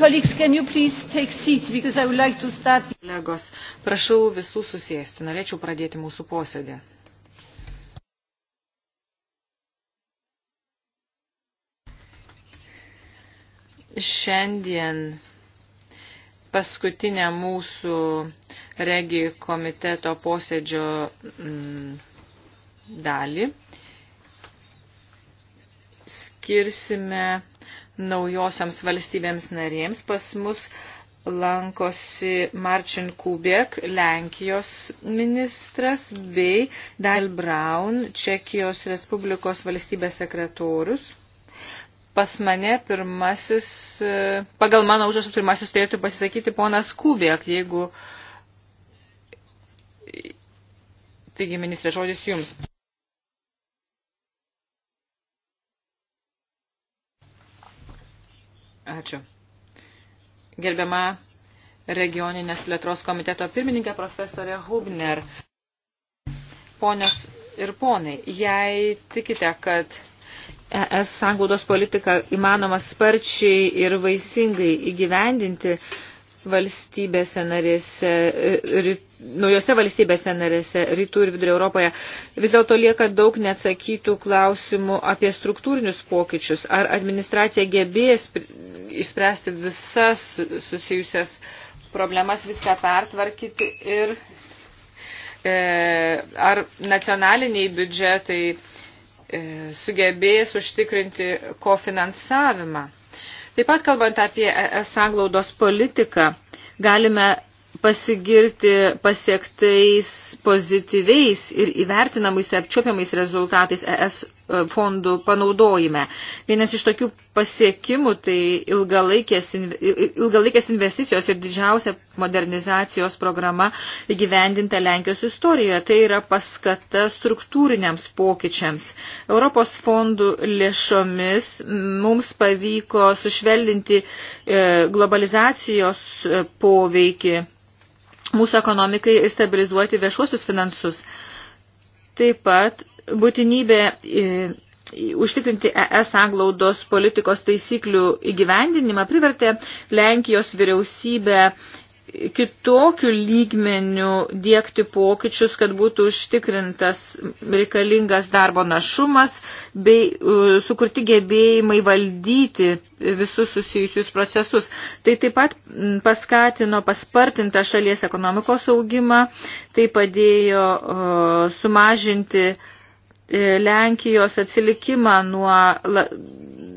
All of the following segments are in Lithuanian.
Colleagues, can you please take seats, because I would like to start. Kolegos, prašau visų susėsti. Norėčiau pradėti mūsų posėdį. Šiandien paskutinę mūsų regi komiteto posėdžio mm, dalį skirsime naujosiams valstybėms narėms. Pas mus lankosi Marčin Kubek, Lenkijos ministras, bei Dal Braun, Čekijos Respublikos valstybės sekretorius. Pas mane pirmasis, pagal mano užrašą pirmasis turėtų pasisakyti ponas Kubek, jeigu. Taigi, ministrė, žodis jums. Ačiū. Gerbiama regioninės plėtros komiteto pirmininkė profesorė Hubner. Ponios ir ponai, jei tikite, kad ES sanglaudos politiką įmanoma sparčiai ir vaisingai įgyvendinti, valstybėse narėse, ryt, naujose valstybėse narėse, rytų ir vidurio Europoje, vis dėlto lieka daug neatsakytų klausimų apie struktūrinius pokyčius. Ar administracija gebės išspręsti visas susijusias problemas, viską pertvarkyti ir e, ar nacionaliniai biudžetai e, sugebės užtikrinti kofinansavimą? Taip pat kalbant apie e sanglaudos politiką, galime pasigirti pasiektais pozityviais ir įvertinamais apčiopiamais rezultatais ES fondų panaudojime. Vienas iš tokių pasiekimų tai ilgalaikės, ilgalaikės investicijos ir didžiausia modernizacijos programa įgyvendinta Lenkijos istorijoje. Tai yra paskata struktūriniams pokyčiams. Europos fondų lėšomis mums pavyko sušvelninti e, globalizacijos e, poveikį mūsų ekonomikai ir stabilizuoti viešuosius finansus. Taip pat būtinybė e, užtikrinti ES anglaudos politikos taisyklių įgyvendinimą privertė Lenkijos vyriausybę kitokių lygmenių dėkti pokyčius, kad būtų užtikrintas reikalingas darbo našumas bei sukurti gebėjimai valdyti visus susijusius procesus. Tai taip pat paskatino paspartintą šalies ekonomikos augimą, tai padėjo sumažinti uh, E, Lenkijos atsilikimą nuo,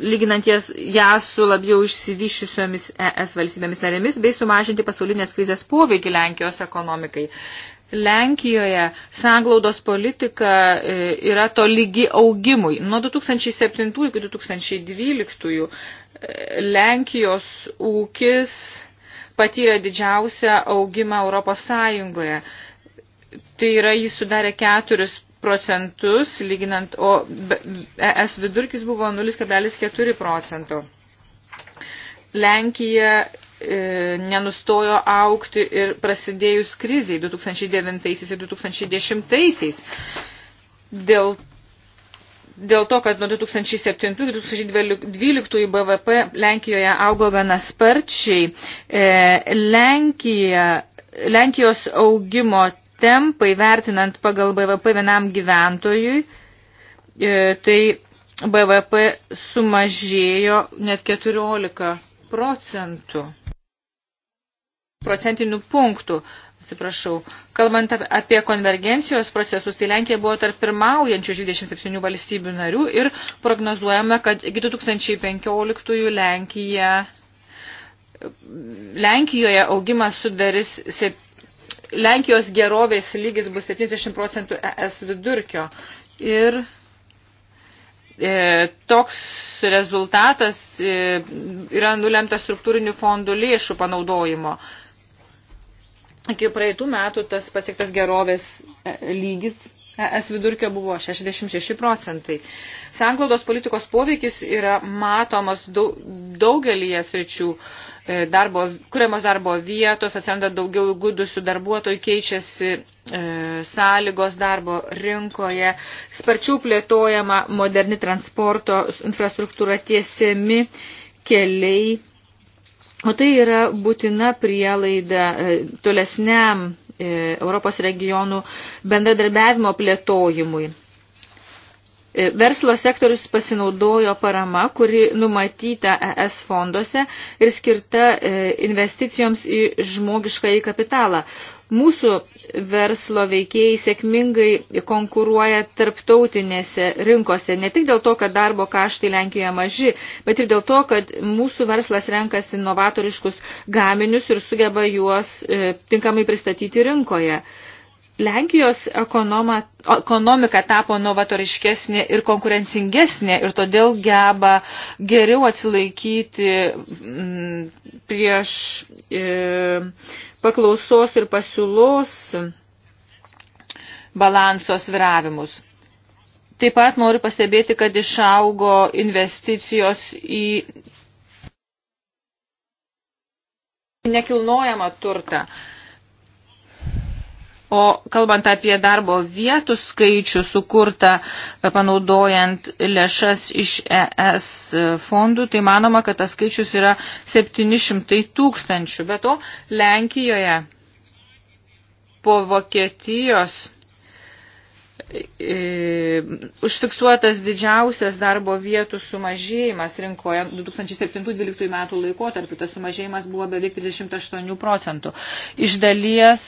lyginant jas, jas su labiau išsivyščiusiomis ES valstybėmis narėmis, bei sumažinti pasaulinės krizės poveikį Lenkijos ekonomikai. Lenkijoje sanglaudos politika e, yra to lygi augimui. Nuo 2007 iki 2012 e, Lenkijos ūkis patyrė didžiausią augimą Europos Sąjungoje. Tai yra jis sudarė 4 procentus, lyginant, o ES vidurkis buvo 0,4 procento. Lenkija e, nenustojo aukti ir prasidėjus kriziai 2009 ir 2010. Dėl, dėl to, kad nuo 2007-2012 BVP Lenkijoje augo gana sparčiai, e, Lenkija, Lenkijos augimo tempai vertinant pagal BVP vienam gyventojui, e, tai BVP sumažėjo net 14 procentų procentinių punktų. Atsiprašau. Kalbant apie konvergencijos procesus, tai Lenkija buvo tarp pirmaujančių 27 valstybių narių ir prognozuojame, kad iki 2015 Lenkija, Lenkijoje augimas sudaris 7 Lenkijos gerovės lygis bus 70 procentų ES vidurkio. Ir e, toks rezultatas e, yra nulemtas struktūrinių fondų lėšų panaudojimo. Iki praeitų metų tas pasiektas gerovės e, lygis ES vidurkio buvo 66 procentai. Sanglaudos politikos poveikis yra matomas daug, daugelį sričių. E, darbo, kuriamos darbo vietos, atsiranda daugiau įgudusių darbuotojų, keičiasi e, sąlygos darbo rinkoje, sparčiau plėtojama moderni transporto infrastruktūra tiesiami keliai. O tai yra būtina prielaida e, tolesniam E, Europos regionų bendradarbiavimo plėtojimui. E, verslo sektorius pasinaudojo parama, kuri numatyta ES fonduose ir skirta e, investicijoms į žmogišką į kapitalą mūsų verslo veikėjai sėkmingai konkuruoja tarptautinėse rinkose. Ne tik dėl to, kad darbo kaštai Lenkijoje maži, bet ir dėl to, kad mūsų verslas renkasi novatoriškus gaminius ir sugeba juos e, tinkamai pristatyti rinkoje. Lenkijos ekonoma, ekonomika tapo novatoriškesnė ir konkurencingesnė ir todėl geba geriau atsilaikyti prieš e, paklausos ir pasiūlos balanso sviravimus. Taip pat noriu pastebėti, kad išaugo investicijos į nekilnojamą turtą. Uh, O kalbant apie darbo vietų skaičių sukurtą e, panaudojant lėšas iš ES fondų, tai manoma, kad tas skaičius yra 700 tūkstančių. Be to, Lenkijoje po Vokietijos e, užfiksuotas didžiausias darbo vietų sumažėjimas rinkoje 2007-2012 metų laikotarpiu. Tas sumažėjimas buvo beveik 38 procentų. Iš dalies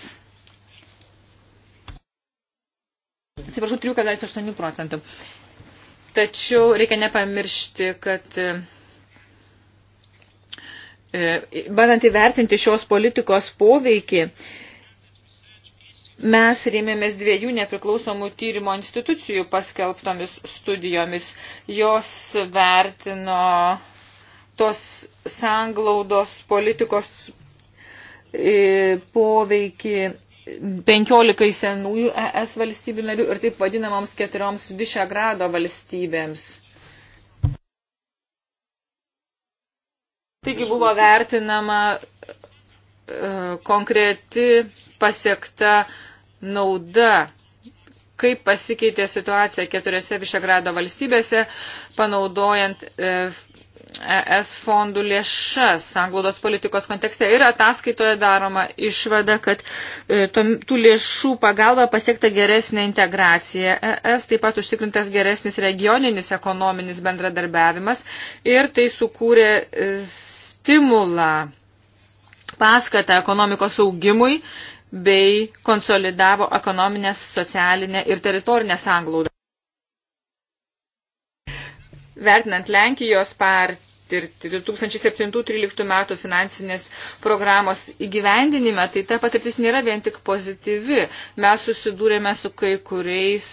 atsiprašau, 3,8 procentų. Tačiau reikia nepamiršti, kad e, bandant įvertinti šios politikos poveikį, mes rėmėmės dviejų nepriklausomų tyrimo institucijų paskelbtomis studijomis. Jos vertino tos sanglaudos politikos e, poveikį 15 senųjų ES valstybių narių ir taip vadinamoms keturioms Višegrado valstybėms. Taigi buvo vertinama e, konkreti pasiekta nauda, kaip pasikeitė situacija keturiose Višegrado valstybėse, panaudojant e, ES fondų lėšas sanglaudos politikos kontekste. Ir ataskaitoje daroma išvada, kad e, tų lėšų pagalba pasiekta geresnė integracija ES, taip pat užtikrintas geresnis regioninis ekonominis bendradarbiavimas ir tai sukūrė e, stimulą paskatą ekonomikos augimui bei konsolidavo ekonominę, socialinę ir teritorinę sanglaudą vertinant Lenkijos partirtį 2007-2013 metų finansinės programos įgyvendinime, tai ta patirtis nėra vien tik pozityvi. Mes susidūrėme su kai kuriais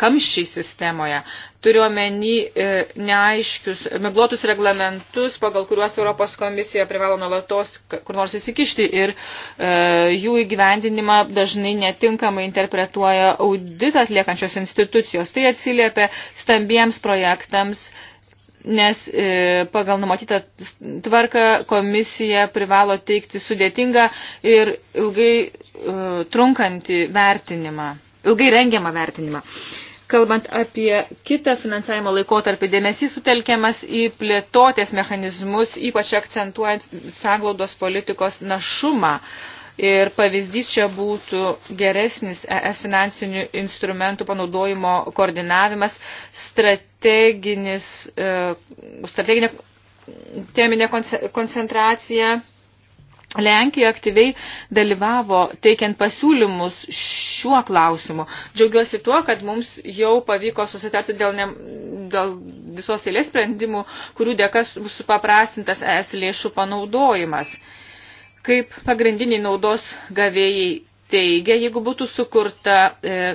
kamščiai sistemoje. Turiuomenį e, neaiškius, miglotus reglamentus, pagal kuriuos Europos komisija privalo nuolatos kur nors įsikišti ir e, jų įgyvendinimą dažnai netinkamai interpretuoja audit atliekančios institucijos. Tai atsiliepia stambiems projektams nes e, pagal numatytą tvarką komisija privalo teikti sudėtingą ir ilgai e, trunkantį vertinimą, ilgai rengiamą vertinimą. Kalbant apie kitą finansavimo laikotarpį, dėmesys sutelkiamas į plėtotės mechanizmus, ypač akcentuojant sanglaudos politikos našumą. Ir pavyzdys čia būtų geresnis ES finansinių instrumentų panaudojimo koordinavimas, strateginis, e, strateginė teminė koncentracija. Lenkija aktyviai dalyvavo teikiant pasiūlymus šiuo klausimu. Džiaugiuosi tuo, kad mums jau pavyko susitarti dėl, ne, dėl visos eilės sprendimų, kurių dėka bus supaprastintas es lėšų panaudojimas. Kaip pagrindiniai naudos gavėjai teigia, jeigu būtų sukurta e,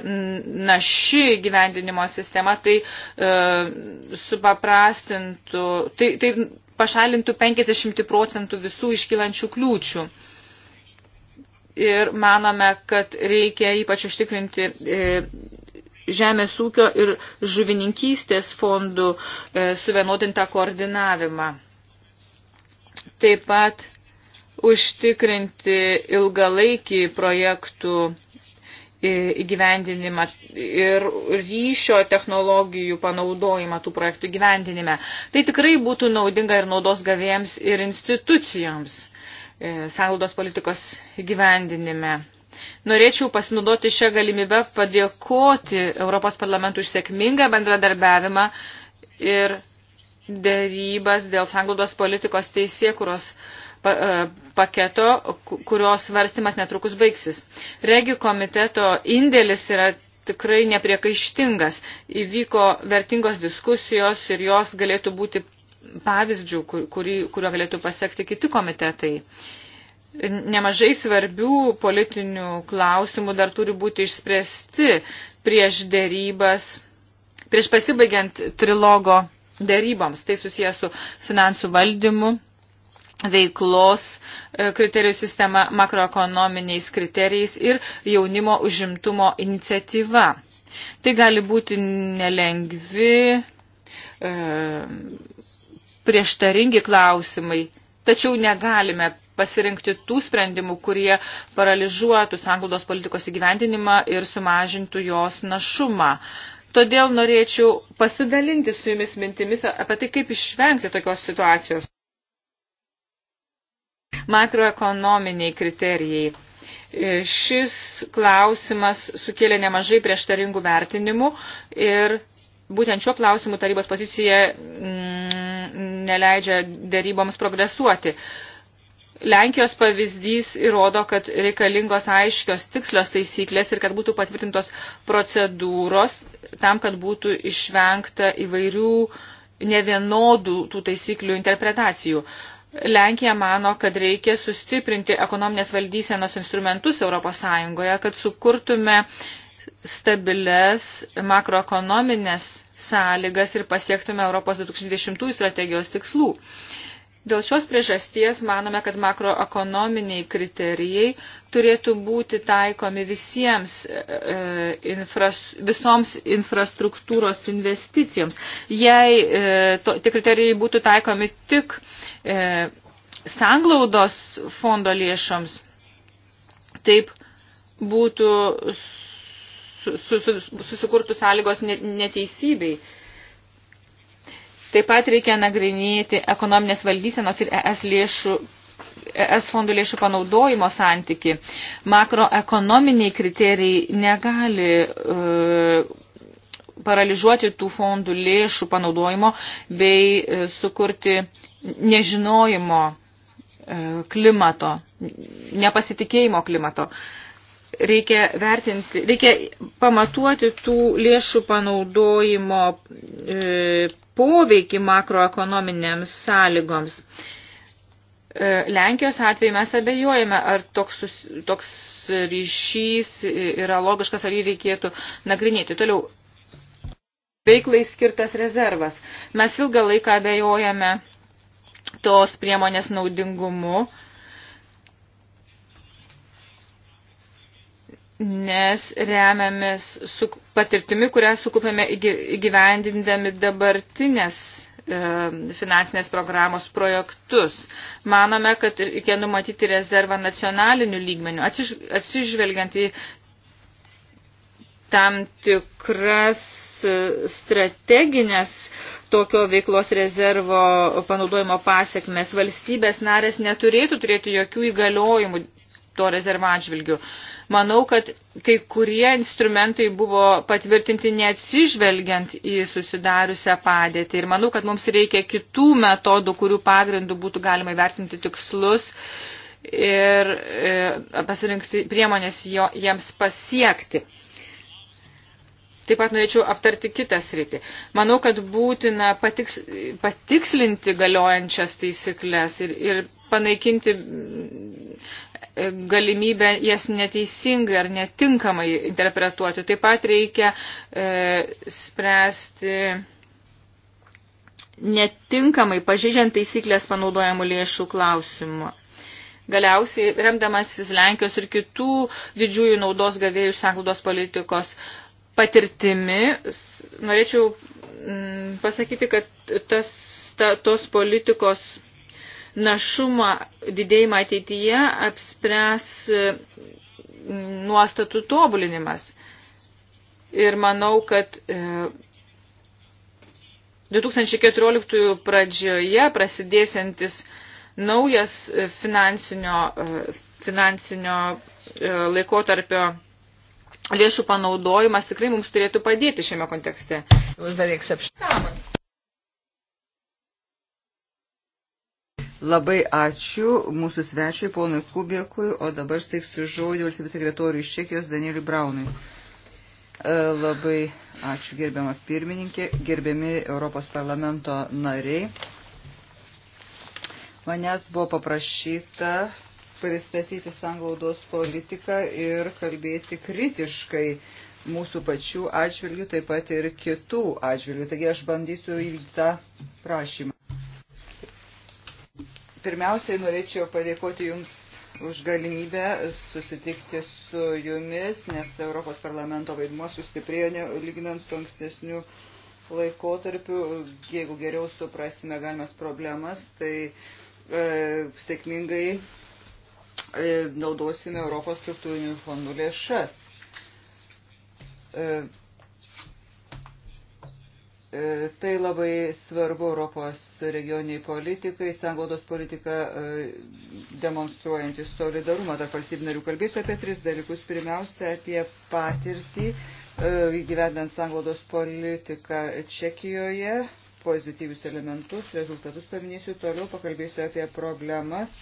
naši gyvendinimo sistema, tai e, supaprastintų, tai, tai pašalintų 50 procentų visų iškylančių kliūčių ir manome, kad reikia ypač užtikrinti e, žemės ūkio ir žuvininkystės fondų e, suvienodintą koordinavimą. Taip pat užtikrinti ilgalaikį projektų e, įgyvendinimą ir ryšio technologijų panaudojimą tų projektų įgyvendinime. Tai tikrai būtų naudinga ir naudos gavėjams ir institucijoms. E, sąnaudos politikos gyvendinime. Norėčiau pasinaudoti šią galimybę padėkoti Europos parlamentų išsėkmingą bendradarbiavimą ir dėrybas dėl sanglaudos politikos teisėkuros e, paketo, kurios svarstymas netrukus baigsis. Regi komiteto indėlis yra tikrai nepriekaištingas. Įvyko vertingos diskusijos ir jos galėtų būti pavyzdžių, kurį, kurio galėtų pasiekti kiti komitetai. Nemažai svarbių politinių klausimų dar turi būti išspręsti prieš dėrybas, prieš pasibaigiant trilogo dėryboms. Tai susijęs su finansų valdymu, veiklos e, kriterijų sistema, makroekonominiais kriterijais ir jaunimo užimtumo iniciatyva. Tai gali būti nelengvi. E, prieštaringi klausimai, tačiau negalime pasirinkti tų sprendimų, kurie paralyžuotų sanglaudos politikos įgyvendinimą ir sumažintų jos našumą. Todėl norėčiau pasidalinti su jumis mintimis apie tai, kaip išvengti tokios situacijos. Makroekonominiai kriterijai. Šis klausimas sukėlė nemažai prieštaringų vertinimų ir būtent šiuo klausimu tarybos pozicija mm, neleidžia dėryboms progresuoti. Lenkijos pavyzdys įrodo, kad reikalingos aiškios tikslios taisyklės ir kad būtų patvirtintos procedūros tam, kad būtų išvengta įvairių nevienodų tų taisyklių interpretacijų. Lenkija mano, kad reikia sustiprinti ekonominės valdysenos instrumentus Europos Sąjungoje, kad sukurtume uh, stabiles makroekonominės sąlygas ir pasiektume Europos 2020 strategijos tikslų. Dėl šios priežasties manome, kad makroekonominiai kriterijai turėtų būti taikomi visiems e, e, infras, visoms infrastruktūros investicijoms. Jei e, to, tie kriterijai būtų taikomi tik e, sanglaudos fondo lėšoms, taip būtų susikurtų sąlygos neteisybei. Taip pat reikia nagrinėti ekonominės valdysenos ir ES, lėšų, ES fondų lėšų panaudojimo santyki. Makroekonominiai kriterijai negali e, paralyžiuoti tų fondų lėšų panaudojimo bei e, sukurti nežinojimo e, klimato, nepasitikėjimo klimato. E, reikia vertinti, reikia pamatuoti tų lėšų panaudojimo e, poveikį makroekonominėms sąlygoms. E, Lenkijos atveju mes abejojame, ar toks, toks ryšys yra logiškas, ar jį reikėtų nagrinėti. Toliau, veiklai skirtas rezervas. Mes ilgą laiką abejojame tos priemonės naudingumu nes remiamės su patirtimi, kurią sukupėme įgyvendindami dabartinės e, finansinės programos projektus. Manome, kad reikia numatyti rezervą nacionalinių lygmenių, atsiž, atsižvelgiant į tam tikras e, strateginės tokio veiklos rezervo panaudojimo pasiekmes. Valstybės narės neturėtų turėti jokių įgaliojimų to rezervo atžvilgių. E, Manau, kad kai kurie instrumentai buvo patvirtinti neatsižvelgiant į susidariusią padėtį. Ir manau, kad mums reikia kitų metodų, kurių pagrindų būtų galima įvertinti tikslus ir e, pasirinkti priemonės jo, jiems pasiekti. Taip pat norėčiau aptarti kitą sritį. Manau, kad būtina patiks, patikslinti galiojančias taisyklės ir, ir panaikinti mm, galimybę jas neteisingai ar netinkamai interpretuoti. Taip pat reikia e, spręsti netinkamai pažeidžiant taisyklės panaudojamų lėšų klausimą. Galiausiai, remdamasis Lenkijos ir kitų didžiųjų naudos gavėjų sanglaudos politikos patirtimi norėčiau mm, pasakyti, kad tas, ta, tos politikos našumą didėjimą ateityje apspręs mm, nuostatų tobulinimas. Ir manau, kad 2014 e, pradžioje prasidėsiantis naujas finansinio, e, finansinio e, laikotarpio lėšų panaudojimas tikrai mums turėtų padėti šiame kontekste. Labai ačiū mūsų svečiui, ponui Kubiekui, o dabar taip su žodžiu valstybės sekretoriui iš Čekijos Danieliui Braunui. E, labai ačiū gerbiamą pirmininkė, gerbiami Europos parlamento nariai. Manęs buvo paprašyta pristatyti sanglaudos politiką ir kalbėti kritiškai mūsų pačių atžvilgių, taip pat ir kitų atžvilgių. Taigi aš bandysiu įvykdyti tą prašymą. Pirmiausiai norėčiau padėkoti Jums už galimybę susitikti su Jumis, nes Europos parlamento vaidmuo sustiprėjo lyginant su ankstesniu laikotarpiu. Jeigu geriau suprasime galimas problemas, tai e, sėkmingai E, naudosime Europos struktūrinių fondų lėšas. E, e, tai labai svarbu Europos regioniai politikai, sanglaudos politika demonstruojantis solidarumą tarp valstybių narių. Kalbėsiu apie tris dalykus. Pirmiausia, apie patirtį įgyvendant sanglaudos politiką Čekijoje, pozityvius elementus, rezultatus paminėsiu toliau, pakalbėsiu apie problemas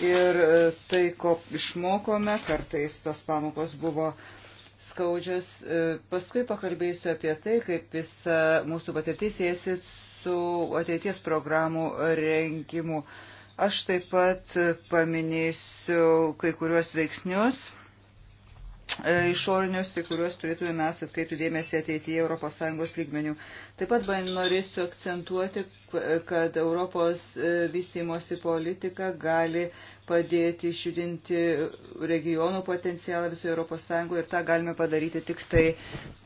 ir e, tai, ko išmokome, kartais tos pamokos buvo skaudžios. E, paskui pakalbėsiu apie tai, kaip visa mūsų patirtis jėsi su ateities programų rengimu. Aš taip pat paminėsiu kai kuriuos veiksnius E, išorinius, į kuriuos turėtume mes atkreipti dėmesį ateityje ES lygmenių. Taip pat norėsiu akcentuoti, kad Europos e, vystymosi politika gali padėti išjudinti regionų potencialą visoje ES ir tą galime padaryti tik tai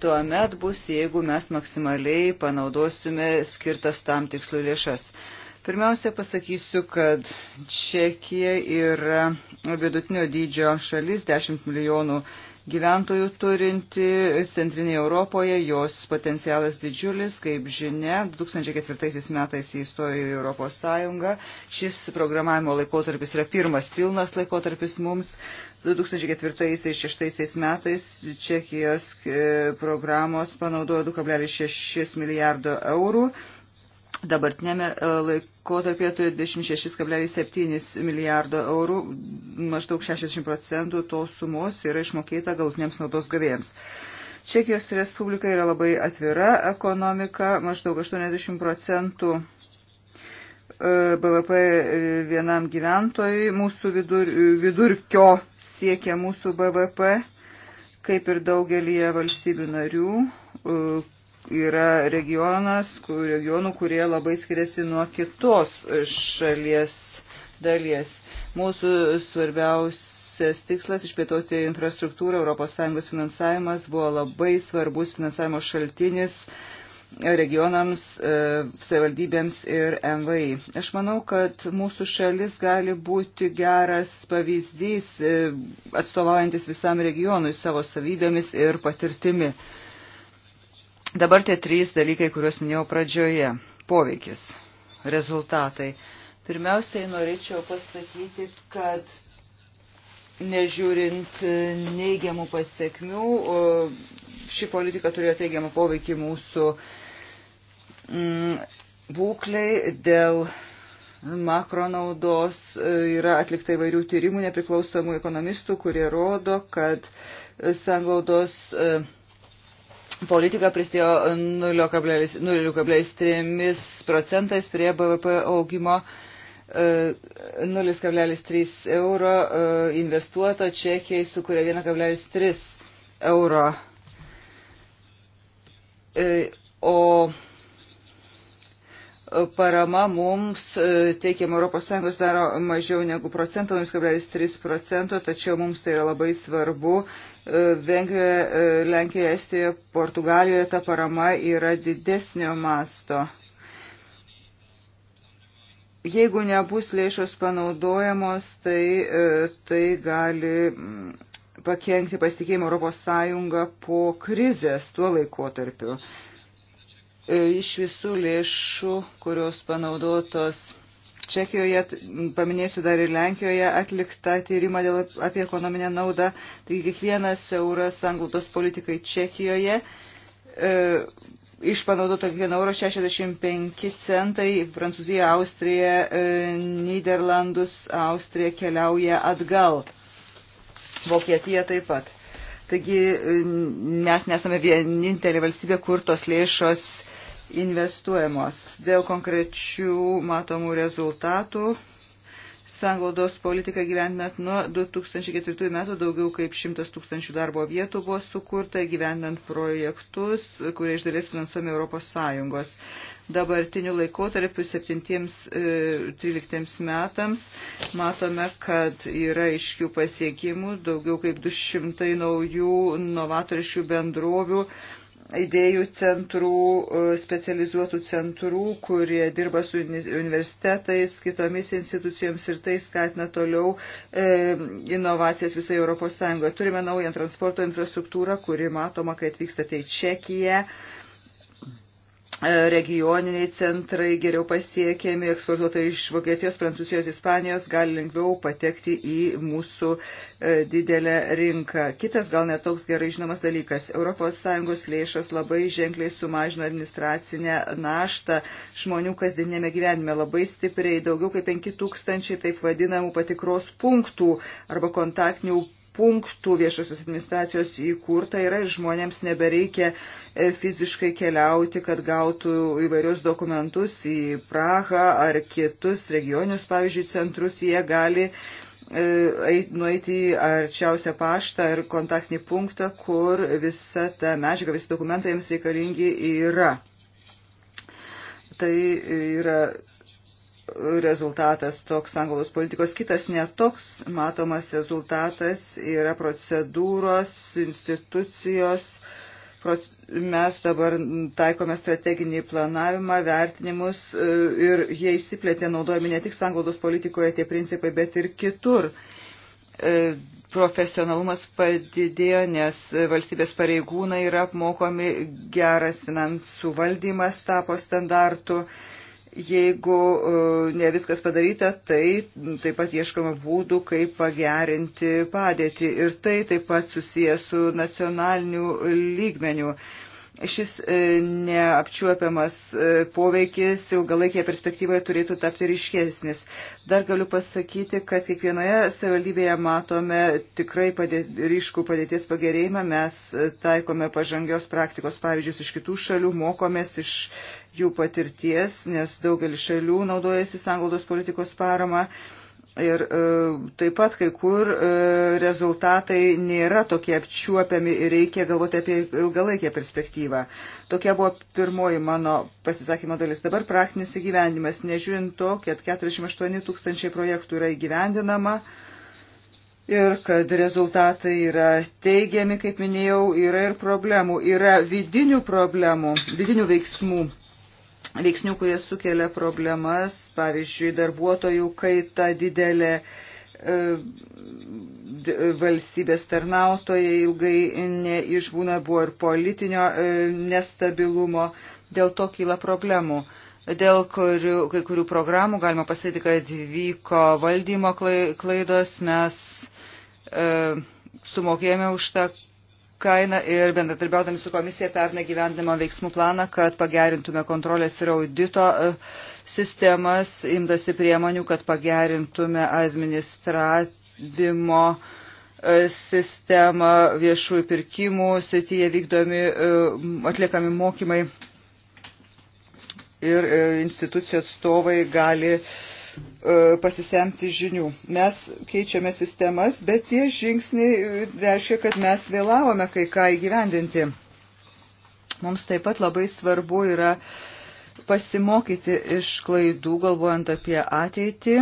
tuo met bus, jeigu mes maksimaliai panaudosime skirtas tam tikslų lėšas. Pirmiausia, pasakysiu, kad Čekija yra vidutinio dydžio šalis, 10 milijonų gyventojų turinti centrinėje Europoje, jos potencialas didžiulis, kaip žinia, 2004 metais įstojo į Europos Sąjungą, šis programavimo laikotarpis yra pirmas pilnas laikotarpis mums, 2004-2006 metais Čekijos e, programos panaudojo 2,6 milijardo eurų, Dabartinėme e, laikotarpėje turi 26,7 milijardo eurų, maždaug 60 procentų tos sumos yra išmokėta galutiniams naudos gavėjams. Čekijos Respublika yra labai atvira ekonomika, maždaug 80 procentų e, BVP vienam gyventojui mūsų vidur, vidurkio siekia mūsų BVP, kaip ir daugelį valstybių narių, e, yra regionas, kur, regionų, kurie labai skiriasi nuo kitos šalies dalies. Mūsų svarbiausias tikslas išplėtoti infrastruktūrą, ES finansavimas buvo labai svarbus finansavimo šaltinis regionams, e, savivaldybėms ir MVI. Aš manau, kad mūsų šalis gali būti geras pavyzdys, e, atstovaujantis visam regionui savo savybėmis ir patirtimi. Dabar tie trys dalykai, kuriuos minėjau pradžioje. Poveikis, rezultatai. Pirmiausiai norėčiau pasakyti, kad nežiūrint neigiamų pasiekmių, ši politika turėjo teigiamą poveikį mūsų mm, būklei dėl makronaudos. E, yra atlikta įvairių tyrimų nepriklausomų ekonomistų, kurie rodo, kad e, sanglaudos e, politika prisidėjo 0,3 procentais prie BVP augimo. 0,3 e, euro e, investuota, Čekijai sukuria 1,3 euro. E, o parama mums e, teikiama ES daro mažiau negu procentą, 0,3 procento, tačiau mums tai yra labai svarbu. E, Vengrijoje, e, Lenkijoje, Estijoje, Portugalijoje ta parama yra didesnio masto. Jeigu nebus lėšos panaudojamos, tai, tai gali mm, pakengti pasitikėjimą ES po krizės tuo laikotarpiu. tarpiu E, iš visų lėšų, kurios panaudotos Čekijoje, paminėsiu dar ir Lenkijoje, atliktą tyrimą dėl, apie ekonominę naudą. Taigi kiekvienas euras anglotos politikai Čekijoje. E, Iš panaudoto kiekvieno euro 65 centai Prancūzija, Austrija, e, Niderlandus, Austrija keliauja atgal. Vokietija taip pat. Taigi mes nesame vienintelė valstybė, kur tos lėšos investuojamos. Dėl konkrečių matomų rezultatų sanglaudos politiką gyvendinant nuo 2004 metų daugiau kaip 100 tūkstančių darbo vietų buvo sukurta gyvendinant projektus, kurie iš dalies finansuomi Europos Sąjungos. Dabartiniu laikotarpiu 7-13 e, metams matome, kad yra iškių pasiekimų, daugiau kaip 200 naujų novatoriškių bendrovių idėjų centrų, e, specializuotų centrų, kurie dirba su universitetais, kitomis institucijoms ir tai skatina toliau e, inovacijas visoje Europos Sąjungoje. Turime naują transporto infrastruktūrą, kuri matoma, kai atvykstate tai į Čekiją. E, regioniniai centrai geriau pasiekiami, eksportuotojai iš Vokietijos, Prancūzijos, Ispanijos gali lengviau patekti į mūsų e, didelę rinką. Kitas gal netoks gerai žinomas dalykas. ES lėšas labai ženkliai sumažino administracinę naštą žmonių kasdienėme gyvenime labai stipriai, daugiau kaip 5000 taip vadinamų patikros punktų arba kontaktinių punktų punktų viešosios administracijos įkurta yra ir žmonėms nebereikia e, fiziškai keliauti, kad gautų įvairius dokumentus į Prahą ar kitus regionius, pavyzdžiui, centrus, jie gali e, nueiti į arčiausią paštą ir kontaktinį punktą, kur visa ta medžiaga, visi dokumentai jiems reikalingi yra. Tai yra rezultatas toks anglos politikos, kitas netoks matomas rezultatas yra procedūros, institucijos. Mes dabar taikome strateginį planavimą, vertinimus e, ir jie išsiplėtė naudojami ne tik sanglaudos politikoje tie principai, bet ir kitur. E, profesionalumas padidėjo, nes valstybės pareigūnai yra apmokomi, geras finansų valdymas tapo standartu Jeigu e, ne viskas padaryta, tai taip pat ieškoma būdų, kaip pagerinti padėtį. Ir tai taip pat susijęs su nacionaliniu lygmeniu. Šis e, neapčiuopiamas e, poveikis ilgalaikėje perspektyvoje turėtų tapti ryškesnis. Dar galiu pasakyti, kad kiekvienoje savivaldybėje matome tikrai padėt, ryškų padėties pagerėjimą. Mes taikome pažangios praktikos pavyzdžius iš kitų šalių, mokomės iš jų patirties, nes daugelis šalių naudojasi sanglaudos politikos parama. Ir e, taip pat kai kur e, rezultatai nėra tokie apčiuopiami ir reikia galvoti apie ilgalaikę perspektyvą. Tokia buvo pirmoji mano pasisakymo dalis. Dabar praktinis įgyvendimas, nežiūrint to, kad 48 tūkstančiai projektų yra įgyvendinama ir kad rezultatai yra teigiami, kaip minėjau, yra ir problemų, yra vidinių problemų, vidinių veiksmų veiksnių, kurie sukelia problemas, pavyzdžiui, darbuotojų kaita didelė, e, valstybės tarnautojai ilgai neišbūna, buvo ir politinio e, nestabilumo, dėl to kyla problemų. Dėl kurių, kai kurių programų galima pasakyti, kad vyko valdymo klaidos, mes e, sumokėjome už tą kainą ir bendradarbiaudami su komisija pernai gyvendimo veiksmų planą, kad pagerintume kontrolės ir audito e, sistemas, imdasi priemonių, kad pagerintume administravimo e, sistemą viešųjų pirkimų srityje vykdomi, e, atliekami mokymai ir institucijų atstovai gali uh, E, pasisemti žinių. Mes keičiame sistemas, bet tie žingsniai e, reiškia, kad mes vėlavome kai ką įgyvendinti. Mums taip pat labai svarbu yra pasimokyti iš klaidų, galvojant apie ateitį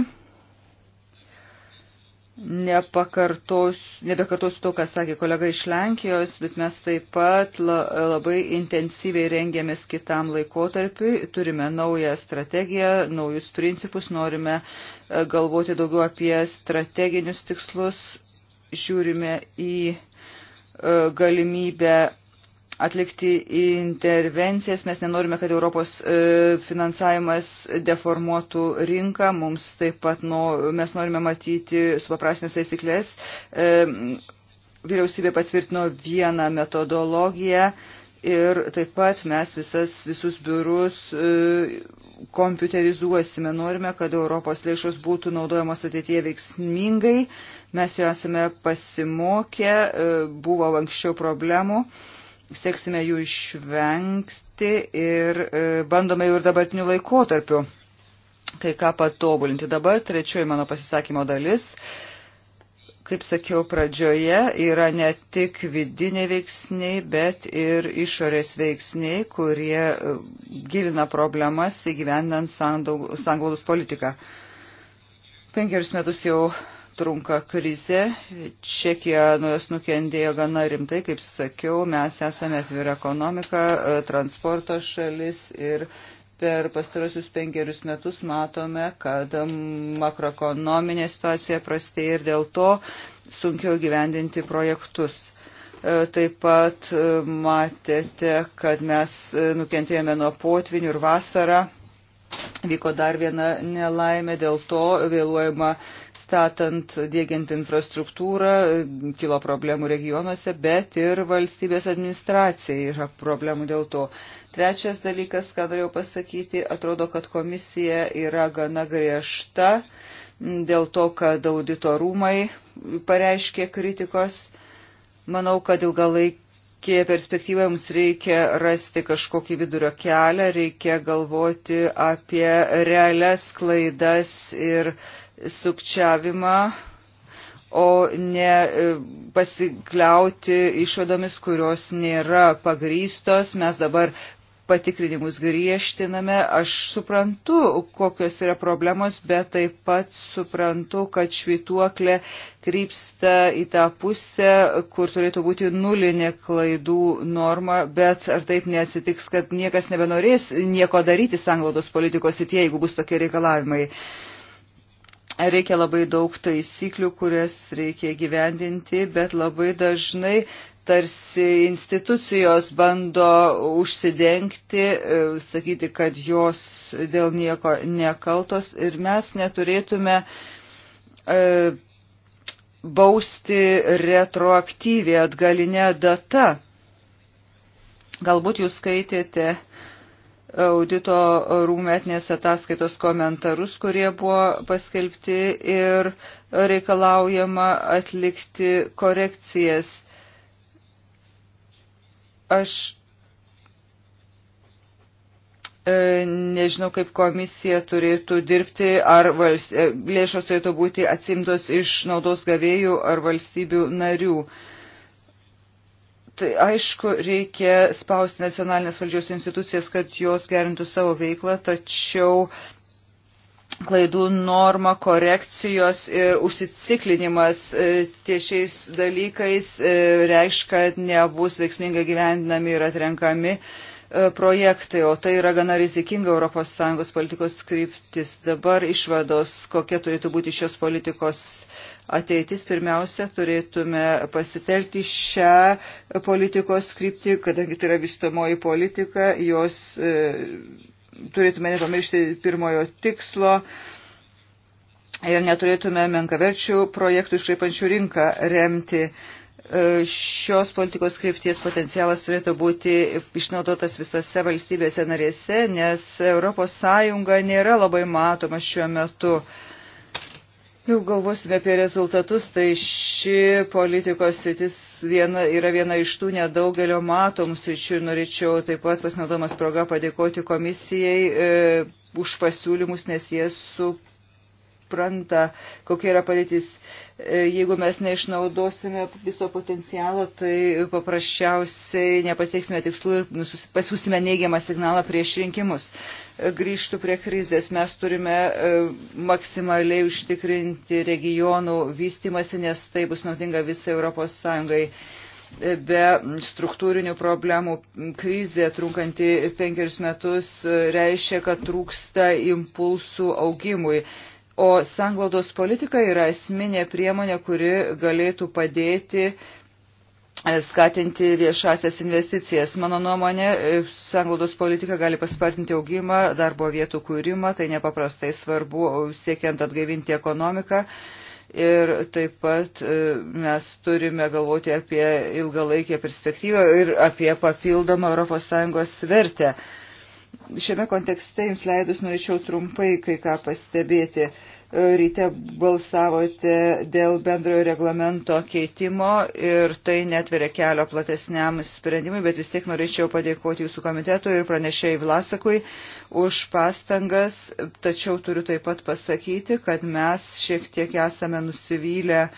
Nepakartos, nebekartosiu to, ką sakė kolega iš Lenkijos, bet mes taip pat labai intensyviai rengiamės kitam laikotarpiui, turime naują strategiją, naujus principus, norime e, galvoti daugiau apie strateginius tikslus, žiūrime į e, galimybę atlikti intervencijas. Mes nenorime, kad Europos e, finansavimas deformuotų rinką. Mums taip pat no, mes norime matyti supaprastinės taisyklės. E, vyriausybė patvirtino vieną metodologiją. Ir taip pat mes visas, visus biurus e, kompiuterizuosime. Norime, kad Europos lėšos būtų naudojamos ateityje veiksmingai. Mes jau esame pasimokę, buvo anksčiau problemų seksime jų išvengti ir e, bandome jau ir dabartiniu laikotarpiu kai ką patobulinti. Dabar trečioji mano pasisakymo dalis, kaip sakiau pradžioje, yra ne tik vidiniai veiksniai, bet ir išorės veiksniai, kurie e, gilina problemas įgyvendant sanglaudos politiką. Penkerius metus jau trunka krize. Čekija nuo jos nukentėjo gana rimtai, kaip sakiau, mes esame atvira ekonomika, e, transporto šalis ir per pastarosius penkerius metus matome, kad makroekonominė situacija prastėja ir dėl to sunkiau gyvendinti projektus. E, taip pat e, matėte, kad mes nukentėjome nuo potvinių ir vasarą. Vyko dar viena nelaimė, dėl to vėluojama statant, dėgiant infrastruktūrą, kilo problemų regionuose, bet ir valstybės administracijai yra problemų dėl to. Trečias dalykas, ką norėjau pasakyti, atrodo, kad komisija yra gana griežta dėl to, kad auditorumai pareiškė kritikos. Manau, kad ilgalaikį ilgalaikėje perspektyvoje mums reikia rasti kažkokį vidurio kelią, reikia galvoti apie realias klaidas ir sukčiavimą, o ne e, pasikliauti išvadomis, kurios nėra pagrystos. Mes dabar patikrinimus griežtiname. Aš suprantu, kokios yra problemos, bet taip pat suprantu, kad švituoklė krypsta į tą pusę, kur turėtų būti nulinė klaidų norma, bet ar taip neatsitiks, kad niekas nebenorės nieko daryti sanglaudos politikos įtie, jeigu bus tokie reikalavimai. Uh, Reikia labai daug taisyklių, kurias reikia gyvendinti, bet labai dažnai tarsi institucijos bando užsidengti, e, sakyti, kad jos dėl nieko nekaltos ir mes neturėtume e, bausti retroaktyviai atgalinę datą. Galbūt jūs skaitėte uh, audito rūmetinės ataskaitos komentarus, kurie buvo paskelbti ir reikalaujama atlikti korekcijas. Aš e, nežinau, kaip komisija turėtų dirbti, ar e, lėšos turėtų būti atsimtos iš naudos gavėjų ar valstybių narių. Tai aišku, reikia spausti nacionalinės valdžios institucijas, kad jos gerintų savo veiklą, tačiau klaidų norma, korekcijos ir užsiciklinimas e, tiešiais dalykais e, reiškia, kad nebus veiksmingai gyvendinami ir atrenkami E, projektai, o tai yra gana rizikinga ES politikos kryptis. Dabar išvados, kokia turėtų būti šios politikos ateitis, pirmiausia, turėtume pasitelkti šią politikos kryptį, kadangi tai yra vystomoji politika, jos e, turėtume nepamiršti pirmojo tikslo. Ir neturėtume menkaverčių projektų išraipančių rinką remti. E, E, šios politikos krypties potencialas turėtų būti išnaudotas visose valstybėse narėse, nes ES nėra labai matoma šiuo metu. Jau galvosime apie rezultatus, tai ši politikos sritis viena, yra viena iš tų nedaugelio matomų sričių ir norėčiau taip pat pasinaudomas proga padėkoti komisijai e, už pasiūlymus, nes jie su supranta, kokia yra padėtis. E, jeigu mes neišnaudosime viso potencialo, tai paprasčiausiai nepasieksime tikslų ir pasiūsime neigiamą signalą prieš rinkimus. E, Grįžtų prie krizės. Mes turime e, maksimaliai užtikrinti regionų vystimasi, nes tai bus naudinga visai Europos Sąjungai be struktūrinių problemų krizė trunkanti penkerius metus reiškia, kad trūksta impulsų augimui. O sanglaudos politika yra esminė priemonė, kuri galėtų padėti e, skatinti viešasias investicijas. Mano nuomonė, e, sanglaudos politika gali paspartinti augimą, darbo vietų kūrimą, tai nepaprastai svarbu siekiant atgaivinti ekonomiką. Ir taip pat e, mes turime galvoti apie ilgalaikę perspektyvą ir apie papildomą ES vertę. Šiame kontekste jums leidus norėčiau trumpai kai ką pastebėti. E, ryte balsavote dėl bendrojo reglamento keitimo ir tai netveria kelio platesniam sprendimui, bet vis tiek norėčiau padėkoti jūsų komitetui ir pranešėjai Vlasakui už pastangas, tačiau turiu taip pat pasakyti, kad mes šiek tiek esame nusivylę e,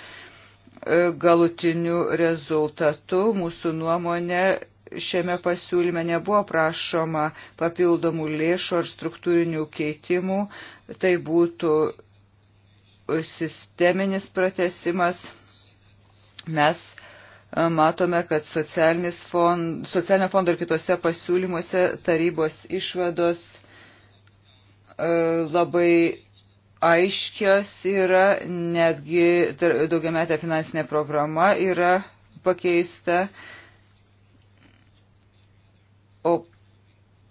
galutiniu rezultatu. Mūsų nuomonė šiame pasiūlyme nebuvo prašoma papildomų lėšų ar struktūrinių keitimų, tai būtų sisteminis pratesimas. Mes e, matome, kad fond, socialinio fondo ir kitose pasiūlymuose tarybos išvados e, labai aiškios yra, netgi daugiametė finansinė programa yra pakeista O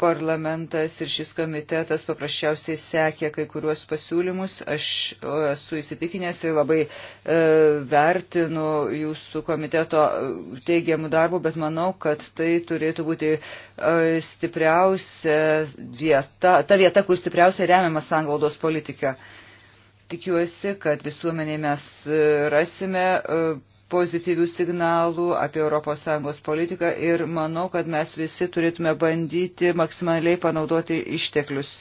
parlamentas ir šis komitetas paprasčiausiai sekė kai kuriuos pasiūlymus. Aš esu įsitikinęs ir labai e, vertinu jūsų komiteto e, teigiamų darbų, bet manau, kad tai turėtų būti e, stipriausia vieta, ta vieta, kur stipriausiai remiama sanglaudos politika. Tikiuosi, kad visuomeniai mes e, rasime. E, pozityvių signalų apie ES politiką ir manau, kad mes visi turėtume bandyti maksimaliai panaudoti išteklius.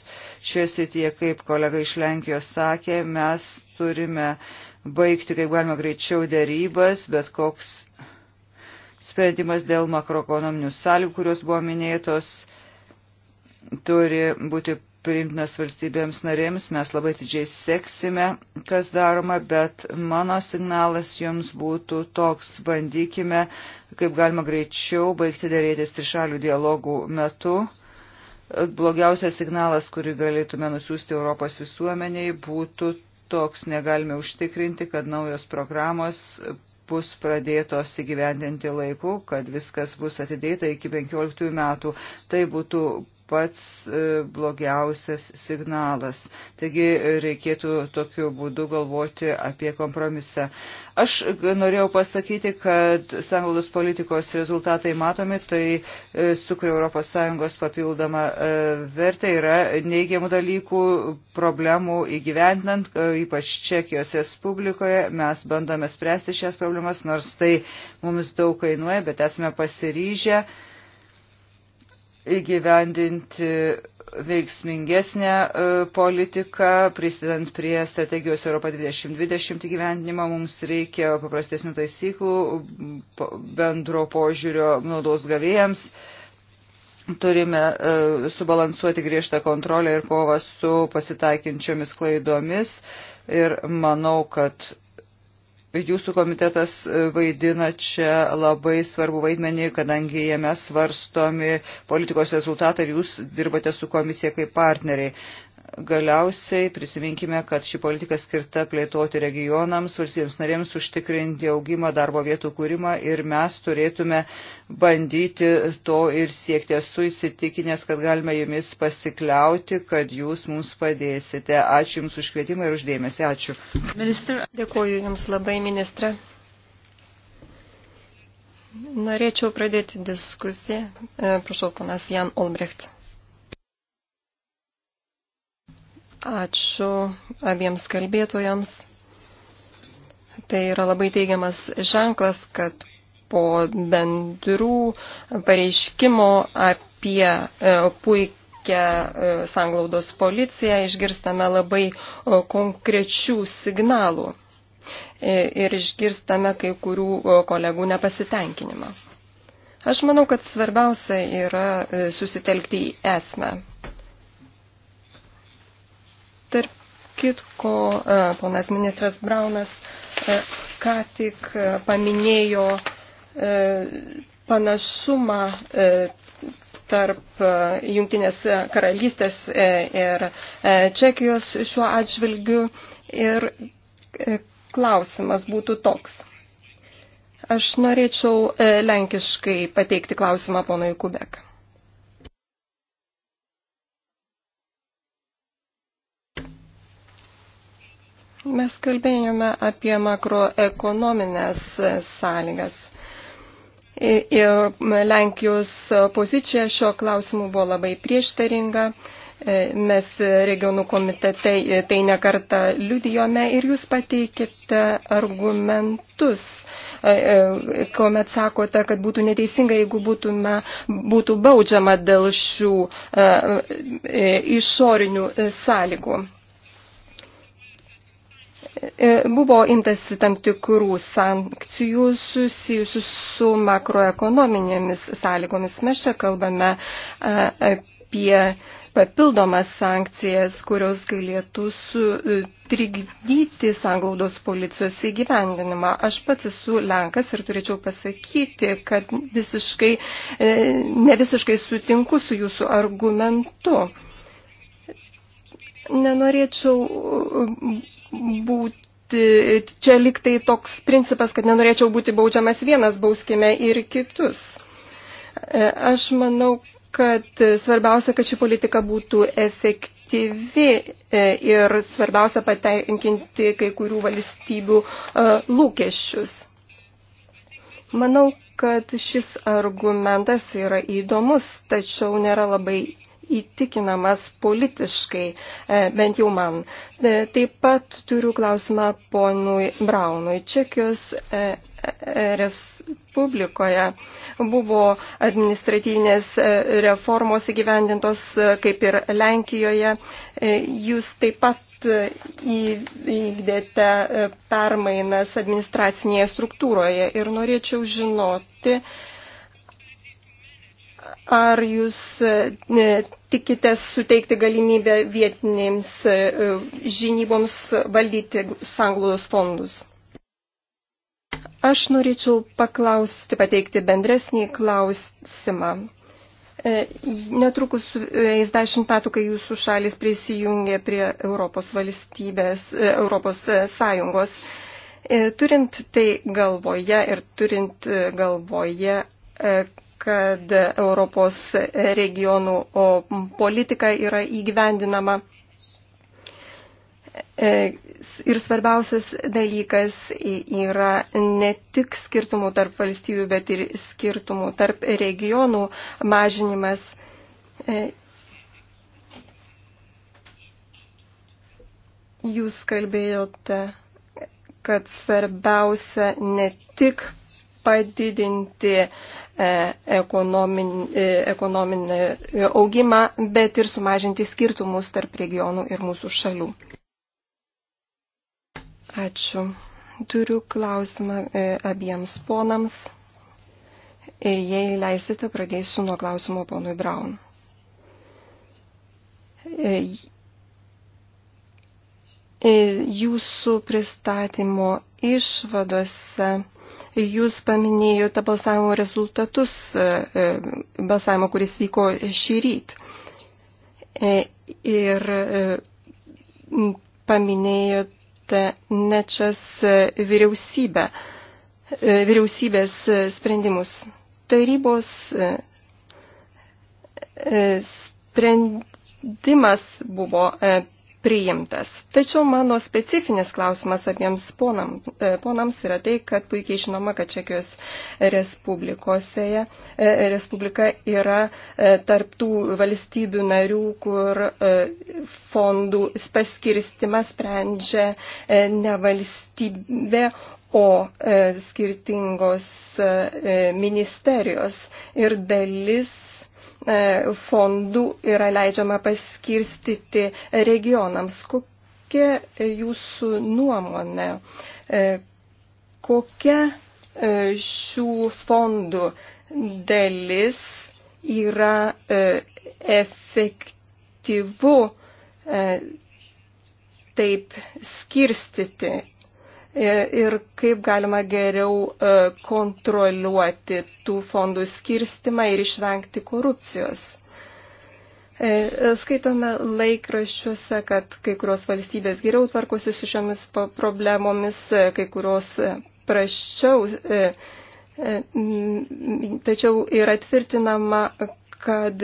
Šioje srityje, kaip kolega iš Lenkijos sakė, mes turime baigti kaip galima greičiau dėrybas, bet koks sprendimas dėl makroekonominių sąlygų, kurios buvo minėtos, turi būti priimtinas valstybėms narėms, mes labai didžiai seksime, kas daroma, bet mano signalas jums būtų toks, bandykime, kaip galima greičiau baigti dėrėtis trišalių dialogų metu. Blogiausias signalas, kurį galėtume nusiųsti Europos visuomeniai, būtų toks, negalime užtikrinti, kad naujos programos bus pradėtos įgyvendinti laiku, kad viskas bus atidėta iki 15 metų. Tai būtų pats e, blogiausias signalas. Taigi reikėtų tokiu būdu galvoti apie kompromisą. Aš norėjau pasakyti, kad sanglaudos politikos rezultatai matomi, tai e, sukuria ES papildomą e, vertę, yra neigiamų dalykų, problemų įgyvendinant, ypač Čekijos Respublikoje. Mes bandome spręsti šias problemas, nors tai mums daug kainuoja, bet esame pasiryžę. Yeah įgyvendinti veiksmingesnę e, politiką, prisidant prie strategijos Europa 2020 įgyvendinimo, mums reikia paprastesnių taisyklų, bendro požiūrio naudos gavėjams turime e, subalansuoti griežtą kontrolę ir kovą su pasitaikinčiomis klaidomis. Ir manau, kad Jūsų komitetas vaidina čia labai svarbu vaidmenį, kadangi jame svarstomi politikos rezultatai ir jūs dirbate su komisija kaip partneriai. Galiausiai prisiminkime, kad ši politika skirta plėtoti regionams, valstybėms narėms užtikrinti augimą, darbo vietų kūrimą ir mes turėtume bandyti to ir siekti. Esu įsitikinęs, kad galime jumis pasikliauti, kad jūs mums padėsite. Ačiū Jums už kvietimą ir uždėmesį. Ačiū. Ministra, dėkuoju Jums labai, ministra. Norėčiau pradėti diskusiją. E, prašau, panas Jan Olbrecht. Ačiū abiems kalbėtojams. Tai yra labai teigiamas ženklas, kad po bendrų pareiškimo apie e, puikią e, sanglaudos policiją išgirstame labai e, konkrečių signalų ir išgirstame kai kurių kolegų nepasitenkinimą. Aš manau, kad svarbiausia yra susitelkti į esmę. kitko, e, ponas ministras Braunas e, ką tik e, paminėjo panašumą tarp Jungtinės karalystės ir Čekijos šiuo atžvilgiu. Ir klausimas būtų toks. Aš norėčiau lenkiškai pateikti klausimą ponui Kubek. Mes kalbėjome apie makroekonominės sąlygas. Ir Lenkijos pozicija šio klausimu buvo labai prieštaringa. E, mes regionų komitete tai nekartą liudijome ir jūs pateikite argumentus, e, e, kuomet sakote, kad būtų neteisinga, jeigu būtume, būtų baudžiama dėl šių išorinių sąlygų. E, buvo imtas tam tikrų sankcijų susijusių su makroekonominėmis sąlygomis. Mes čia kalbame apie papildomas sankcijas, kurios galėtų sutrikdyti e, sanglaudos policijos įgyvendinimą. Aš pats esu Lenkas ir turėčiau pasakyti, kad visiškai, e, ne visiškai sutinku su jūsų argumentu. Nenorėčiau būti čia liktai toks principas, kad nenorėčiau būti baudžiamas vienas, bauskime ir kitus. E, aš manau, kad svarbiausia, kad ši politika būtų efektyvi e, ir svarbiausia patenkinti kai kurių valstybių e, lūkesčius. Manau, kad šis argumentas yra įdomus, tačiau nėra labai įtikinamas politiškai, e, bent jau man. E, taip pat turiu klausimą ponui Braunui. Čekijos e, Respublikoje buvo administratyvinės reformos įgyvendintos, kaip ir Lenkijoje. Jūs taip pat įvykdėte permainas administracinėje struktūroje ir norėčiau žinoti, Ar jūs e, tikitės suteikti galimybę vietinėms e, žinyboms valdyti sanglaudos fondus? Aš norėčiau paklausti, pateikti bendresnį klausimą. E, netrukus eis dešimt metų, kai jūsų šalis prisijungė prie Europos valstybės, Europos sąjungos. Turint tai galvoje ir turint galvoje, kad Europos regionų politika yra įgyvendinama. E, ir svarbiausias dalykas yra ne tik skirtumų tarp valstybių, bet ir skirtumų tarp regionų mažinimas. E, jūs kalbėjote, kad svarbiausia ne tik padidinti E, e, ekonominį augimą, bet ir sumažinti skirtumus tarp regionų ir mūsų šalių. Ačiū. Turiu klausimą e, abiems ponams. Jei leisite, pradėsiu nuo klausimo ponui Braun. Jūsų pristatymo išvadose Jūs paminėjote balsavimo rezultatus, e, e, balsavimo, kuris vyko šį ryt. E, ir paminėjote nečias vyriausybę, vyriausybės sprendimus. Tarybos sprendimas buvo priimtas. Tačiau mano specifinis klausimas abiems ponam, e, ponams yra tai, kad puikiai žinoma, kad Čekijos e, Respublika yra e, tarptų valstybių narių, kur fondų paskirstimas sprendžia ne valstybė, o skirtingos ministerijos ir dalis E, fondų yra leidžiama paskirstyti regionams. Kokia jūsų nuomonė, e, kokia e, šių fondų dalis yra efektyvu taip skirstyti E, ir kaip galima geriau e, kontroliuoti tų fondų skirstimą ir išvengti korupcijos. E, skaitome laikraščiuose, kad kai kurios valstybės geriau tvarkosi su šiomis problemomis, kai kurios prasčiau, tačiau yra tvirtinama, kad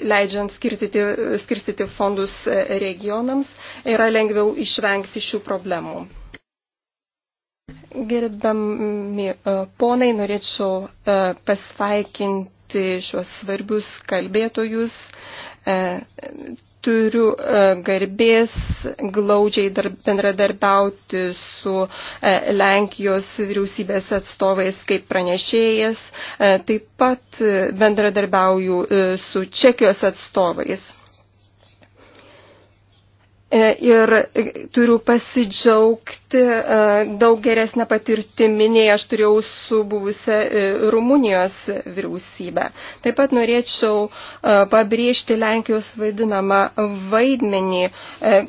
leidžiant skirtyti, skirstyti fondus regionams yra lengviau išvengti šių problemų. Gerbiami e, ponai, norėčiau e, pasveikinti šios svarbius kalbėtojus. E, turiu garbės glaudžiai bendradarbiauti su Lenkijos vyriausybės atstovais kaip pranešėjas. Taip pat bendradarbiauju su Čekijos atstovais. E, ir e, turiu pasidžiaugti e, daug geresnę patirtimį, nei aš turėjau su buvusią Rumunijos vyriausybę. Taip pat norėčiau pabrėžti Lenkijos vaidinamą vaidmenį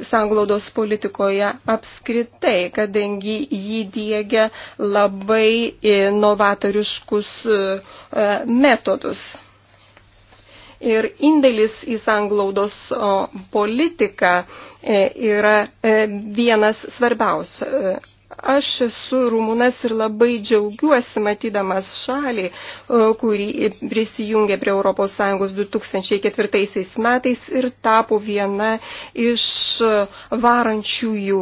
sanglaudos politikoje apskritai, kadangi jį diegia labai novatoriškus metodus ir indėlis į sanglaudos politiką e, yra e, vienas svarbiausių. Aš esu rumunas ir labai džiaugiuosi matydamas šalį, kuri prisijungė prie ES 2004 metais ir tapo viena iš varančiųjų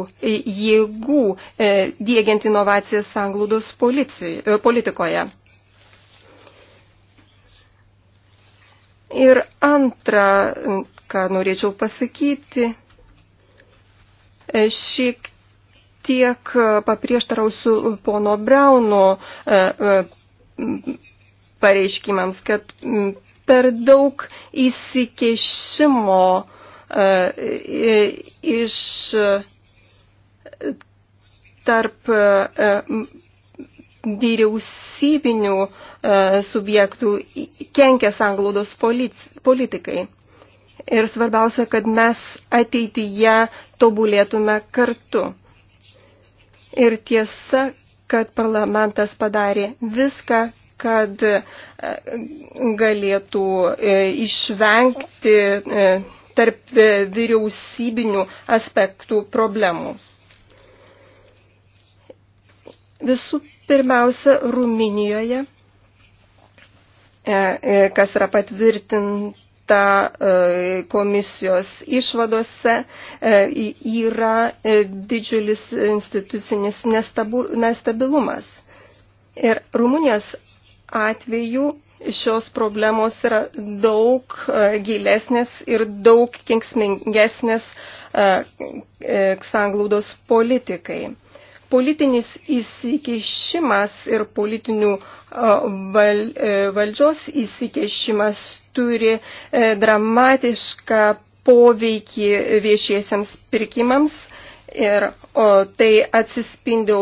jėgų e, diegiant inovacijas sanglaudos politikoje. Ir antra, ką norėčiau pasakyti, e, šiek tiek paprieštarausiu pono Brauno e, e, pareiškimams, kad per daug įsikešimo iš tarp vyriausybinių uh, E, subjektų kenkia sanglaudos politikai. Ir svarbiausia, kad mes ateityje tobulėtume kartu. Ir tiesa, kad parlamentas padarė viską, kad e, galėtų e, išvengti tarp vyriausybinių aspektų problemų. Visų pirmiausia, Ruminijoje E, e, kas yra patvirtinta e, komisijos išvadose, yra didžiulis institucinis nestabilumas. Ir Rumunijos atveju šios problemos yra daug gilesnės ir daug kenksmingesnės sanglaudos politikai politinis įsikešimas ir politinių e, valdžios įsikešimas turi e, dramatišką poveikį viešiesiams pirkimams ir o, tai atsispindi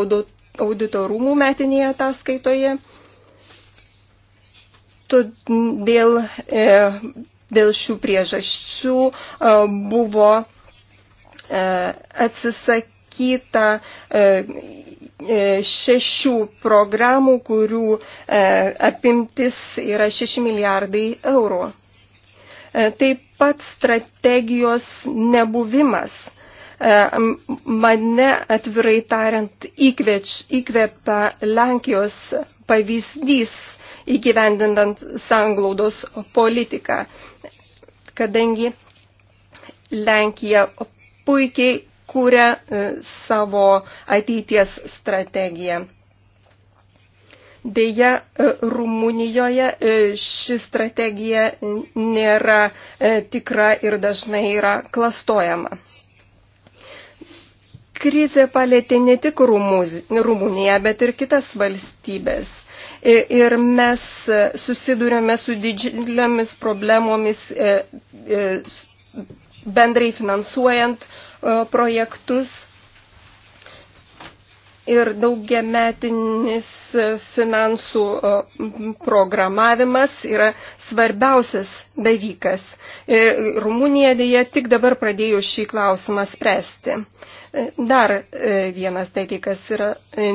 auditorumų metinėje ataskaitoje. Todėl e, dėl šių priežasčių buvo e, atsisak, numatyta e, e, šešių programų, kurių e, apimtis yra 6 milijardai eurų. Taip pat strategijos nebuvimas mane atvirai tariant įkveč, įkvepia Lenkijos pavyzdys įgyvendinant sanglaudos politiką, kadangi Lenkija puikiai kūrė e, savo ateities strategiją. Deja, e, Rumunijoje e, ši strategija nėra tikra ir dažnai yra klastojama. Krizė palėtė ne tik Rumuniją, bet ir kitas valstybės ir mes susidurėme su didžiulėmis problemomis bendrai finansuojant E, projektus ir daugiametinis finansų e, programavimas yra svarbiausias dalykas. Ir Rumunija dėja tik dabar pradėjo šį klausimą spręsti. Dar e, vienas dalykas yra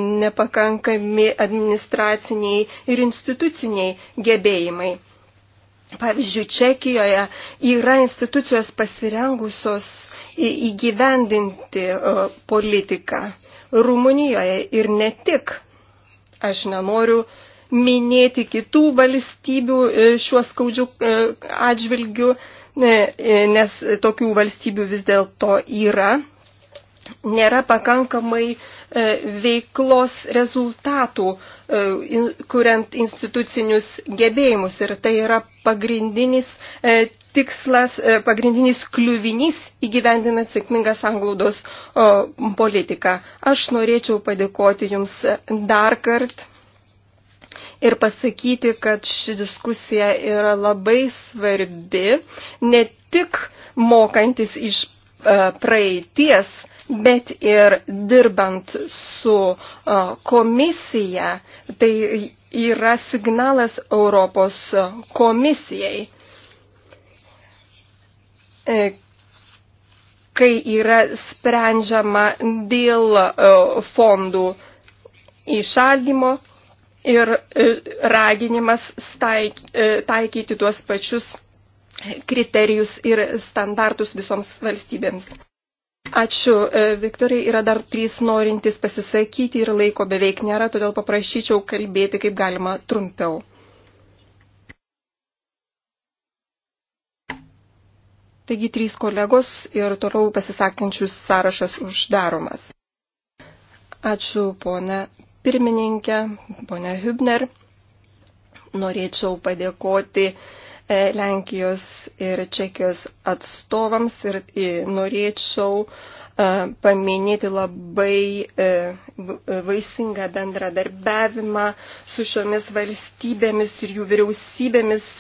nepakankami administraciniai ir instituciniai gebėjimai. Pavyzdžiui, Čekijoje yra institucijos pasirengusios įgyvendinti e, politiką. Rumunijoje ir ne tik. Aš nenoriu minėti kitų valstybių e, šiuo skaudžiu e, atžvilgiu, nes tokių valstybių vis dėlto yra nėra pakankamai e, veiklos rezultatų, e, kuriant institucinius gebėjimus. Ir tai yra pagrindinis e, tikslas, pagrindinis kliuvinys įgyvendinant sėkmingą sanglaudos politiką. Aš norėčiau padėkoti Jums dar kartą. Ir pasakyti, kad ši diskusija yra labai svarbi, ne tik mokantis iš praeities, bet ir dirbant su komisija, tai yra signalas Europos komisijai, e, kai yra sprendžiama dėl fondų išaldymo ir e, raginimas e, taikyti tuos pačius kriterijus ir standartus visoms valstybėms. Ačiū, e, Viktorai. Yra dar trys norintys pasisakyti ir laiko beveik nėra, todėl paprašyčiau kalbėti kaip galima trumpiau. Taigi trys kolegos ir toliau pasisakančių sąrašas uždaromas. Ačiū, ponė pirmininkė, ponė Hübner. Norėčiau padėkoti uh, E, Lenkijos ir Čekijos atstovams ir norėčiau e, paminėti labai e, vaisingą bendradarbiavimą su šiomis valstybėmis ir jų vyriausybėmis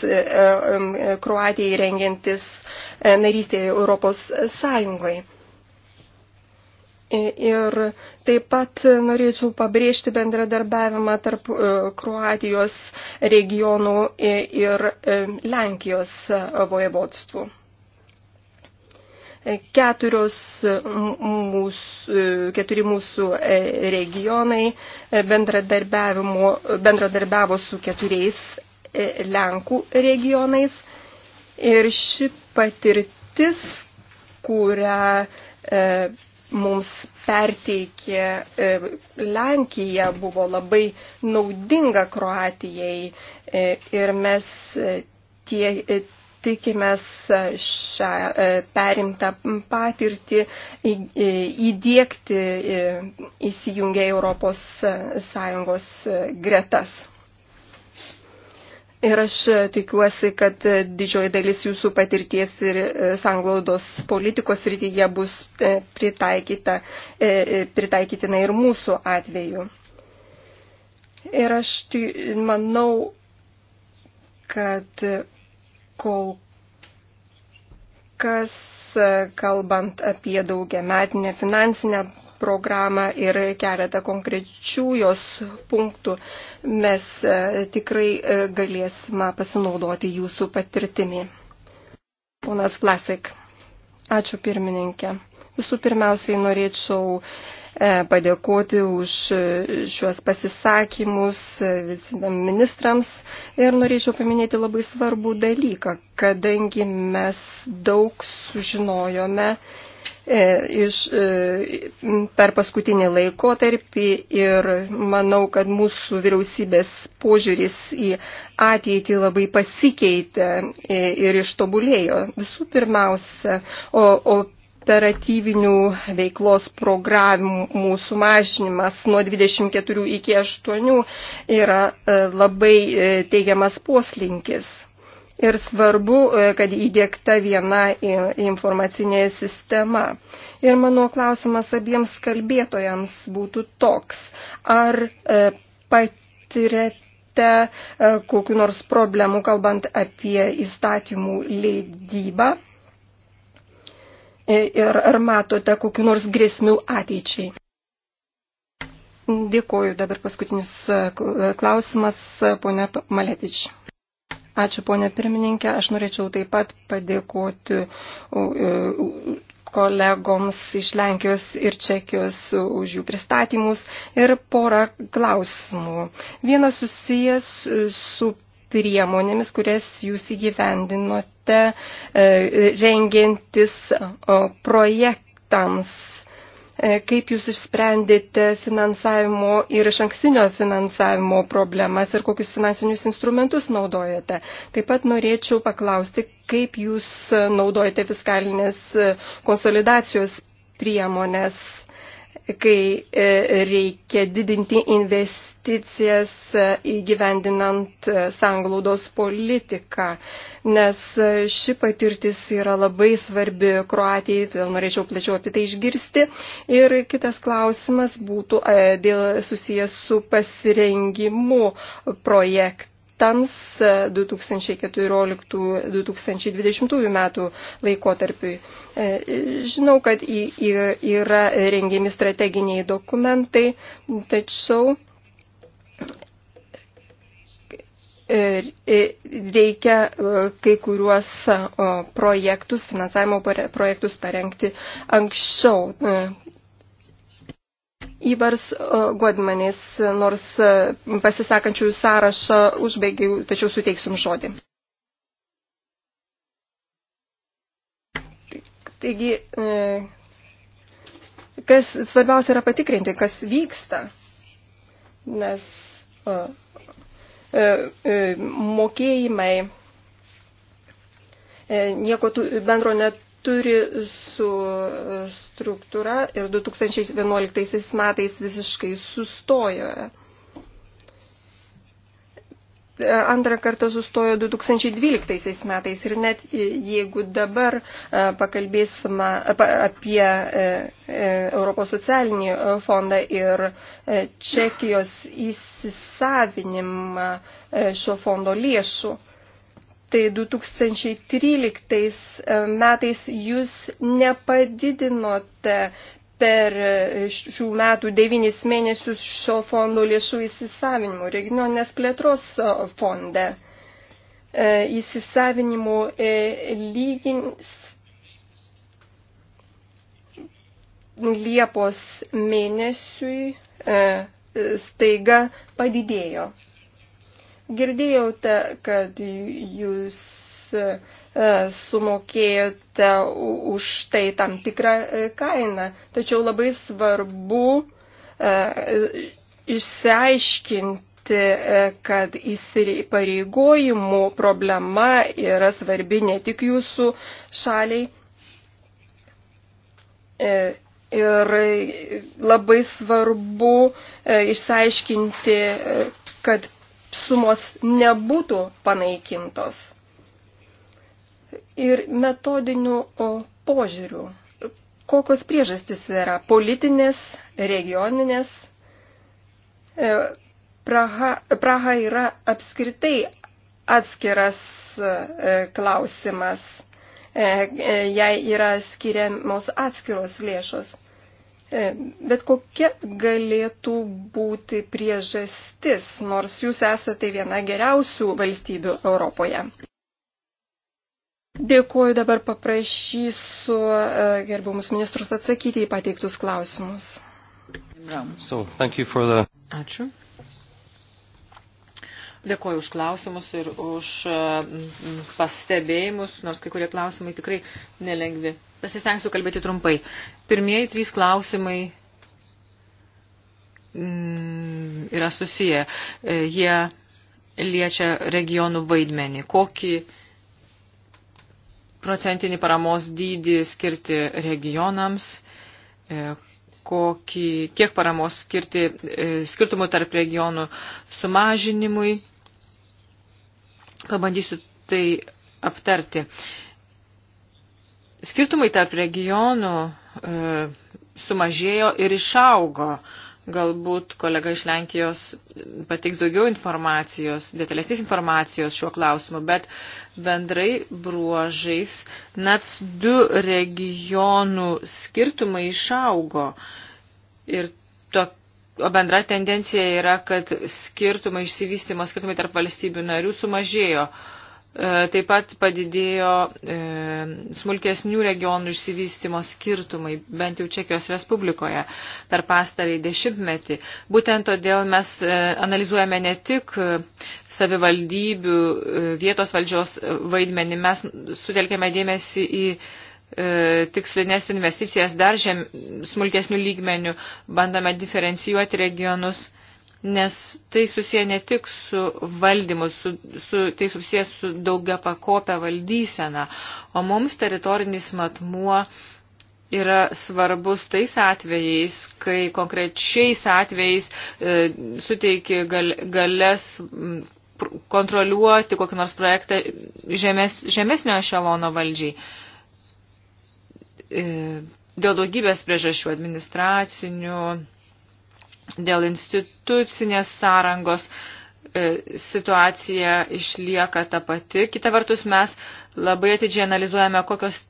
Kroatijai rengiantis narystėje Europos Sąjungoje. Ir taip pat norėčiau pabrėžti bendradarbiavimą tarp e, Kroatijos regionų e, ir e, Lenkijos vojevodstvų keturios mūsų, keturi mūsų regionai bendradarbiavo su keturiais Lenkų regionais. Ir ši patirtis, kurią mums perteikė e, Lenkija, buvo labai naudinga Kroatijai e, ir mes e, tie, tikimės šią perimtą patirtį įdėkti įsijungę Europos Sąjungos gretas. Ir aš e, tikiuosi, kad e, didžioji dalis jūsų patirties ir e, sanglaudos politikos rytyje bus pritaikyta, pritaikytina ir mūsų atveju. Ir aš manau, kad kol kas, kalbant apie daugiametinę finansinę programą ir keletą konkrečių jos punktų, mes e, tikrai e, galėsime pasinaudoti jūsų patirtimi. Ponas Klasik, ačiū pirmininkė. Visų pirmiausiai norėčiau e, padėkoti už šiuos pasisakymus ministrams ir norėčiau paminėti labai svarbų dalyką, kadangi mes daug sužinojome E, iš, e, per paskutinį laikotarpį ir manau, kad mūsų vyriausybės požiūris į ateitį labai pasikeitė ir ištobulėjo. Visų pirmausia, o, o operatyvinių veiklos programų sumažinimas nuo 24 iki 8 yra e, labai teigiamas poslinkis ir svarbu, e, kad įdėkta viena informacinė sistema. Ir mano klausimas abiems kalbėtojams būtų toks. Ar e, patirėte e, kokiu nors problemu, kalbant apie įstatymų leidybą? Ir ar matote kokiu nors grėsmių ateičiai? Dėkuoju. Dabar paskutinis klausimas, ponia Maletič. Ačiū, ponė pirmininkė. Aš norėčiau taip pat padėkoti kolegoms iš Lenkijos ir Čekijos už jų pristatymus ir porą klausimų. Vienas susijęs su priemonėmis, kurias jūs įgyvendinote e, rengiantis projektams E, kaip jūs išsprendėte finansavimo ir iš anksinio finansavimo problemas ir kokius finansinius instrumentus naudojate. Taip pat norėčiau paklausti, kaip jūs naudojate fiskalinės konsolidacijos priemonės kai e, reikia didinti investicijas e, įgyvendinant e, sanglaudos politiką, nes ši patirtis yra labai svarbi Kroatijai, todėl norėčiau plačiau apie tai išgirsti. Ir kitas klausimas būtų dėl susijęs su pasirengimu projektu metams 2014-2020 metų laikotarpiui. E, žinau, kad yra rengiami strateginiai dokumentai, tačiau e, e, reikia kai kuriuos projektus, finansavimo projektus parengti anksčiau. Įbars Godmanis, nors e, pasisakančiųjų sąrašą užbaigiau, tačiau suteiksim žodį. Taigi, e, kas svarbiausia yra patikrinti, kas vyksta, nes e, mokėjimai nieko bendro net turi su e, struktūra ir 2011 metais visiškai sustojo. E, antrą kartą sustojo 2012 metais ir net jeigu dabar e, pakalbėsime apie Europos socialinį fondą ir Čekijos įsisavinimą šio fondo lėšų, tai 2013 e, metais jūs nepadidinote per šių metų devynis mėnesius šio fondo lėšų įsisavinimo regioninės plėtros e, fonde. E, įsisavinimo lygins Liepos mėnesiui staiga padidėjo. Girdėjote, kad jūs e, sumokėjote už tai tam tikrą e, kainą, tačiau labai svarbu e, išsiaiškinti, kad įsipareigojimų problema yra svarbi ne tik jūsų šaliai. Ir labai svarbu išsiaiškinti, kad sumos nebūtų panaikintos. Ir metodinių požiūrių. Kokios priežastys yra politinės, regioninės. E, Praha, Praha yra apskritai atskiras e, klausimas e, jai yra skiriamos atskiros lėšos. E, bet kokia galėtų būti priežastis, nors jūs esate viena geriausių valstybių Europoje? Dėkuoju, dabar paprašysiu e, gerbiamus ministrus atsakyti į pateiktus klausimus. So, the... Ačiū. Dėkuoju už klausimus ir už e, pastebėjimus, nors kai kurie klausimai tikrai nelengvi. Pasistengsiu kalbėti trumpai. Pirmieji trys klausimai mm, yra susiję. E, jie liečia regionų vaidmenį. Kokį procentinį paramos dydį skirti regionams, e, kokį, kiek paramos skirti e, skirtumų tarp regionų sumažinimui. Pabandysiu tai aptarti. E, skirtumai tarp regionų e, sumažėjo ir išaugo. Galbūt kolega iš Lenkijos pateiks daugiau informacijos, detalesnės informacijos šiuo klausimu, bet bendrai bruožais net du regionų skirtumai išaugo. Ir to, o bendra tendencija yra, kad skirtumai išsivystimo, skirtumai tarp valstybių narių sumažėjo. Uh, E, taip pat padidėjo e, smulkesnių regionų išsivystimo skirtumai, bent jau Čekijos Respublikoje per pastarąjį dešimtmetį. Būtent todėl mes e, analizuojame ne tik savivaldybių vietos valdžios vaidmenį, mes sutelkėme dėmesį į tikslinės investicijas dar žem, smulkesnių lygmenių, bandome diferencijuoti regionus nes tai susiję ne tik su valdymu, su, su, tai susiję su daugia pakopę valdyseną, o mums teritorinis matmuo yra svarbus tais atvejais, kai konkrečiais atvejais e, suteikia gal, galės kontroliuoti kokį nors projektą žemes, žemesnio ešelono valdžiai. E, dėl daugybės priežasčių administracinių dėl institucinės sąrangos e, situacija išlieka ta pati. Kita vertus, mes labai atidžiai analizuojame, kokios,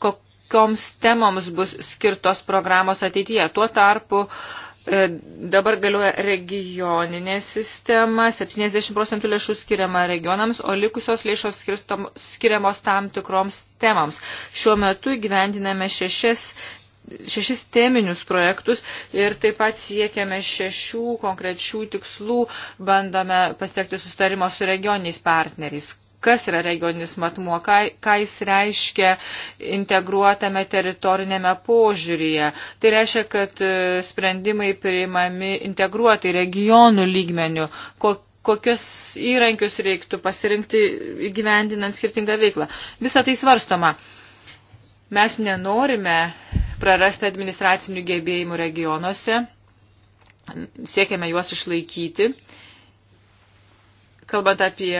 kokioms temoms bus skirtos programos ateityje. Tuo tarpu e, dabar galioja regioninė sistema, 70 procentų lėšų skiriama regionams, o likusios lėšos skiriamos tam tikroms temams. Šiuo metu gyvendiname šešias šešis teminius projektus ir taip pat siekiame šešių konkrečių tikslų, bandome pasiekti sustarimo su regioniais partneriais kas yra regioninis matmuo, ką, ką jis reiškia integruotame teritorinėme požiūryje. Tai reiškia, kad e, sprendimai priimami integruotai regionų lygmenių, kokius įrankius reiktų pasirinkti įgyvendinant skirtingą veiklą. Visą tai svarstoma. Mes nenorime prarasta administracinių gebėjimų regionuose. Siekiame juos išlaikyti. Kalbant apie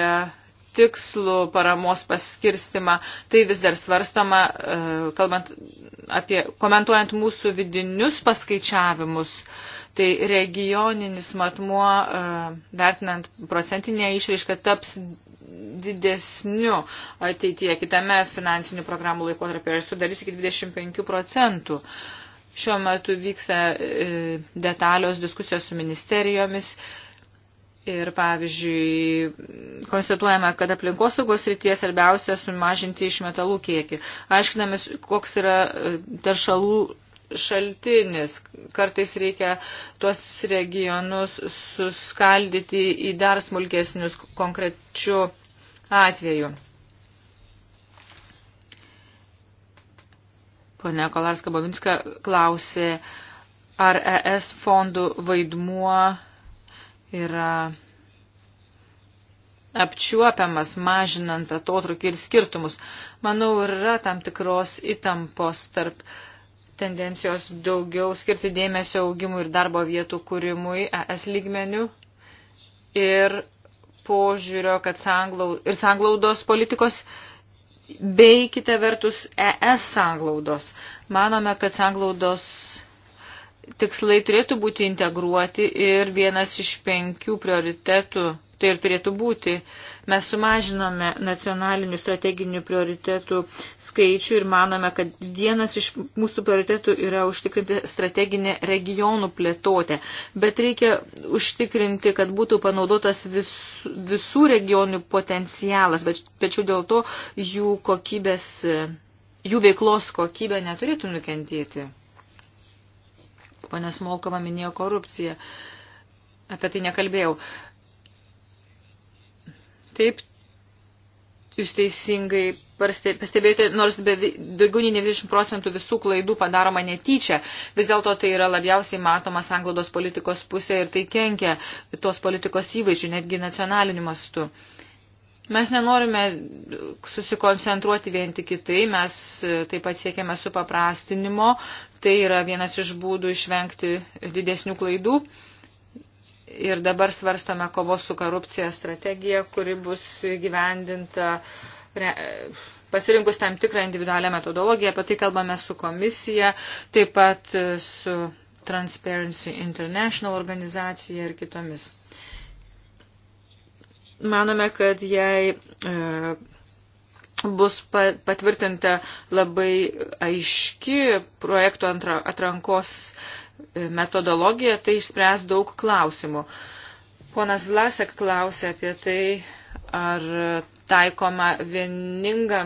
tikslų paramos paskirstimą, tai vis dar svarstama, e, kalbant apie, komentuojant mūsų vidinius paskaičiavimus, tai regioninis matmuo, e, vertinant procentinę išraišką, taps didesniu ateityje kitame finansinių programų laikotarpio ir sudarys iki 25 procentų. Šiuo metu vyksta e, detalios diskusijos su ministerijomis ir, pavyzdžiui, konstatuojame, kad aplinkosaugos rytyje svarbiausia sumažinti iš metalų kiekį. Aiškinamės, koks yra e, teršalų šaltinis. Kartais reikia tuos regionus suskaldyti į dar smulkesnius konkrečių atvejų. Pone Kolarska Bovinska klausė, ar ES fondų vaidmuo yra apčiuopiamas, mažinant atotrukį ir skirtumus. Manau, yra tam tikros įtampos tarp uh, tendencijos daugiau skirti dėmesio augimui ir darbo vietų kūrimui ES lygmenių ir požiūrio kad sanglau, ir sanglaudos politikos bei kita vertus ES sanglaudos. Manome, kad sanglaudos tikslai turėtų būti integruoti ir vienas iš penkių prioritetų tai ir turėtų būti. Uh, Mes sumažinome nacionalinių strateginių prioritetų skaičių ir manome, kad vienas iš mūsų prioritetų yra užtikrinti strateginę regionų plėtotę. Bet reikia užtikrinti, kad būtų panaudotas vis, visų regionų potencialas, bet, tačiau dėl to jų kokybės jų veiklos kokybė neturėtų nukentėti. Pane Smolkova minėjo korupciją. Apie tai nekalbėjau. Taip, jūs teisingai pastebėjote, nors be, daugiau nei 90 procentų visų klaidų padaroma netyčia, vis dėlto tai yra labiausiai matoma sanglaudos politikos pusė ir tai kenkia tos politikos įvaizdžių, netgi nacionaliniu mastu. Mes nenorime susikoncentruoti vien tik į tai, mes taip pat siekiame supaprastinimo, tai yra vienas iš būdų išvengti didesnių klaidų ir dabar svarstame kovos su korupcija strategiją, kuri bus gyvendinta re, pasirinkus tam tikrą individualią metodologiją. Apie tai kalbame su komisija, taip pat su Transparency International organizacija ir kitomis. Manome, kad jei e, bus patvirtinta labai aiški projektų atrankos metodologiją, tai išspręs daug klausimų. Ponas Vlasek klausė apie tai, ar taikoma vieninga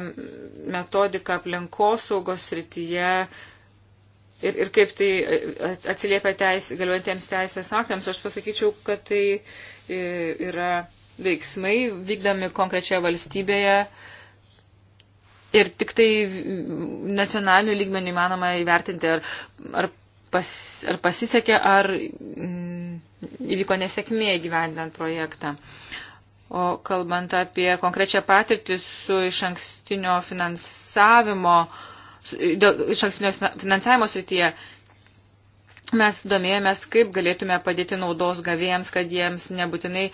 metodika aplinkosaugos srityje ir, ir kaip tai atsiliepia teis, galiuojantiems teisės aktams. Aš pasakyčiau, kad tai yra veiksmai vykdomi konkrečioje valstybėje. Ir tik tai nacionaliniu lygmeniu įmanoma įvertinti, ar, ar pas, ar pasisekė, ar mm, įvyko nesėkmė gyvendant projektą. O kalbant apie konkrečią patirtį su iš ankstinio finansavimo, dėl, iš ankstinio finansavimo srityje, mes domėjomės, kaip galėtume padėti naudos gavėjams, kad jiems nebūtinai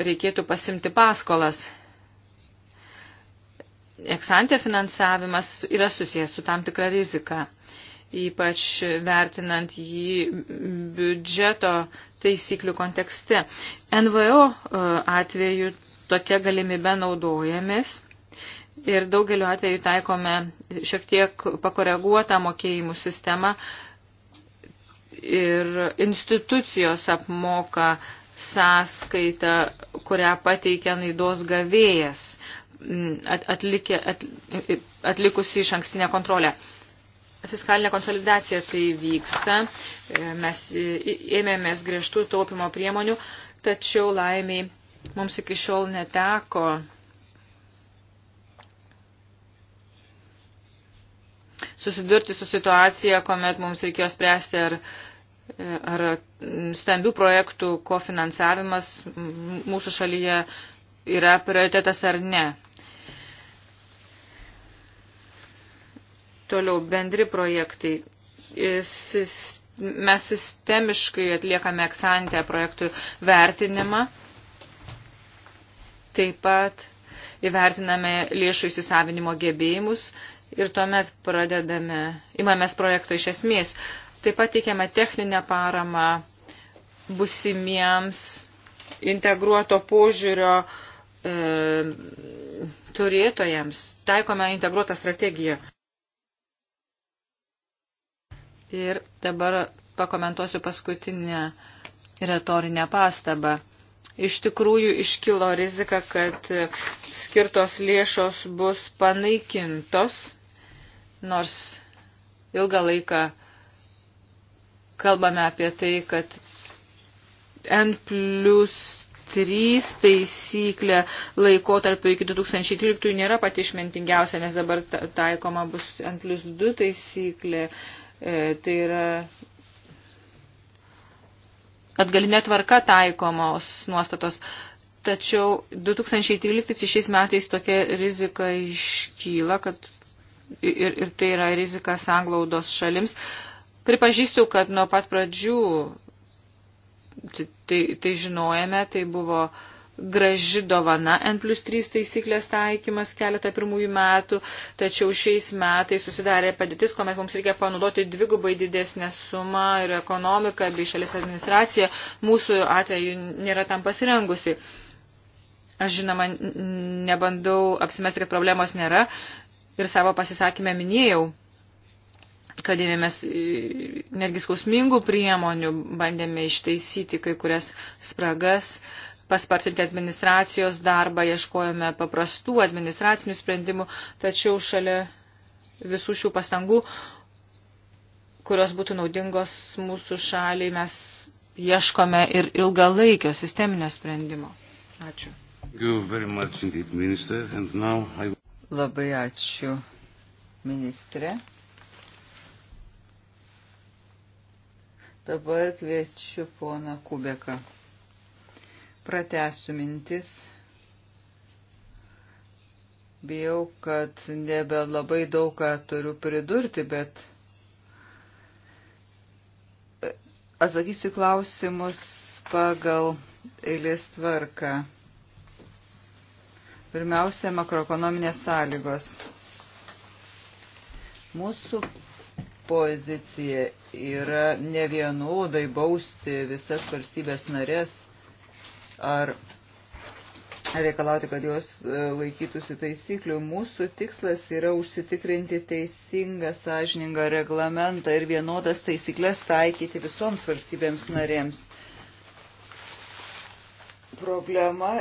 reikėtų pasimti paskolas. Eksantė finansavimas yra susijęs su tam tikra rizika ypač vertinant jį biudžeto taisyklių kontekste. NVO e, atveju tokia galimybė naudojamės ir daugeliu atveju taikome šiek tiek pakoreguotą mokėjimų sistemą ir institucijos apmoka sąskaitą, kurią pateikia naidos gavėjas atlikė, at, atlikusi iš ankstinę kontrolę fiskalinė konsolidacija tai vyksta, e, mes e, ėmėmės griežtų taupimo priemonių, tačiau laimiai mums iki šiol neteko susidurti su situacija, kuomet mums reikėjo spręsti, ar, e, ar stambių projektų kofinansavimas mūsų šalyje yra prioritetas ar ne. Toliau bendri projektai. Mes sistemiškai atliekame eksantę projektų vertinimą. Taip pat įvertiname lėšų įsisavinimo gebėjimus ir tuomet pradedame, imamės projekto iš esmės. Taip pat teikiame techninę paramą busimiems integruoto požiūrio e, turėtojams. Taikome integruotą strategiją. Ir dabar pakomentuosiu paskutinę retorinę pastabą. Iš tikrųjų iškilo rizika, kad skirtos lėšos bus panaikintos, nors ilgą laiką kalbame apie tai, kad N plus 3 taisyklė laikotarpio iki 2013 nėra pati išmintingiausia, nes dabar taikoma bus N plus 2 taisyklė. Uh, E, tai yra atgalinė tvarka taikomos nuostatos. Tačiau 2013 šiais metais tokia rizika iškyla, kad ir, ir tai yra rizika sanglaudos šalims. Pripažįstu, kad nuo pat pradžių tai, tai, tai žinojame, tai buvo uh, graži dovana N plus 3 taisyklės taikymas keletą pirmųjų metų, tačiau šiais metais susidarė padėtis, kuomet mums reikia panaudoti dvigubai didesnę sumą ir ekonomiką bei šalies administracija mūsų atveju nėra tam pasirengusi. Aš žinoma, nebandau apsimesti, kad problemos nėra ir savo pasisakymę minėjau kad ėmėmės e, netgi skausmingų priemonių, bandėme ištaisyti kai kurias spragas, uh, paspartinti administracijos darbą, ieškojame paprastų administracinių sprendimų, tačiau šalia visų šių pastangų, kurios būtų naudingos mūsų šaliai, mes ieškome ir ilgalaikio sisteminio sprendimo. Ačiū. Indeed, minister, I... Labai ačiū, ministrė. Dabar kviečiu poną Kubeką. Pratesiu mintis. Bijau, kad nebe labai daug ką turiu pridurti, bet atsakysiu klausimus pagal eilės tvarką. Pirmiausia, makroekonominės sąlygos. Mūsų pozicija yra ne vienodai bausti visas valstybės narės ar reikalauti, kad jos e, laikytųsi taisyklių. Mūsų tikslas yra užsitikrinti teisingą, sąžiningą reglamentą ir vienodas taisyklės taikyti visoms valstybėms narėms. Problema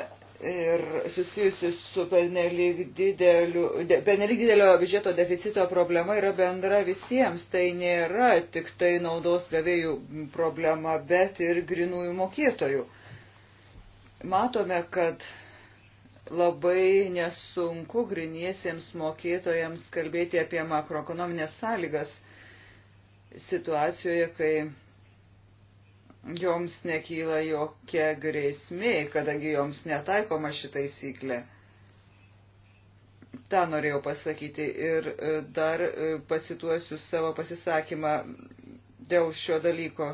ir susijusi su pernelyg, dideliu, de, pernelyg didelio biudžeto deficito problema yra bendra visiems. Tai nėra tik tai naudos gavėjų problema, bet ir grinųjų mokėtojų problema matome, kad labai nesunku griniesiems mokėtojams kalbėti apie makroekonominės sąlygas situacijoje, kai joms nekyla jokia grėsmė, kadangi joms netaikoma šitą įsiklę. Ta norėjau pasakyti ir e, dar e, pacituosiu savo pasisakymą dėl šio dalyko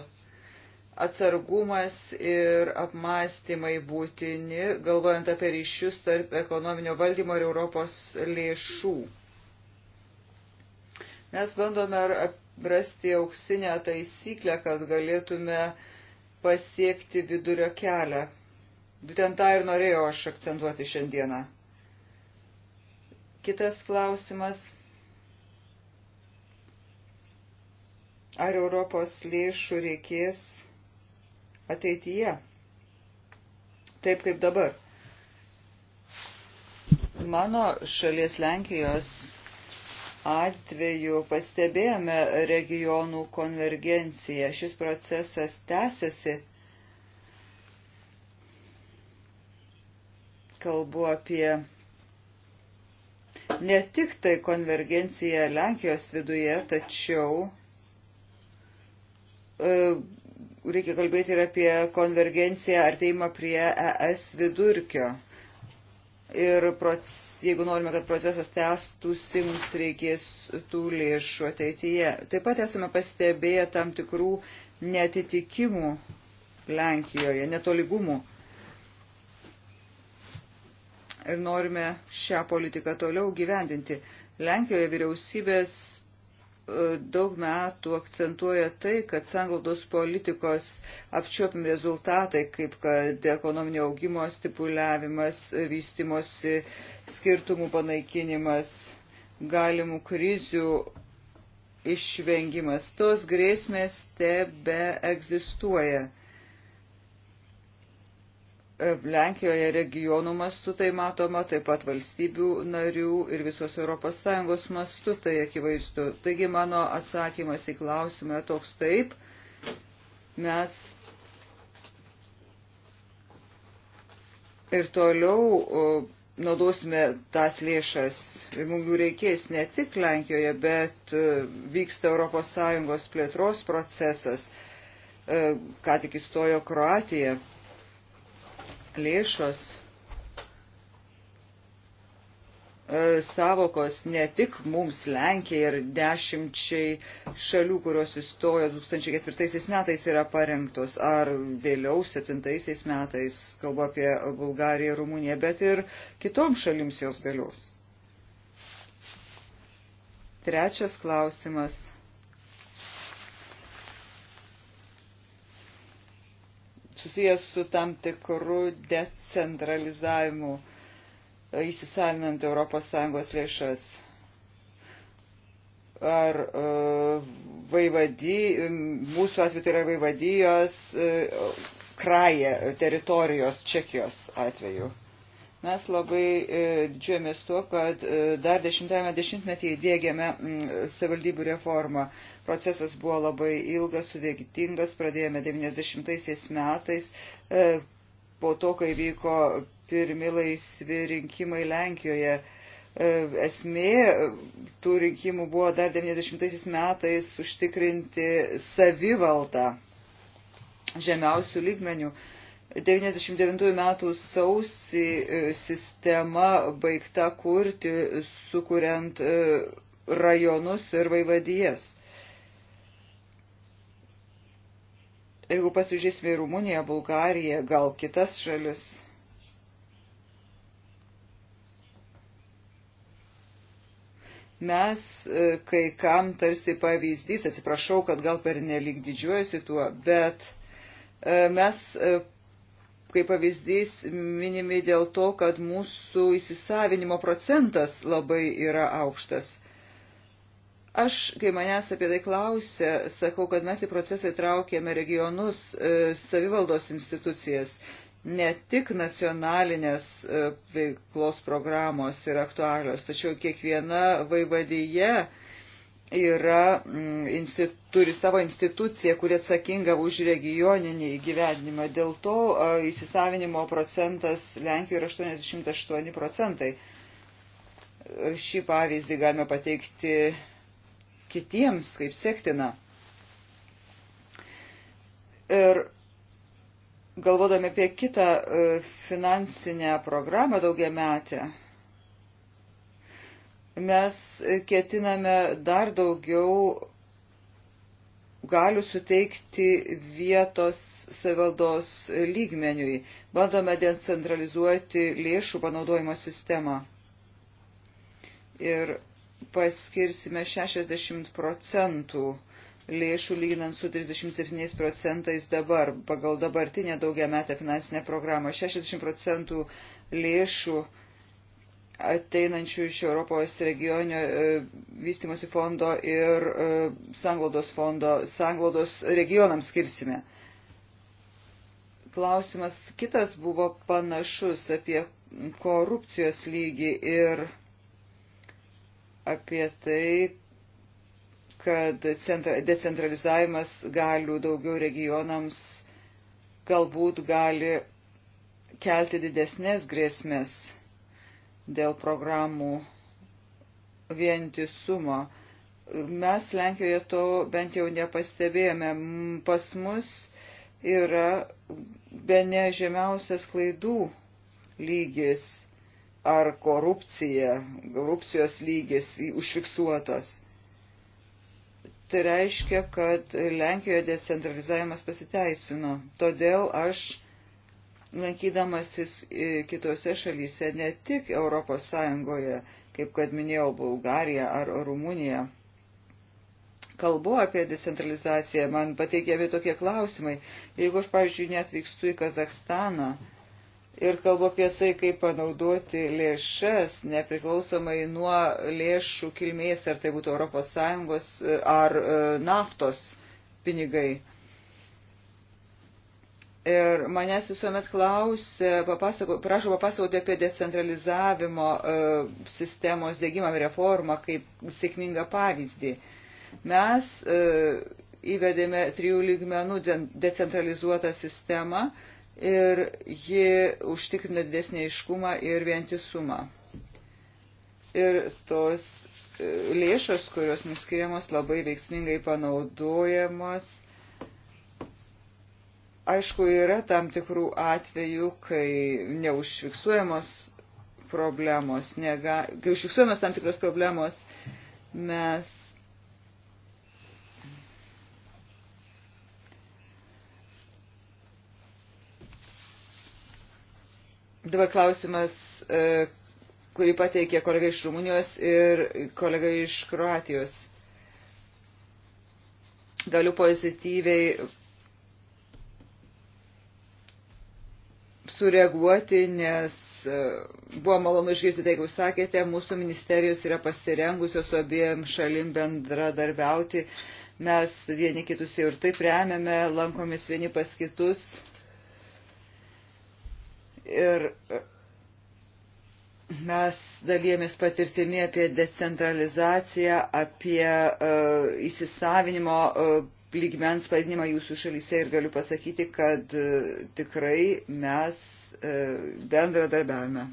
atsargumas ir apmąstymai būtini, galvojant apie ryšius tarp ekonominio valdymo ir Europos lėšų. Mes bandome rasti auksinę taisyklę, kad galėtume pasiekti vidurio kelią. Būtent tą ir norėjau aš akcentuoti šiandieną. Kitas klausimas. Ar Europos lėšų reikės ateityje, taip kaip dabar. Mano šalies Lenkijos atveju pastebėjome regionų konvergenciją. Šis procesas tęsiasi. Kalbu apie ne tik tai konvergenciją Lenkijos viduje, tačiau e, reikia kalbėti ir apie konvergenciją artėjimą prie ES vidurkio. Ir proc, jeigu norime, kad procesas tęstųsi, mums reikės tų lėšų ateityje. Taip pat esame pastebėję tam tikrų netitikimų Lenkijoje, netoligumų. Ir norime šią politiką toliau gyvendinti. Lenkijoje vyriausybės daug metų akcentuoja tai, kad sanglaudos politikos apčiuopim rezultatai, kaip kad ekonominio augimo stipuliavimas, vystimosi skirtumų panaikinimas, galimų krizių išvengimas, tos grėsmės tebe egzistuoja. Lenkijoje regionų mastu tai matoma, taip pat valstybių narių ir visos ES mastu tai akivaizdu. Taigi mano atsakymas į klausimą toks taip. Mes ir toliau naudosime tas lėšas ir mums jų reikės ne tik Lenkijoje, bet e, vyksta ES plėtros procesas, e, ką tik įstojo Kroatija lėšos e, savokos ne tik mums Lenkijai ir dešimčiai šalių, kurios įstojo 2004 metais yra parengtos, ar vėliau 2007 metais, kalbu apie Bulgariją ir Rumuniją, bet ir kitoms šalims jos galios. Trečias klausimas susijęs su tam tikru decentralizavimu įsisavinant ES lėšas. Ar e, vaivady, mūsų atveju tai yra vaivadijos e, kraje teritorijos Čekijos atveju. Mes labai e, didžiuojamės tuo, kad e, dar dešimtajame dešimtmetyje įdėgėme mm, savivaldybių reformą. Procesas buvo labai ilgas, sudėtingas, pradėjome 90 metais, e, po to, kai vyko pirmi laisvi rinkimai Lenkijoje esmė tų rinkimų buvo dar 90 metais užtikrinti savivaldą žemiausių lygmenių. 99 metų sausį e, sistema baigta kurti, sukuriant e, rajonus ir vaivadijas. Jeigu pasižiūrėsime į Rumuniją, Bulgariją, gal kitas šalis. Mes e, kai kam tarsi pavyzdys, atsiprašau, kad gal per nelik didžiuojasi tuo, bet mes kaip pavyzdys, minimi dėl to, kad mūsų įsisavinimo procentas labai yra aukštas. Aš, kai manęs apie tai klausia, sakau, kad mes į procesą įtraukėme regionus, e, savivaldos institucijas. Ne tik nacionalinės e, veiklos programos yra aktualios, tačiau kiekviena vaivadyje yra, mm, turi savo instituciją, kuri atsakinga už regioninį įgyvendinimą. Dėl to įsisavinimo procentas Lenkijoje yra 88 procentai. Šį pavyzdį galime pateikti kitiems kaip sektina. Ir galvodami apie kitą e, finansinę programą daugiametę, mes ketiname dar daugiau galių suteikti vietos savivaldos lygmeniui. Bandome decentralizuoti lėšų panaudojimo sistemą. Ir paskirsime 60 procentų lėšų lyginant su 37 procentais dabar. Pagal dabartinę daugiametę finansinę programą 60 procentų lėšų uh, ateinančių iš Europos regionio e, vystimosi fondo ir e, sanglaudos fondo, sanglaudos regionams skirsime. Klausimas kitas buvo panašus apie korupcijos lygį ir apie tai, kad decentralizavimas galių daugiau regionams galbūt gali kelti didesnės grėsmės dėl programų vientisumo. Mes Lenkijoje to bent jau nepastebėjome. Pas mus yra be ne žemiausias klaidų lygis ar korupcija, korupcijos lygis užfiksuotos. Tai reiškia, kad Lenkijoje decentralizavimas pasiteisino. Todėl aš lankydamasis e, kitose šalyse, ne tik Europos Sąjungoje, kaip kad minėjau, Bulgarija ar Rumunija. Kalbu apie decentralizaciją, man pateikiami tokie klausimai. Jeigu aš, pavyzdžiui, neatvykstu į Kazakstaną ir kalbu apie tai, kaip panaudoti lėšas, nepriklausomai nuo lėšų kilmės, ar tai būtų ES e, ar e, naftos pinigai, Ir manęs visuomet klausė, papasako, prašo papasakoti apie decentralizavimo e, sistemos dėgymą ir reformą kaip sėkmingą pavyzdį. Mes e, įvedėme trijų lygmenų decentralizuotą sistemą ir ji užtikrina didesnį iškumą ir vientisumą. Ir tos e, lėšos, kurios nuskiriamos, labai veiksmingai panaudojamos. E, Aišku, yra tam tikrų atvejų, kai neužfiksuojamos problemos, nega, kai užfiksuojamos tam tikros problemos, mes Dabar klausimas, e, kurį pateikė kolega iš Rumunijos ir kolega iš Kroatijos. Galiu pozityviai sureaguoti, nes e, buvo malonu išgirsti tai, kaip jūs sakėte, mūsų ministerijos yra pasirengusios abiem šalim bendradarbiauti. Mes vieni kitus jau ir taip remiame, lankomis vieni pas kitus. Ir e, mes dalėmės patirtimi apie decentralizaciją, apie uh, įsisavinimo uh, lygmens padinimą jūsų šalyse ir galiu pasakyti, kad e, tikrai mes e, bendradarbiavime.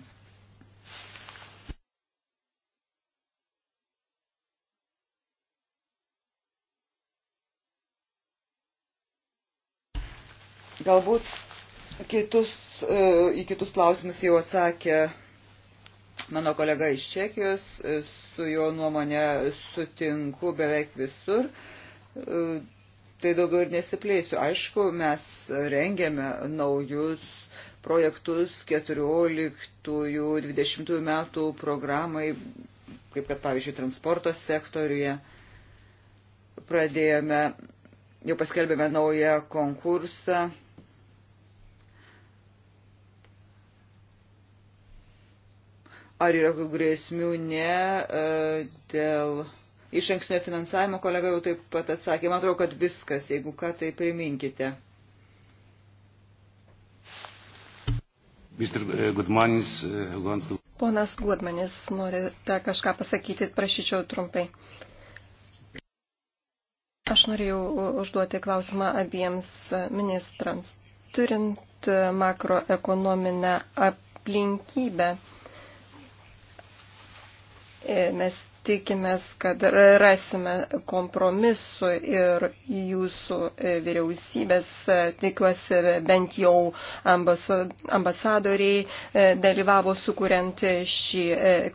Galbūt kitus, e, į kitus klausimus jau atsakė mano kolega iš Čekijos, su jo nuomonė sutinku beveik visur tai daugiau ir nesiplėsiu. Aišku, mes rengiame naujus projektus 14-20 metų programai, kaip kad pavyzdžiui transporto sektoriuje. Pradėjome, jau paskelbėme naują konkursą. Ar yra grėsmių? Ne. E, dėl iš anksnio finansavimo kolega jau taip pat atsakė. Man atrodo, kad viskas, jeigu ką, tai priminkite. Eh, eh, Ponas Gudmanis nori kažką pasakyti, prašyčiau trumpai. Aš norėjau užduoti klausimą abiems ministrams. Turint makroekonominę aplinkybę, e, mes tikimės, kad rasime kompromisu ir jūsų e, vyriausybės, e, tikiuosi, bent jau ambasadoriai e, dalyvavo sukuriant šį,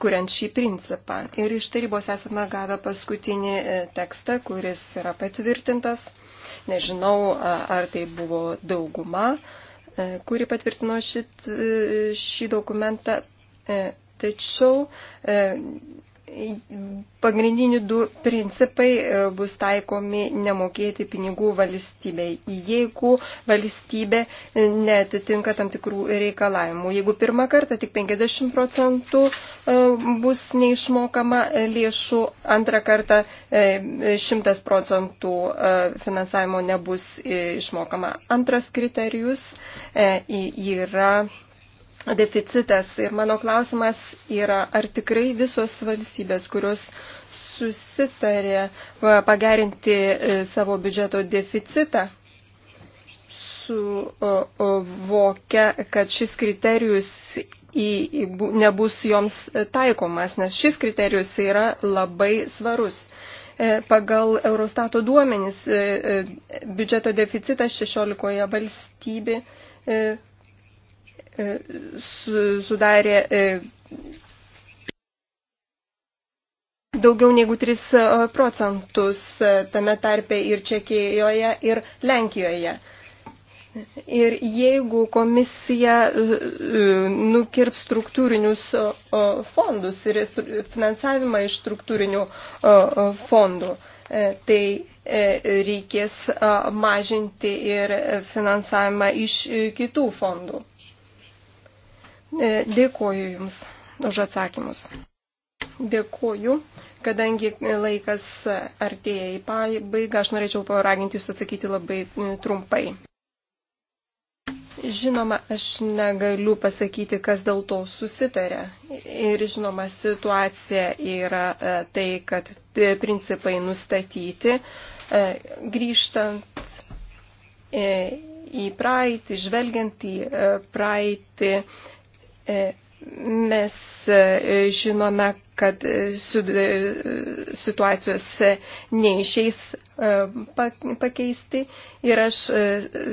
kuriant šį principą. Ir iš tarybos esame gavę paskutinį tekstą, kuris yra patvirtintas. Nežinau, ar tai buvo dauguma, kuri patvirtino šit, šį dokumentą. Tačiau Pagrindiniai du principai e, bus taikomi nemokėti pinigų valstybei, jeigu valstybė e, netitinka tam tikrų reikalavimų. Jeigu pirmą kartą tik 50 procentų e, bus neišmokama lėšų, antrą kartą 100 procentų finansavimo nebus išmokama. Antras kriterijus yra deficitas. Ir mano klausimas yra, ar tikrai visos valstybės, kurios susitarė pagerinti e, savo biudžeto deficitą, suvokia, kad šis kriterijus į, nebus joms taikomas, nes šis kriterijus yra labai svarus. E, pagal Eurostato duomenys e, biudžeto deficitas 16 valstybių E, sudarė e, daugiau negu 3 e, procentus tame tarpe ir Čekijoje, ir Lenkijoje. Ir jeigu komisija nukirps struktūrinius fondus ir finansavimą iš struktūrinių fondų, tai reikės mažinti ir finansavimą iš kitų fondų. E, Dėkuoju Jums už atsakymus. Dėkuoju, kadangi laikas artėja į pabaigą, aš norėčiau paraginti Jūs atsakyti labai e, trumpai. Žinoma, aš negaliu pasakyti, kas dėl to susitarė. Ir žinoma, situacija yra e, tai, kad principai nustatyti, grįžtant į praeitį, žvelgiant į praeitį, E, mes e, žinome, kad e, situacijos neišeis pakeisti ir aš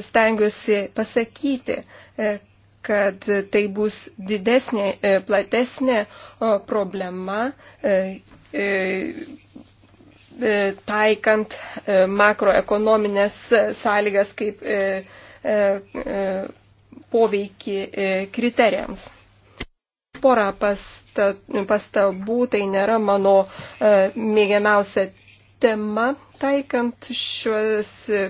stengiuosi pasakyti, kad tai bus didesnė, platesnė problema taikant makroekonominės sąlygas kaip poveikį kriterijams porą pastabų, tai nėra mano e, mėgiamiausia tema. Taikant šiuos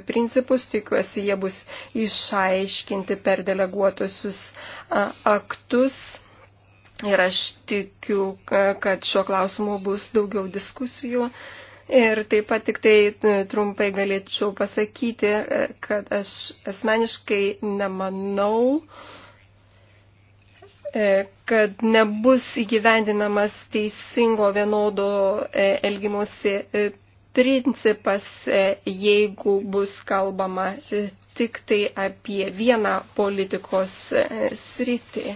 principus, tikiuosi, jie bus išaiškinti per deleguotusius aktus. Ir aš tikiu, kad šiuo klausimu bus daugiau diskusijų. Ir taip pat tik tai e, trumpai galėčiau pasakyti, e, kad aš asmeniškai nemanau, E, kad nebus įgyvendinamas teisingo vienodo e, elgimosi e, principas, jeigu bus kalbama tik tai apie vieną politikos sritį.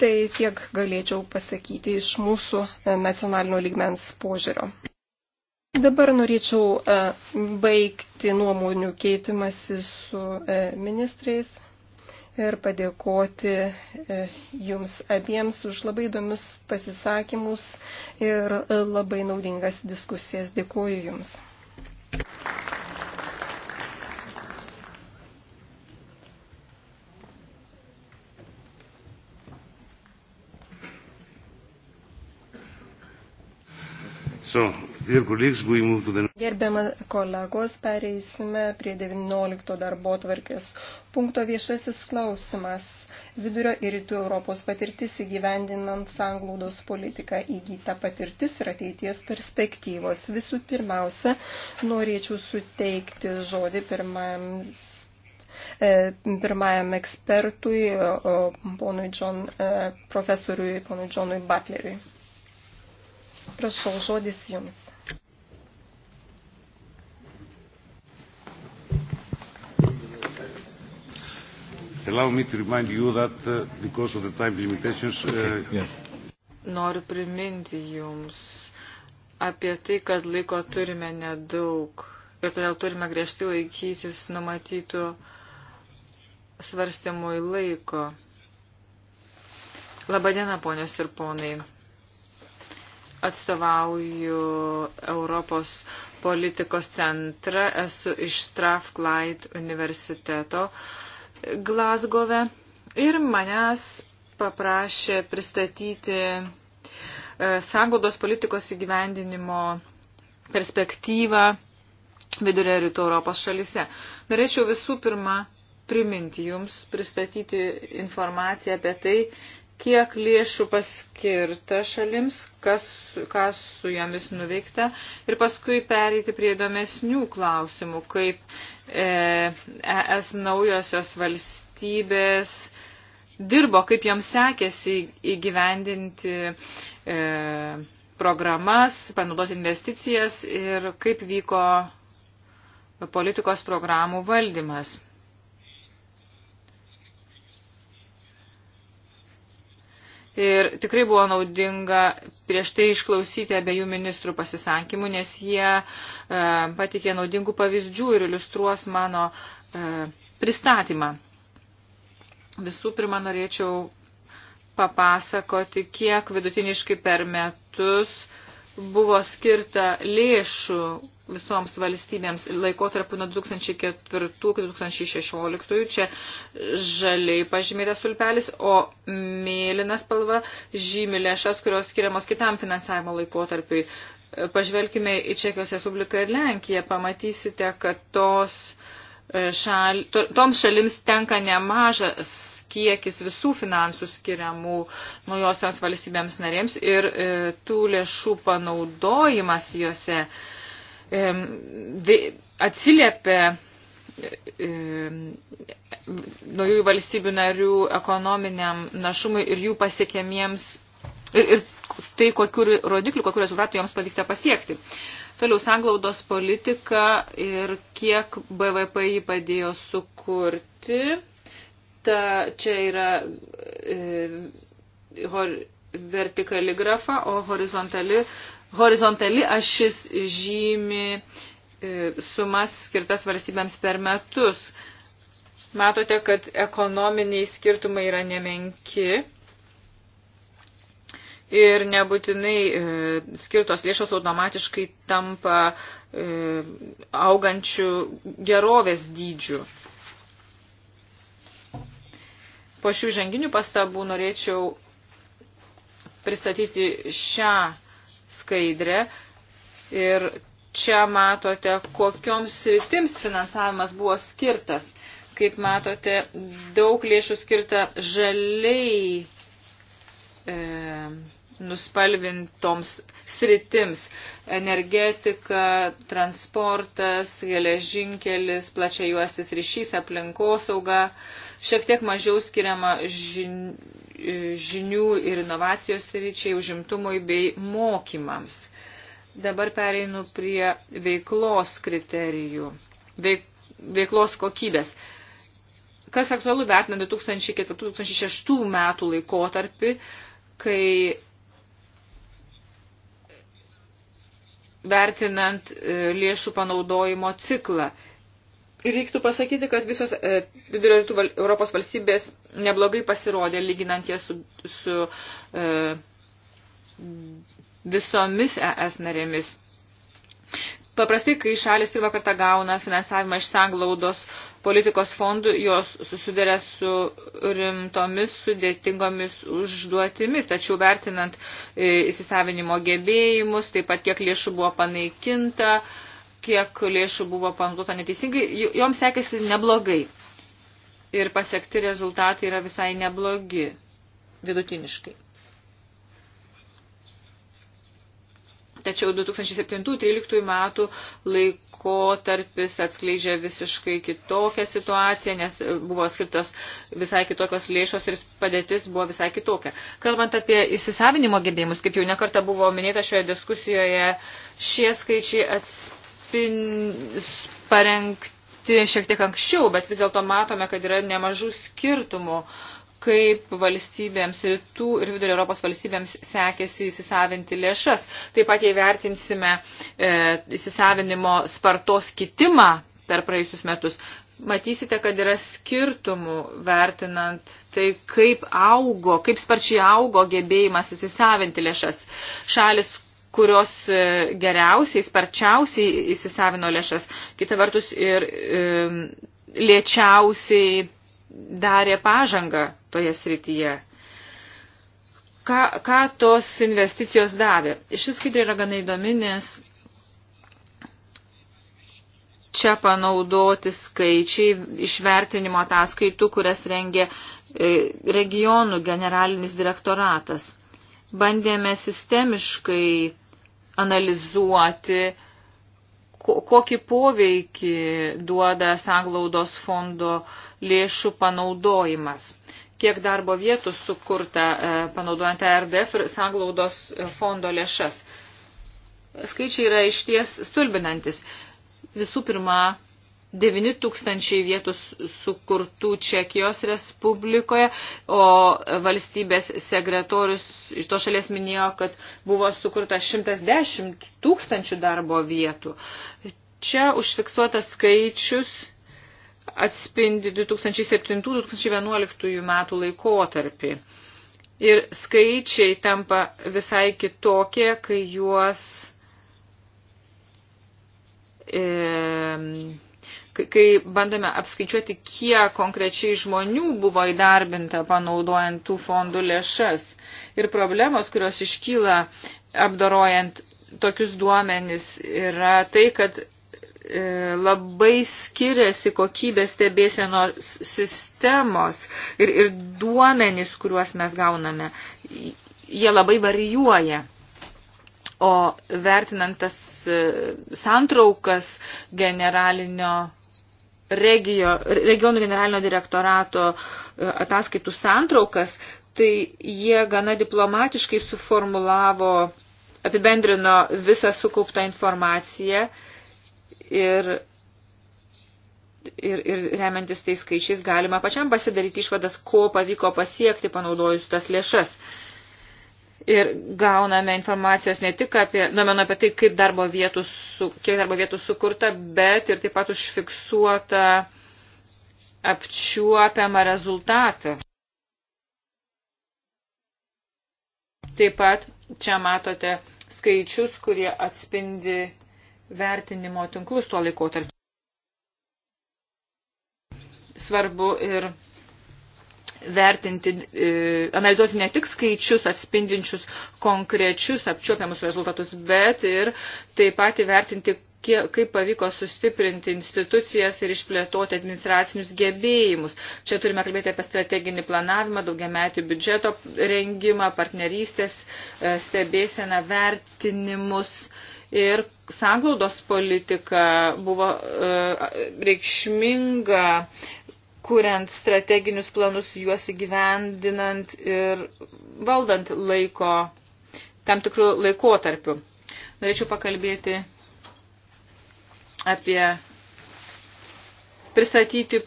Tai tiek galėčiau pasakyti iš mūsų nacionalinio lygmens požiūrio. Dabar norėčiau baigti nuomonių keitimasi su ministrais ir padėkoti e, jums abiems už labai įdomius pasisakymus ir e, labai naudingas diskusijas. Dėkuoju jums. So, Gerbiama kolegos, pereisime prie 19 darbo tvarkės. Punkto viešasis klausimas. Vidurio ir rytų Europos patirtis įgyvendinant sanglaudos politiką įgyta patirtis ir ateities perspektyvos. Visų pirmiausia, norėčiau suteikti žodį pirmajam e, pirmajam ekspertui, ponui John, e, profesoriui ponui Johnui Butleriui. Prašau, žodis jums. Allow me to remind you that uh, because of the time limitations. Uh, okay. yes. Noriu priminti jums apie tai, kad laiko turime nedaug ir todėl turime griežtai laikytis numatytų svarstymui laiko. Labadiena, ponios ir ponai. Atstovauju Europos politikos centrą, esu iš Strafklaid universiteto. Uh, Glasgove ir manęs paprašė pristatyti e, sanglaudos politikos įgyvendinimo perspektyvą vidurio rytų Europos šalise. Norėčiau visų pirma priminti jums, pristatyti informaciją apie tai, kiek lėšų paskirta šalims, kas, kas su jomis nuveikta ir paskui pereiti prie įdomesnių klausimų, kaip e, ES naujosios valstybės dirbo, kaip joms sekėsi įgyvendinti e, programas, panaudoti investicijas ir kaip vyko politikos programų valdymas. Ir tikrai buvo naudinga prieš tai išklausyti abiejų ministrų pasisakymų, nes jie e, patikė naudingų pavyzdžių ir iliustruos mano e, pristatymą. Visų pirma, norėčiau papasakoti, kiek vidutiniškai per metus buvo skirta lėšų visoms valstybėms laikotarpiu nuo 2004-2016. Čia žaliai pažymėtas sulpelis, o mėlynas spalva žymi lėšas, kurios skiriamos kitam finansavimo laikotarpiui. Pažvelkime į Čekijos Respubliką ir Lenkiją. Pamatysite, kad tos e, šal, to, toms šalims tenka nemažas kiekis visų finansų skiriamų naujosiams valstybėms narėms ir e, tų lėšų panaudojimas juose e, atsiliepia naujųjų valstybių narių ekonominiam našumui ir jų pasiekėmiems ir, ir tai, kokiu rodikliu, kokiu rezultatu joms pavyksta pasiekti. Toliau sanglaudos politika ir kiek BVP jį padėjo sukurti. Ta, čia yra e, hor, vertikali grafa, o horizontali horizontali ašis žymi e, sumas skirtas valstybėms per metus. Matote, kad ekonominiai skirtumai yra nemenki ir nebūtinai e, skirtos lėšos automatiškai tampa e, augančių gerovės dydžių. Po šių ženginių pastabų norėčiau pristatyti šią skaidrę ir čia matote, kokioms sritims finansavimas buvo skirtas. Kaip matote, daug lėšų skirta žaliai e, nuspalvintoms sritims - energetika, transportas, geležinkelis, plačiajuostis ryšys, aplinkosauga. E, šiek tiek mažiau skiriama žin, žinių ir inovacijos ryčiai, užimtumui bei mokymams. Dabar pereinu prie veiklos kriterijų, veik, veiklos kokybės. Kas aktualu vertina 2004-2006 metų laikotarpį, kai vertinant e, lėšų panaudojimo ciklą reiktų pasakyti, kad visos e, vidurio rytų val, Europos valstybės neblogai pasirodė, lyginant jas su, su e, visomis ES narėmis. Paprastai, kai šalis pirmą kartą gauna finansavimą iš sanglaudos politikos fondų, jos susiduria su rimtomis sudėtingomis užduotimis, tačiau vertinant e, įsisavinimo gebėjimus, taip pat kiek lėšų buvo panaikinta, e, kiek lėšų buvo panaudota neteisingai, joms sekėsi neblogai. Ir pasiekti rezultatai yra visai neblogi, vidutiniškai. Tačiau 2007-2013 metų laikotarpis atskleidžia visiškai kitokią situaciją, nes buvo skirtos visai kitokios lėšos ir padėtis buvo visai kitokia. Kalbant apie įsisavinimo gebėjimus, kaip jau nekarta buvo minėta šioje diskusijoje, šie skaičiai atspėjo parengti šiek tiek anksčiau, bet vis dėlto matome, kad yra nemažų skirtumų, kaip valstybėms rytų ir vidurio Europos valstybėms sekėsi įsisavinti lėšas. Taip pat jei vertinsime e, įsisavinimo spartos kitimą per praėjusius metus, matysite, kad yra skirtumų vertinant tai, kaip augo, kaip sparčiai augo gebėjimas įsisavinti lėšas. Šalis, kurios e, geriausiai, sparčiausiai įsisavino lėšas, kita vertus ir e, lėčiausiai darė pažangą toje srityje. Ką, ką tos investicijos davė? Šis skaidrė yra gana įdomi, nes čia panaudoti skaičiai išvertinimo ataskaitų, kurias rengė e, regionų generalinis direktoratas. Bandėme sistemiškai analizuoti, kokį poveikį duoda sanglaudos fondo lėšų panaudojimas. Kiek darbo vietų sukurta e, panaudojant e RDF ir sanglaudos fondo lėšas. Skaičiai yra išties stulbinantis. Visų pirma, 9 tūkstančiai vietų sukurtų Čekijos Respublikoje, o valstybės sekretorius iš to šalies minėjo, kad buvo sukurta 110 tūkstančių darbo vietų. Čia užfiksuotas skaičius atspindi 2007-2011 metų laikotarpį. Ir skaičiai tampa visai kitokie, kai juos e, kai bandome apskaičiuoti, kiek konkrečiai žmonių buvo įdarbinta panaudojant tų fondų lėšas ir problemos, kurios iškyla apdorojant tokius duomenis, yra tai, kad e, labai skiriasi kokybės stebėsenos sistemos ir, ir duomenys, kuriuos mes gauname, jie labai varijuoja. O vertinant tas e, santraukas generalinio regio, regionų generalinio direktorato e, ataskaitų santraukas, tai jie gana diplomatiškai suformulavo, apibendrino visą sukauptą informaciją ir, ir, ir remiantis tais skaičiais galima pačiam pasidaryti išvadas, ko pavyko pasiekti panaudojus tas lėšas. Uh, ir gauname informacijos ne tik apie, duomenų nu, apie tai, kaip darbo vietų su, kiek darbo vietų sukurta, bet ir taip pat užfiksuota apčiuopiamą rezultatą. Taip pat čia matote skaičius, kurie atspindi vertinimo tinklus tuo laikotarpiu. Svarbu ir vertinti, e, analizuoti ne tik skaičius atspindinčius konkrečius apčiuopiamus rezultatus, bet ir taip pat įvertinti, kaip pavyko sustiprinti institucijas ir išplėtoti administracinius gebėjimus. Čia turime kalbėti apie strateginį planavimą, daugiametį biudžeto rengimą, partnerystės, e, stebėseną, vertinimus. Ir sanglaudos politika buvo e, reikšminga kuriant strateginius planus, juos įgyvendinant ir valdant laiko, tam tikrų laikotarpių. Norėčiau pakalbėti apie pristatyti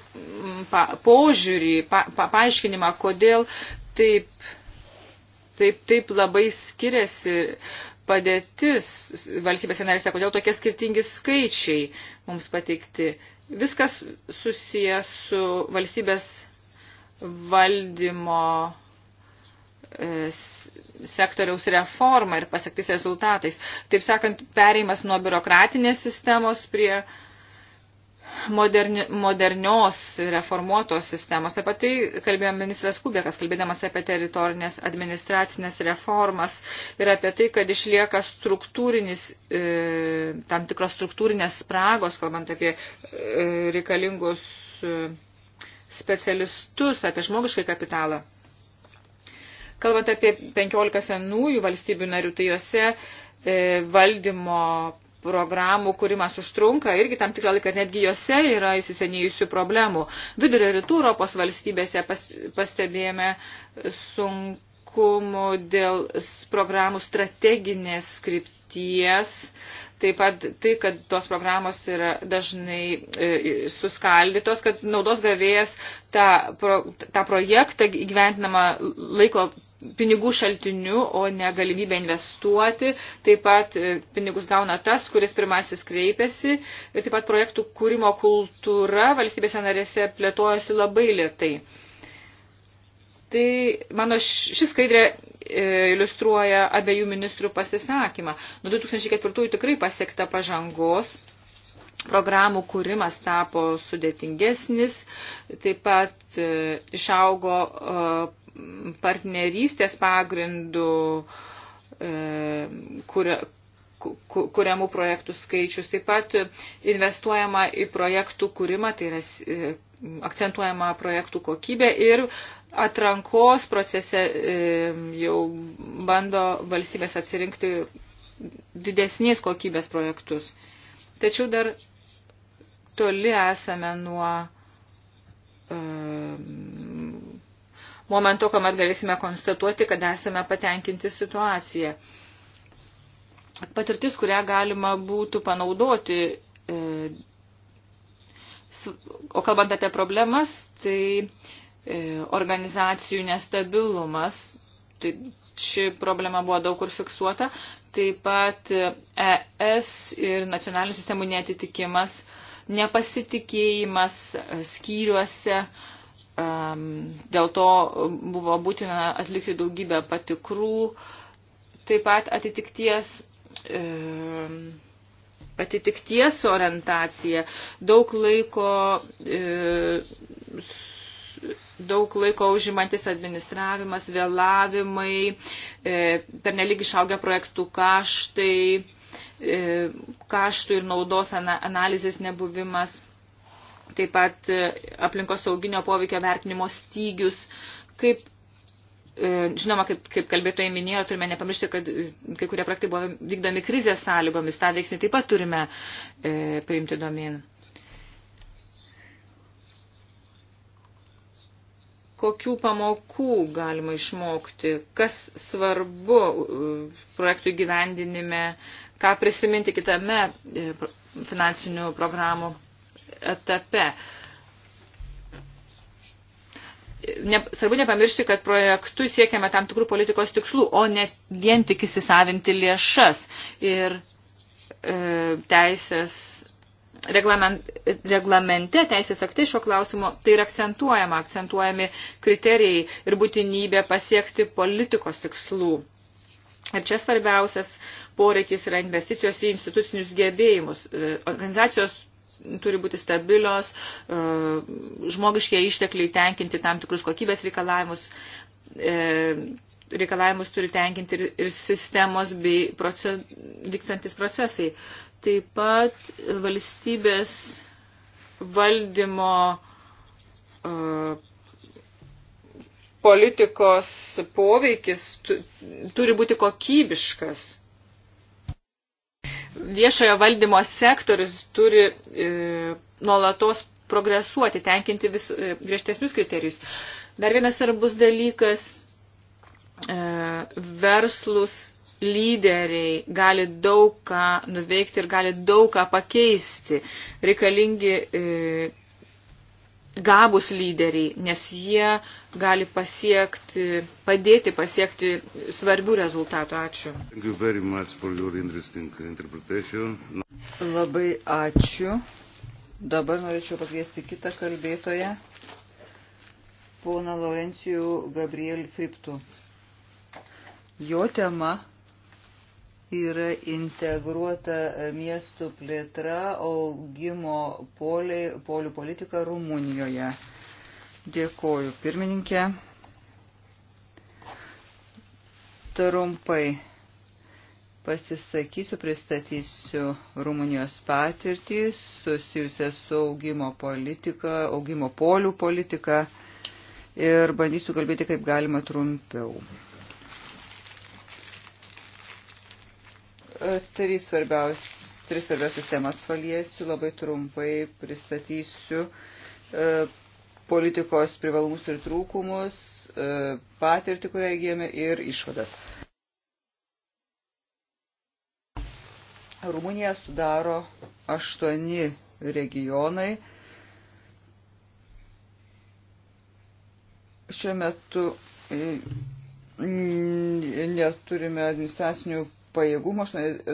pa, požiūrį, pa, pa, paaiškinimą, kodėl taip, taip, taip labai skiriasi padėtis valstybės narėse, kodėl tokie skirtingi skaičiai mums pateikti. Uh, Viskas susijęs su valstybės valdymo e, sektoriaus reforma ir pasiektais rezultatais. Taip sakant, pereimas nuo biurokratinės sistemos prie uh, moderni, modernios reformuotos sistemos. Taip pat tai kalbėjo ministras Kubėkas, kalbėdamas apie teritorinės administracinės reformas ir apie tai, kad išlieka struktūrinis, e, tam tikros struktūrinės spragos, kalbant apie e, reikalingus e, specialistus, apie žmogiškai kapitalą. Kalbant apie 15 senųjų valstybių narių, tai juose e, valdymo programų kūrimas užtrunka irgi tam tikrą laiką, netgi jose yra įsisenėjusių problemų. Vidurio rytų Europos valstybėse pas, pastebėjome sunkumų dėl programų strateginės skripties, taip pat tai, kad tos programos yra dažnai e, suskaldytos, kad naudos gavėjas tą, pro, tą projektą gyventinamą laiko pinigų šaltiniu, o ne galimybę investuoti. Taip pat e, pinigus gauna tas, kuris pirmasis kreipiasi. Ir taip pat projektų kūrimo kultūra valstybėse narėse plėtojasi labai lietai. Tai mano šis skaidrė e, iliustruoja abiejų ministrų pasisakymą. Nuo 2004 tikrai pasiekta pažangos programų kūrimas tapo sudėtingesnis, taip pat e, išaugo partnerystės pagrindų e, kuria, kuriamų projektų skaičius. Taip pat investuojama į projektų kūrimą, tai yra e, akcentuojama projektų kokybė ir atrankos procese e, jau bando valstybės atsirinkti didesnės kokybės projektus. Tačiau dar toli esame nuo momentu, kuomet galėsime konstatuoti, kad esame patenkinti situaciją. Patirtis, kurią galima būtų panaudoti, e, o kalbant apie problemas, tai e, organizacijų nestabilumas, tai ši problema buvo daug kur fiksuota, taip pat ES e ir nacionalinių sistemų netitikimas, nepasitikėjimas skyriuose, Ehm, dėl to buvo būtina atlikti daugybę patikrų, taip pat atitikties, ehm, atitikties orientacija. Daug laiko, e, daug laiko užimantis administravimas, vėlavimai, e, pernelyg išaugę projektų kaštai, e, kaštų ir naudos analizės nebuvimas taip pat e, aplinkos sauginio poveikio vertinimo stygius, kaip e, Žinoma, kaip, kaip kalbėtojai minėjo, turime nepamiršti, kad e, kai kurie praktai buvo vykdomi krizės sąlygomis, tą veiksnį taip pat turime e, priimti domin. kokių pamokų galima išmokti, kas svarbu projektų gyvendinime, ką prisiminti kitame finansinių programų etape. Ne, svarbu nepamiršti, kad projektu siekiame tam tikrų politikos tikslų, o ne vien tik įsisavinti lėšas ir e, teisės reglament, reglamente, teisės aktai šio klausimo, tai yra akcentuojama, akcentuojami kriterijai ir būtinybė pasiekti politikos tikslų. Ir čia svarbiausias poreikis yra investicijos į institucinius gebėjimus. E, organizacijos turi būti stabilios, e, žmogiškie ištekliai tenkinti tam tikrus kokybės reikalavimus, e, reikalavimus turi tenkinti ir, ir sistemos bei proces, vykstantis procesai. Taip pat valstybės valdymo e, politikos poveikis turi būti kokybiškas viešojo valdymo sektorius turi e, nuolatos progresuoti, tenkinti vis e, griežtesnius kriterijus. Dar vienas svarbus dalykas e, - verslus lyderiai gali daug ką nuveikti ir gali daug ką pakeisti. Reikalingi e, gabus lyderiai, nes jie gali pasiekti, padėti pasiekti svarbių rezultatų. Ačiū. Labai ačiū. Dabar norėčiau pakviesti kitą kalbėtoją, poną Laurencijų Gabriel Friptų. Jo tema yra integruota miestų plėtra, augimo poliai, polių politika Rumunijoje. Dėkoju, pirmininkė. Trumpai pasisakysiu, pristatysiu Rumunijos patirtį susijusią su augimo politika, augimo polių politika ir bandysiu kalbėti kaip galima trumpiau. E, trys svarbiausi tris svarbiausias temas paliesiu, labai trumpai pristatysiu e, politikos privalumus ir trūkumus, e, patirtį, kurią įgėmė ir išvadas. Rumunija sudaro aštuoni regionai. Šiuo metu neturime administracinių pajėgumų.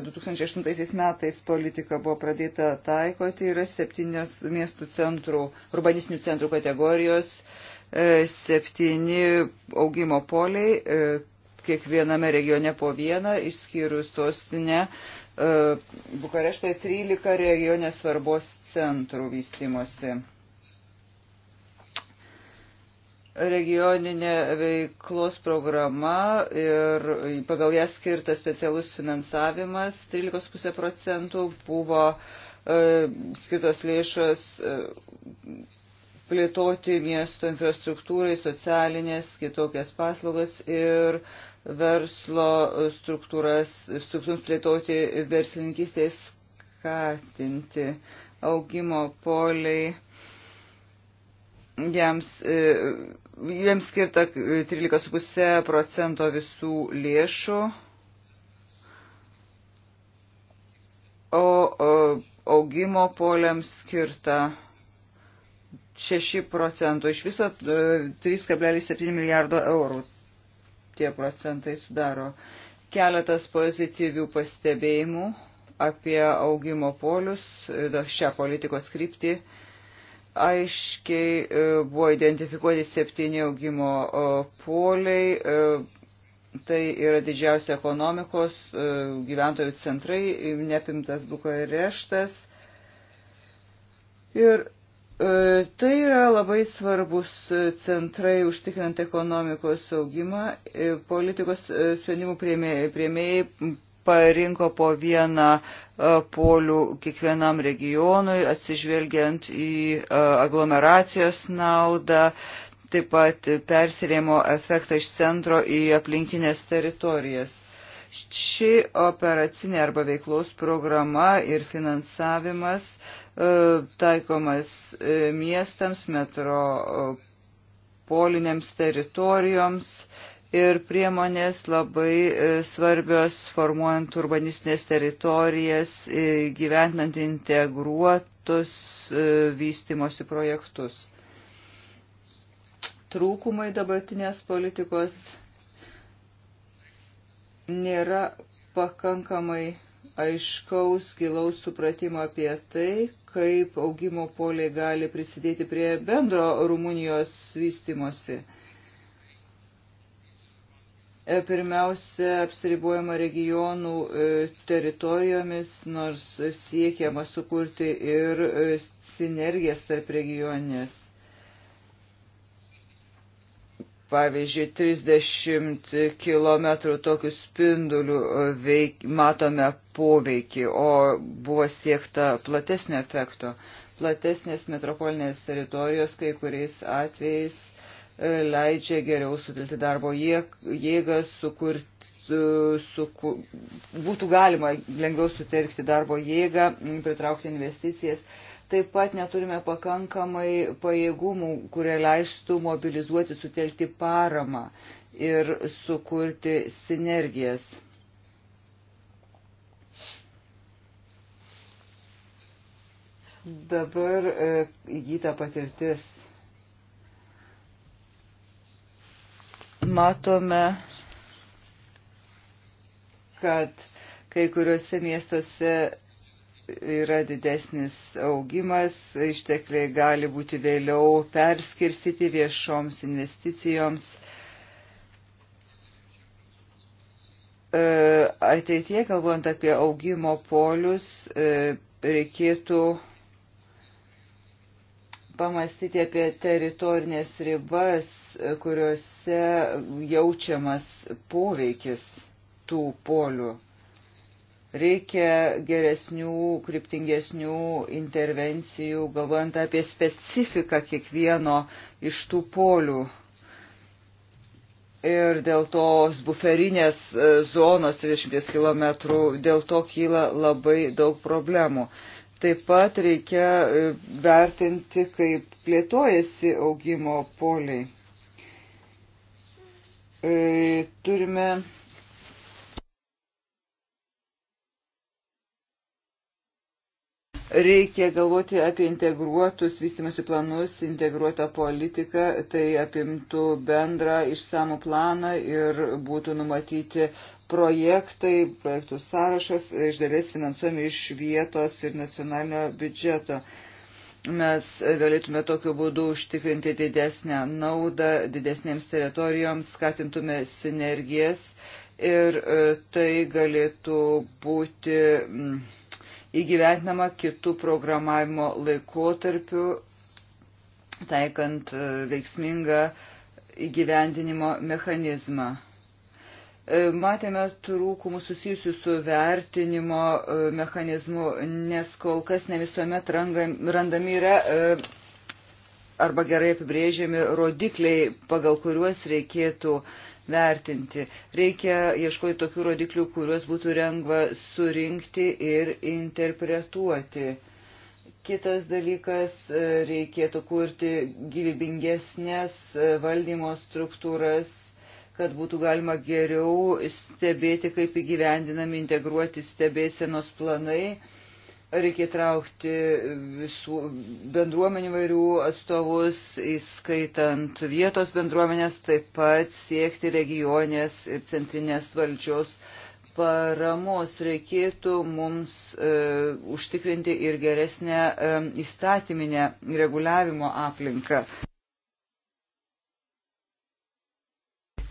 2008 metais politika buvo pradėta taikoti, yra septynios miestų centrų, urbanistinių centrų kategorijos, e, septyni augimo poliai, e, kiekviename regione po vieną, išskyrus sostinę. E, Bukareštai 13 regionės svarbos centrų vystimosi regioninė veiklos programa ir pagal ją skirtas specialus finansavimas 13,5 procentų buvo e, skirtos lėšos e, plėtoti miesto infrastruktūrai, socialinės, kitokias paslaugas ir verslo struktūras, struktūrus plėtoti verslininkystės skatinti augimo poliai jiems, e, jiems skirta 13,5 e, procento visų lėšų, o augimo poliams skirta 6 procento, iš viso 3,7 e, milijardo eurų tie procentai sudaro. Keletas pozityvių pastebėjimų apie augimo polius, šią politikos kryptį aiškiai e, buvo identifikuoti septyni augimo e, poliai. E, tai yra didžiausia ekonomikos gyventojų centrai, nepimtas Bukareštas. Ir tai yra labai svarbus centrai užtikrinant ekonomikos saugimą. Politikos sprendimų prieimėjai parinko po vieną e, polių kiekvienam regionui, atsižvelgiant į e, aglomeracijos naudą, taip pat persirėmo efektą iš centro į aplinkinės teritorijas. Ši operacinė arba veiklos programa ir finansavimas e, taikomas miestams, metropoliniams teritorijoms, ir priemonės labai e, svarbios formuojant urbanistinės teritorijas, e, gyventant integruotus e, vystimosi projektus. Trūkumai dabartinės politikos nėra pakankamai aiškaus gilaus supratimo apie tai, kaip augimo poliai gali prisidėti prie bendro Rumunijos vystimosi. E, pirmiausia, apsiribuojama regionų e, teritorijomis, nors siekiama sukurti ir e, sinergijas tarp regionės. Pavyzdžiui, 30 km tokių spindulių veik, matome poveikį, o buvo siekta platesnio efekto. Platesnės metropolinės teritorijos kai kuriais atvejais E, leidžia geriau sutilti darbo jėgą, sukurti, su, su, būtų galima lengviau sutelkti darbo jėgą, pritraukti investicijas. Taip pat neturime pakankamai pajėgumų, kurie leistų mobilizuoti, sutelkti paramą ir sukurti sinergijas. Dabar e, įgyta patirtis matome, kad kai kuriuose miestuose yra didesnis augimas, ištekliai gali būti vėliau perskirstyti viešoms investicijoms. E, ateitie, kalbant apie augimo polius, e, reikėtų pamastyti apie teritorinės ribas, kuriuose jaučiamas poveikis tų polių. Reikia geresnių, kryptingesnių intervencijų, galvojant apie specifiką kiekvieno iš tų polių. Ir dėl tos buferinės e, zonos 30 km, dėl to kyla labai daug problemų. Taip pat reikia e, vertinti, kaip plėtojasi augimo poliai. E, turime reikia galvoti apie integruotus vystimosi planus, integruotą politiką, tai apimtų bendrą išsamų planą ir būtų numatyti projektai, projektų sąrašas iš dalies finansuojami iš vietos ir nacionalinio biudžeto. Mes galėtume tokiu būdu užtikrinti didesnę naudą didesnėms teritorijoms, skatintume sinergijas ir e, tai galėtų būti įgyventinama kitų programavimo laikotarpių, taikant e, veiksmingą įgyvendinimo mechanizmą. E, matėme trūkumų susijusių su vertinimo e, mechanizmu, nes kol kas ne visuomet randami yra e, arba gerai apibrėžiami rodikliai, pagal kuriuos reikėtų vertinti. Reikia ieškoti tokių rodiklių, kuriuos būtų lengva surinkti ir interpretuoti. Kitas dalykas, reikėtų kurti gyvybingesnės valdymo struktūras kad būtų galima geriau stebėti, kaip įgyvendinami integruoti stebėsenos planai. Reikia traukti visų bendruomenių vairių atstovus, įskaitant vietos bendruomenės, taip pat siekti regionės ir centrinės valdžios paramos reikėtų mums e, užtikrinti ir geresnę e, įstatyminę reguliavimo aplinką.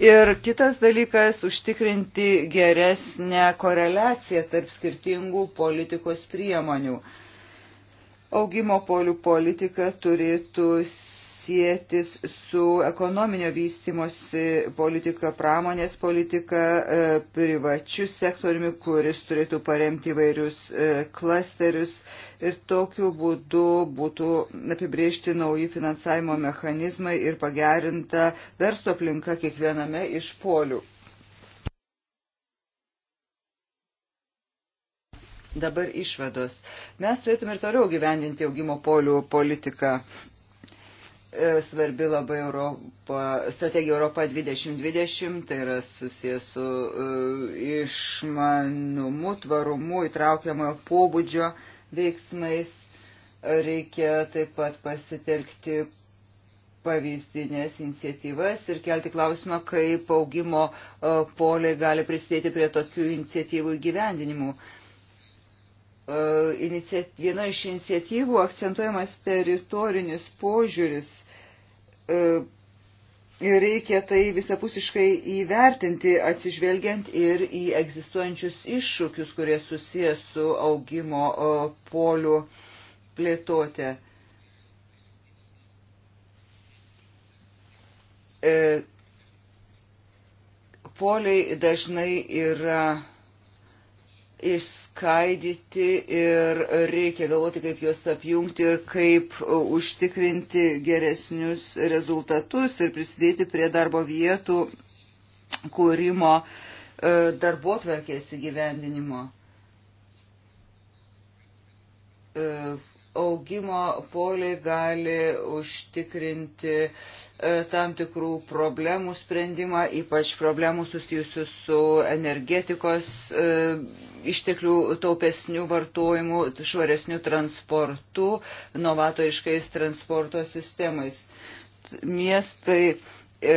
Ir kitas dalykas - užtikrinti geresnę koreliaciją tarp skirtingų politikos priemonių. Augimo polių politika turėtų sėtis su ekonominio vystimosi politika, pramonės politika, e, privačiu sektoriumi, kuris turėtų paremti įvairius e, klasterius ir tokiu būdu būtų apibriežti nauji finansavimo mechanizmai ir pagerinta verslo aplinka kiekviename iš polių. dabar išvados. Mes turėtume ir toliau gyvendinti augimo polių politiką. E, svarbi labai Europa, strategija Europa 2020, tai yra susijęs su e, išmanumu, tvarumu, įtraukiamojo pobūdžio veiksmais. Reikia taip pat pasitelkti pavyzdinės iniciatyvas ir kelti klausimą, kaip augimo e, poliai gali prisidėti prie tokių iniciatyvų įgyvendinimų. gyvendinimų E, viena iš iniciatyvų akcentuojamas teritorinis požiūris e, ir reikia tai visapusiškai įvertinti, atsižvelgiant ir į egzistuojančius iššūkius, kurie susijęs su augimo e, polių plėtotė. Poliai dažnai yra išskaidyti ir reikia galvoti, kaip juos apjungti ir kaip e, užtikrinti geresnius rezultatus ir prisidėti prie darbo vietų kūrimo e, darbo tvarkės įgyvendinimo. E, augimo poliai gali užtikrinti e, tam tikrų problemų sprendimą, ypač problemų susijusių su energetikos e, išteklių taupesnių vartojimų, švaresnių transportų, novatoriškais transporto sistemais. Miestai E,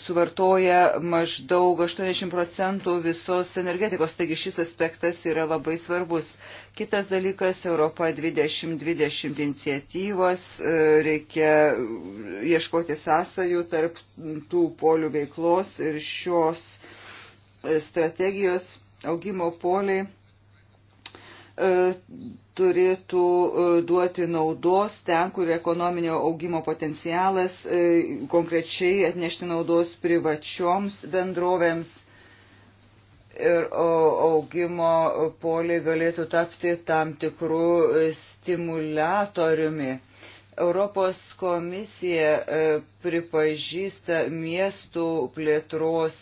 suvartoja maždaug 80 procentų visos energetikos, taigi šis aspektas yra labai svarbus. Kitas dalykas - Europa 2020 iniciatyvos, e, reikia ieškoti sąsajų tarp tų polių veiklos ir šios e, strategijos augimo poliai E, turėtų e, duoti naudos ten, kur ekonominio augimo potencialas e, konkrečiai atnešti naudos privačioms bendrovėms ir augimo poliai galėtų tapti tam tikrų stimulatoriumi. Europos komisija pripažįsta miestų plėtros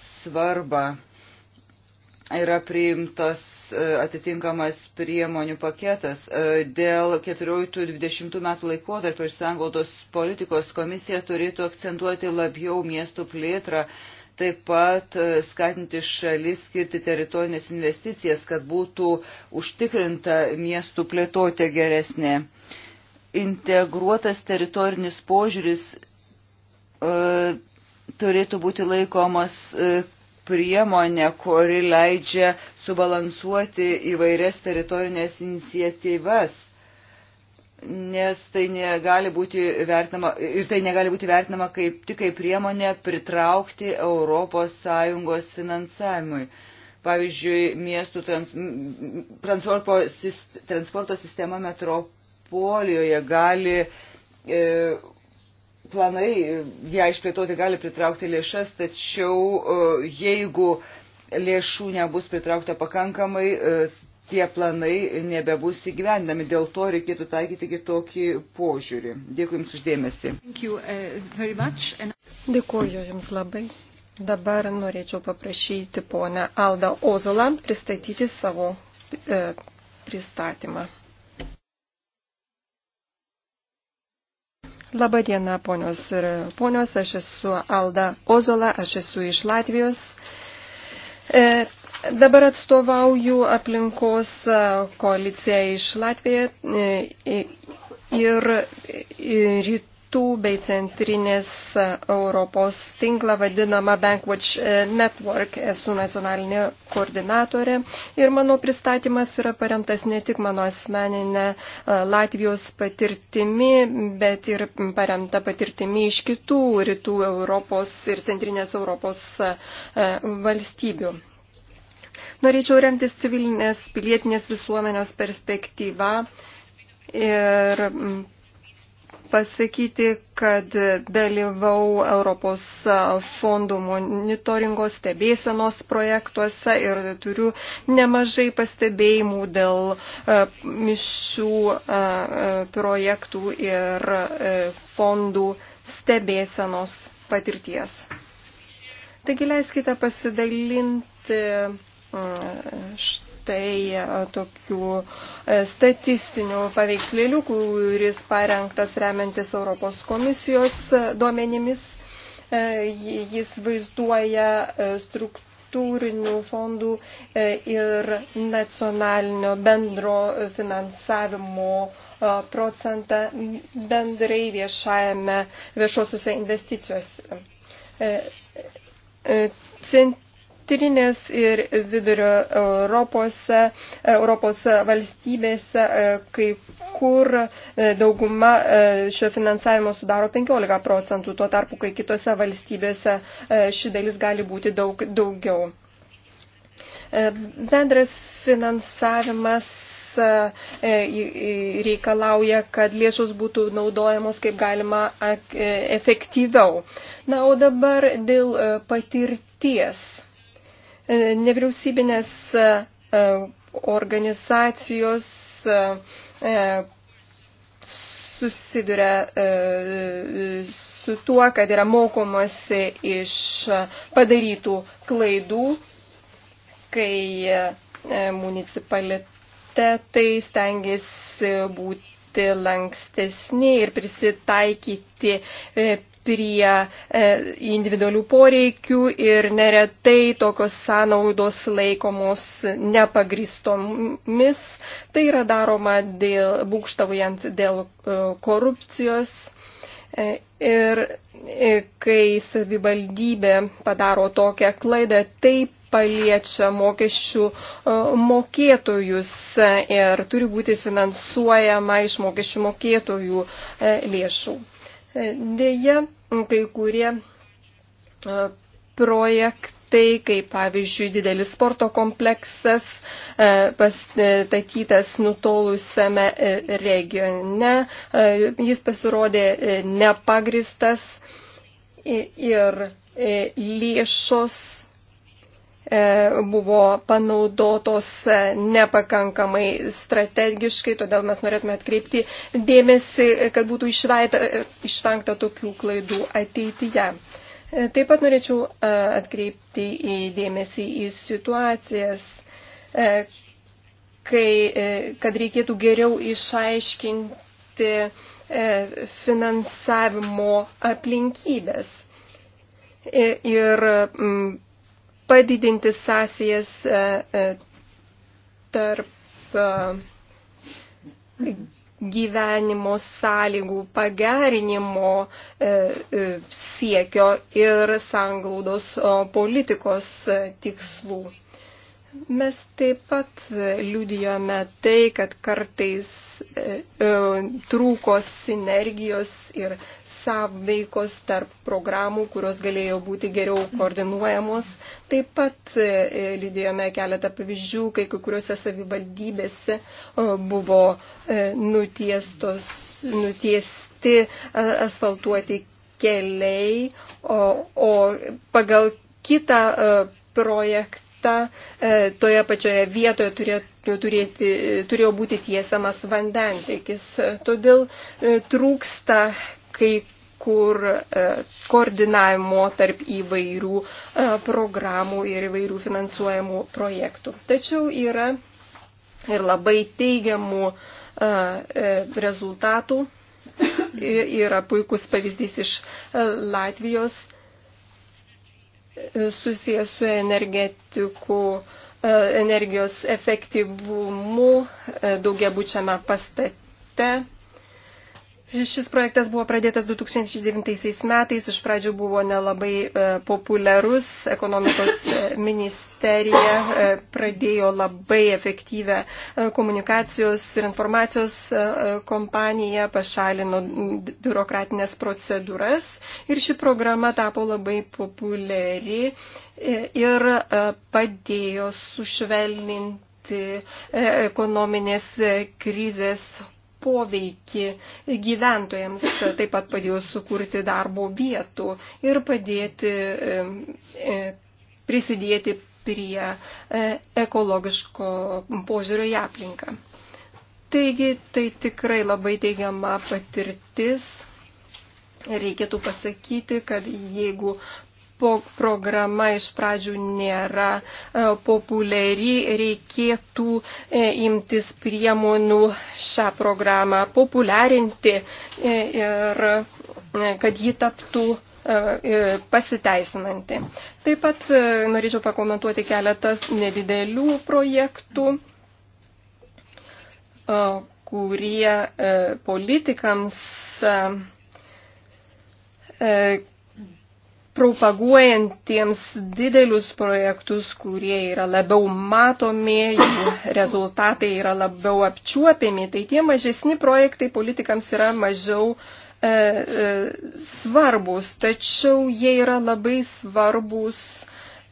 svarbą yra priimtas e, atitinkamas priemonių paketas. E, dėl 14-20 metų laikotarpio ir sanglaudos politikos komisija turėtų akcentuoti labiau miestų plėtrą, taip pat e, skatinti šalis skirti teritorinės investicijas, kad būtų užtikrinta miestų plėtotė geresnė. Integruotas teritorinis požiūris e, turėtų būti laikomas e, priemonė, kuri leidžia subalansuoti įvairias teritorinės iniciatyvas, nes tai negali būti vertinama, ir tai negali būti vertinama kaip tik kaip priemonė pritraukti ES finansavimui. Pavyzdžiui, miestų trans, transporto, transporto sistema metropolijoje gali e, planai ją išplėtoti gali pritraukti lėšas, tačiau e, jeigu lėšų nebus pritraukta pakankamai, e, tie planai nebebus įgyvendami. Dėl to reikėtų taikyti kitokį požiūrį. Dėkui Jums uždėmesi. Eh, Dėkuoju Jums labai. Dabar norėčiau paprašyti ponę Aldą Ozolą pristatyti savo e, pristatymą. Labadiena, ponios ir ponios, aš esu Alda Ozola, aš esu iš Latvijos. E, dabar atstovauju aplinkos e, koaliciją iš Latviją e, ir e, ryt pietų bei centrinės Europos tinklą vadinamą Bankwatch e, Network. Esu nacionalinė koordinatorė ir mano pristatymas yra paremtas ne tik mano asmeninė e, Latvijos patirtimi, bet ir paremta patirtimi iš kitų rytų Europos ir centrinės Europos e, valstybių. Norėčiau remtis civilinės pilietinės visuomenės perspektyvą ir pasakyti, kad dalyvau Europos fondų monitoringo stebėsenos projektuose ir turiu nemažai pastebėjimų dėl e, mišių e, e, projektų ir fondų stebėsenos patirties. Taigi leiskite pasidalinti mm, št tai e, tokių e, statistinių paveikslėlių, kuris parengtas remiantis Europos komisijos e, duomenimis. Jis vaizduoja struktūrinių fondų ir nacionalinio bendro finansavimo procentą bendrai viešajame viešosiuose investicijose. Cent Centrinės ir vidurio Europose, Europos valstybėse, e, kai kur e, dauguma e, šio finansavimo sudaro 15 procentų, tuo tarpu, kai kitose valstybėse ši dalis gali būti daug, daugiau. Bendras finansavimas reikalauja, kad lėšos būtų naudojamos kaip galima efektyviau. Na, o dabar dėl patirties E, nevyriausybinės e, e, organizacijos susiduria su tuo, kad yra mokomasi iš padarytų klaidų, kai municipalitetai stengiasi būti būti lankstesni ir prisitaikyti prie e, individualių poreikių ir neretai tokios sąnaudos laikomos nepagristomis. Tai yra daroma dėl, būkštaujant dėl e, korupcijos. E, ir kai savivaldybė padaro tokią klaidą, taip paliečia mokesčių mokėtojus ir turi būti finansuojama iš mokesčių mokėtojų lėšų. Deja, kai kurie e, projektai, kaip pavyzdžiui didelis sporto kompleksas e, pastatytas nutolusiame e, regione, jis pasirodė nepagristas ir lėšos E, buvo panaudotos e, nepakankamai strategiškai, todėl mes norėtume atkreipti dėmesį, e, kad būtų išveita, išvengta tokių klaidų ateityje. Taip pat norėčiau atkreipti į dėmesį į situacijas, kai, kad reikėtų geriau išaiškinti finansavimo aplinkybės. Ir padidinti sąsijas e, e, tarp e, gyvenimo sąlygų pagerinimo siekio ir sanglaudos politikos tikslų. Mes taip pat liudijome tai, kad kartais e, e, trūko sinergijos ir sąveikos tarp programų, kurios galėjo būti geriau koordinuojamos. Taip pat e, e, lydėjome keletą pavyzdžių, kai kuriuose savivaldybėse e, buvo nutiestos, nutiesti asfaltuoti keliai, o, o pagal kitą projektą vietą, toje pačioje vietoje turėtų, turėti, turėjo būti tiesamas vandentekis. Todėl e, trūksta kai kur e, koordinavimo tarp įvairių e, programų ir įvairių finansuojamų projektų. Tačiau yra ir labai teigiamų rezultatų. Yra puikus pavyzdys iš Latvijos susijęs su energetiku, e, energijos efektyvumu e, daugiabučiame pastate. Šis projektas buvo pradėtas 2009 metais, iš pradžių buvo nelabai e, populiarus, ekonomikos e, ministerija e, pradėjo labai efektyvę komunikacijos ir informacijos kompaniją, pašalino biurokratinės procedūras ir ši programa tapo labai populiari ir padėjo sušvelninti ekonominės krizės poveikį gyventojams, taip pat padėjo sukurti darbo vietų ir padėti e, e, prisidėti prie e, ekologiško požiūrio į aplinką. Taigi tai tikrai labai teigiama patirtis. Reikėtų pasakyti, kad jeigu programa iš pradžių nėra e, populiari, reikėtų e, imtis priemonių šią programą populiarinti e, ir kad ji taptų pasiteisinanti. Taip pat norėčiau pakomentuoti keletas nedidelių projektų, kurie politikams propaguojantiems didelius projektus, kurie yra labiau matomi, jų rezultatai yra labiau apčiuopiami, tai tie mažesni projektai politikams yra mažiau e, e, svarbus, tačiau jie yra labai svarbus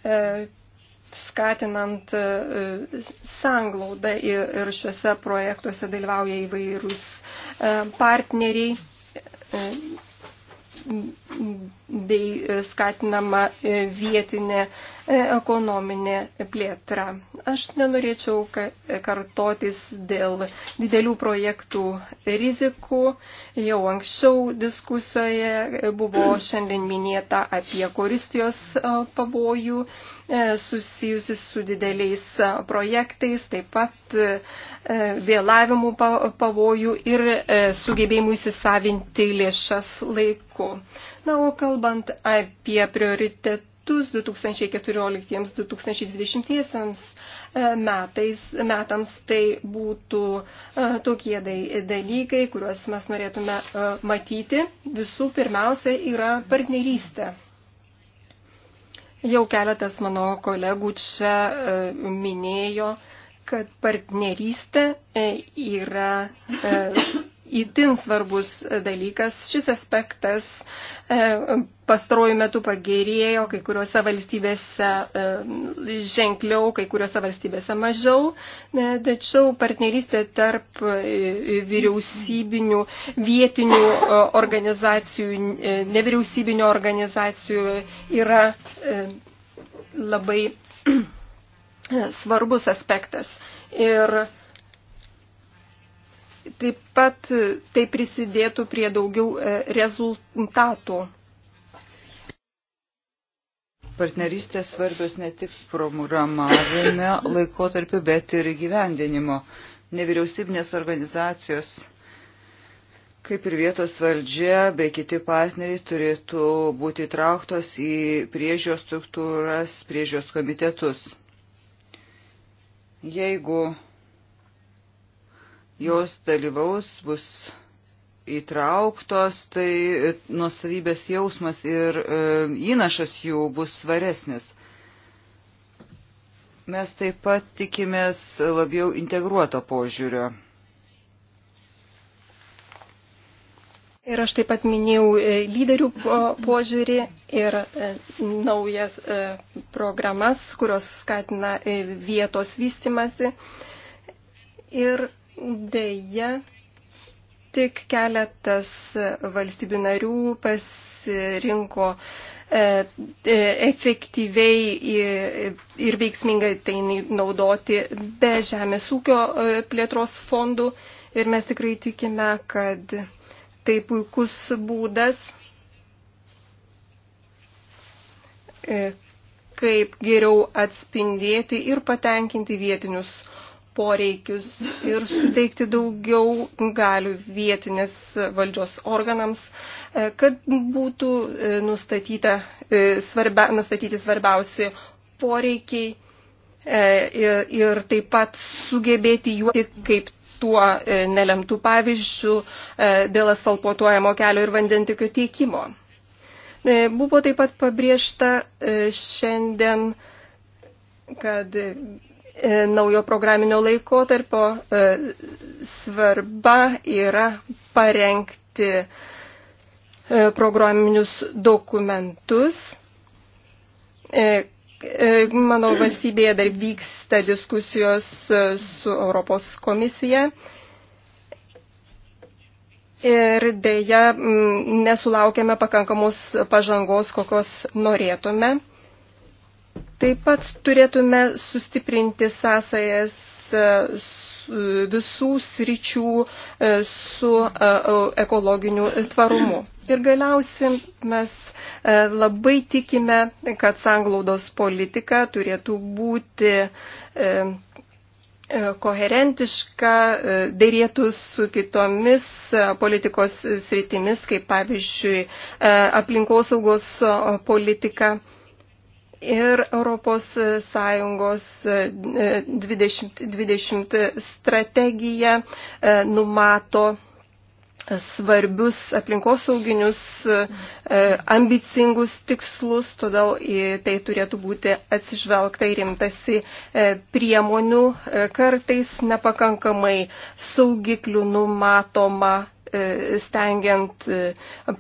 e, skatinant e, sanglaudą ir, ir šiuose projektuose dalyvauja įvairūs e, partneriai. E, bei e, skatinama e, vietinė e, ekonominė plėtra. Aš nenorėčiau kartotis dėl didelių projektų rizikų. Jau anksčiau diskusijoje buvo šiandien minėta apie koristijos pavojų susijusi su dideliais projektais, taip pat vėlavimų pavojų ir sugebėjimų įsisavinti lėšas laiku. Na, o kalbant apie prioritetus 2014-2020 e, metais, metams, tai būtų e, tokie dalykai, kuriuos mes norėtume e, matyti. Visų pirmiausia yra partnerystė. Jau keletas mano kolegų čia minėjo, kad partnerystė yra įtin svarbus dalykas. Šis aspektas e, pastaruoju metu pagerėjo, kai kuriuose valstybėse e, ženkliau, kai kuriuose valstybėse mažiau, e, tačiau partnerystė tarp vyriausybinių, vietinių organizacijų, nevyriausybinių organizacijų yra labai svarbus aspektas. Ir taip pat e, tai prisidėtų prie daugiau e, rezultatų. Partnerystės svarbios ne tik programavime laikotarpiu, bet ir gyvendinimo. Nevyriausybinės organizacijos, kaip ir vietos valdžia, bei kiti partneriai turėtų būti įtrauktos į priežios struktūras, priežios komitetus. Jeigu jos dalyvaus, bus įtrauktos, tai e, nuosavybės jausmas ir e, įnašas jų bus svaresnis. Mes taip pat tikimės labiau integruoto požiūrio. Ir aš taip pat minėjau e, lyderių požiūrį ir naujas programas, kurios skatina vietos vystimasi. Ir Deja, tik keletas valstybių narių pasirinko e, e, efektyviai ir veiksmingai tai naudoti be žemės ūkio e, plėtros fondų ir mes tikrai tikime, kad tai puikus būdas, kaip geriau atspindėti ir patenkinti vietinius poreikius ir suteikti daugiau galių vietinės valdžios organams, e, kad būtų e, nustatyta, e, svarbia, nustatyti svarbiausi poreikiai ir taip pat sugebėti juoti kaip tuo nelemtų pavyzdžių dėl asfaltuotojamo kelio ir vandentikio tiekimo. Buvo taip pat pabrėžta šiandien, kad E, naujo programinio laikotarpio e, svarba yra parengti e, programinius dokumentus. Mano valstybėje dar vyksta diskusijos su Europos komisija. Ir dėja nesulaukėme pakankamos pažangos, kokios norėtume. Taip pat turėtume sustiprinti sąsajas e, visų sričių e, su e, ekologiniu tvarumu. Ir galiausiai mes labai tikime, kad sanglaudos politika turėtų būti koherentiška, dėrėtų su kitomis politikos sritimis, kaip pavyzdžiui aplinkosaugos politika. politika ir ES 2020 e, strategija e, numato svarbius aplinkosauginius e, ambicingus tikslus, todėl į tai turėtų būti atsižvelgta ir rimtasi priemonių, kartais nepakankamai saugiklių numatoma E, stengiant e,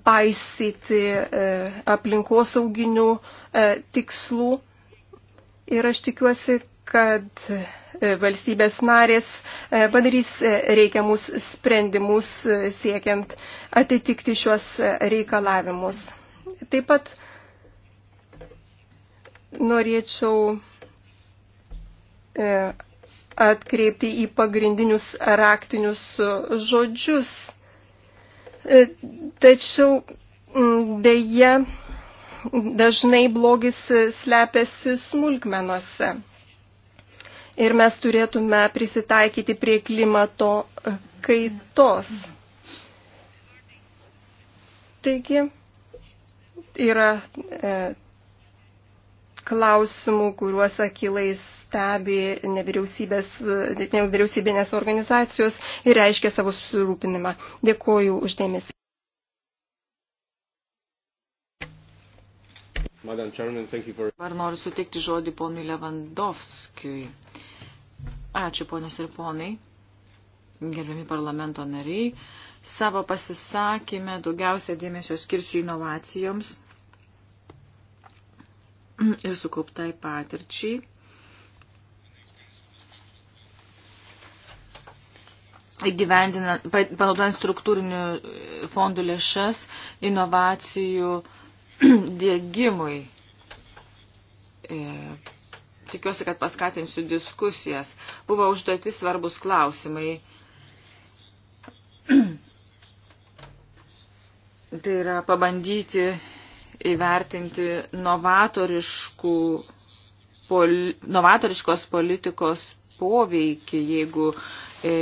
paisyti e, aplinkosauginių tikslų. Ir aš tikiuosi, kad valstybės narės padarys reikiamus sprendimus siekiant atitikti šiuos reikalavimus. Taip pat norėčiau atkreipti į pagrindinius raktinius žodžius E, tačiau dėje dažnai blogis e, slepiasi smulkmenuose. Ir mes turėtume prisitaikyti prie klimato e, kaitos. Taigi yra e, klausimų, kuriuos akilai stebi nevyriausybinės organizacijos ir reiškia savo susirūpinimą. Dėkuoju uždėmesi. Ar noriu sutikti žodį ponui Levandovskijui. Ačiū, ponios ir ponai, gerbiami parlamento nariai. Savo pasisakymę daugiausia dėmesio skirsiu inovacijoms ir sukauptai patirčiai. panaudojant struktūrinių fondų lėšas inovacijų dėgymui. E, tikiuosi, kad paskatinsiu diskusijas. Buvo užduoti svarbus klausimai. tai yra pabandyti įvertinti novatoriškų, pol, novatoriškos politikos poveikį, jeigu e,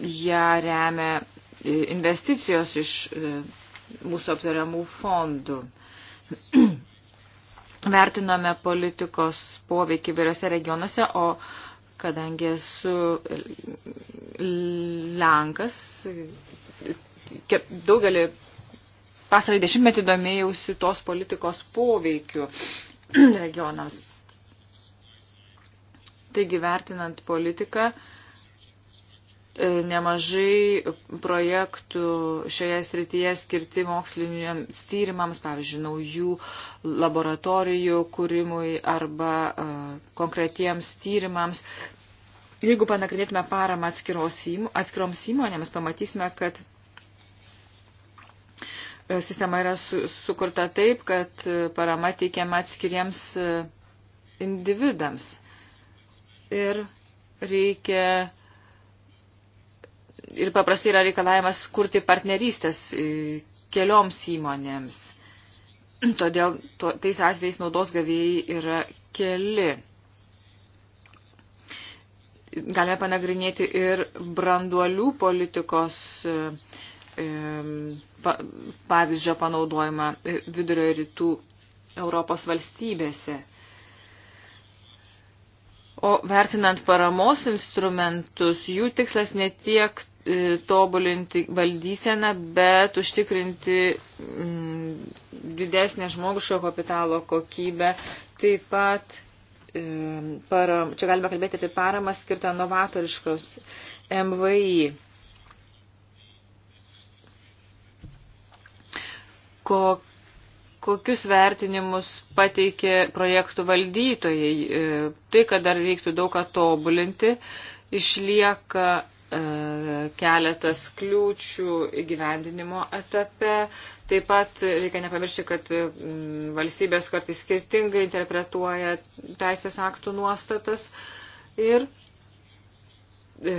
ją remia e, investicijos iš e, mūsų aptariamų fondų. Vertinome politikos poveikį vairiose regionuose, o kadangi esu Lenkas, daugelį pasarą dešimtmetį domėjausi tos politikos poveikiu regionams. Taigi, vertinant politiką, e, nemažai projektų šioje srityje skirti moksliniams tyrimams, pavyzdžiui, naujų laboratorijų kūrimui arba e, konkretiems tyrimams. Jeigu panagrinėtume paramą atskiroms įmonėms, pamatysime, kad E, sistema yra su, sukurta taip, kad e, parama teikiama atskiriems e, individams. Ir reikia. Ir paprastai yra reikalavimas kurti partnerystės kelioms įmonėms. Todėl to, tais atvejais naudos gavėjai yra keli. Galime panagrinėti ir branduolių politikos uh, pavyzdžio panaudojimą e, vidurio ir rytų Europos valstybėse. O vertinant paramos instrumentus, jų tikslas ne tiek e, tobulinti valdyseną, bet užtikrinti mm, didesnę žmoguško kapitalo kokybę. Taip pat, e, para, čia galime kalbėti apie paramą skirtą novatoriškos MVI ko, kokius vertinimus pateikė projektų valdytojai. E, tai, kad dar reiktų daug ką tobulinti, išlieka e, keletas kliūčių įgyvendinimo etape. Taip pat reikia nepamiršti, kad mm, valstybės kartais skirtingai interpretuoja teisės aktų nuostatas. Ir e,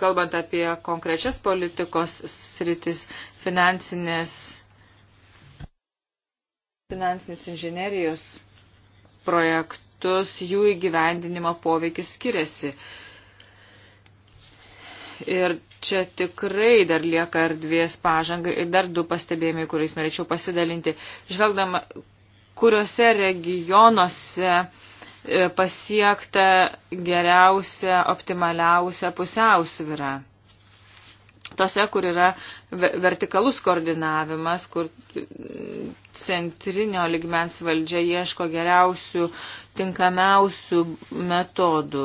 kalbant apie konkrečias politikos sritis, finansinės finansinės inžinerijos projektus, jų įgyvendinimo poveikis skiriasi. Ir čia tikrai dar lieka erdvės pažangai. Ir dar du pastebėjimai, kuriais norėčiau pasidalinti. Žvelgdama, kuriuose regionuose e, pasiekta geriausia, optimaliausia pusiausvyra tose, kur yra vertikalus koordinavimas, kur mm, centrinio ligmens valdžia ieško geriausių, tinkamiausių metodų.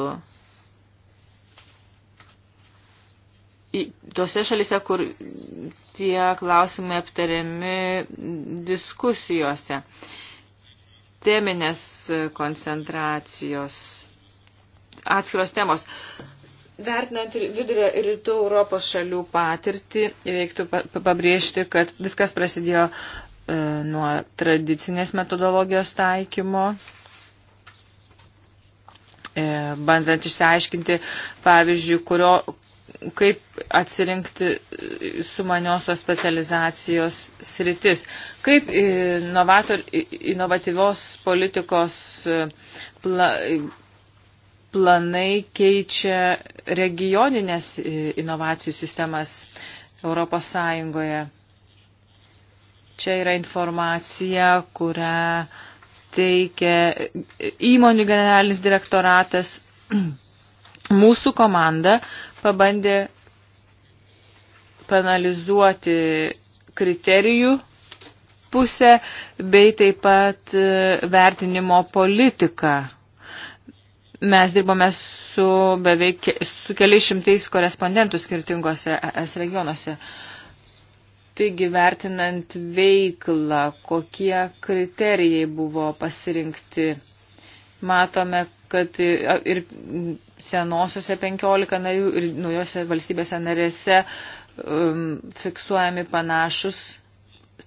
Į tose šalise, kur tie klausimai aptariami diskusijose, teminės koncentracijos, atskiros temos. Vertinant vidurio ir rytų Europos šalių patirtį, reiktų pabrėžti, kad viskas prasidėjo e, nuo tradicinės metodologijos taikymo, e, bandant išsiaiškinti, pavyzdžiui, kurio, kaip atsirinkti sumaniosios specializacijos sritis, kaip inovator, inovatyvios politikos e, pla, planai keičia regioninės e, inovacijų sistemas Europos Sąjungoje. Čia yra informacija, kurią teikia e, įmonių generalinis direktoratas. Mūsų komanda pabandė panalizuoti kriterijų pusę bei taip pat e, vertinimo politiką Mes dirbome su beveik su keliais šimtais korespondentų skirtingose es regionuose. Taigi, vertinant veiklą, kokie kriterijai buvo pasirinkti, matome, kad ir senosiose 15 narių ir naujose valstybėse narėse um, fiksuojami panašus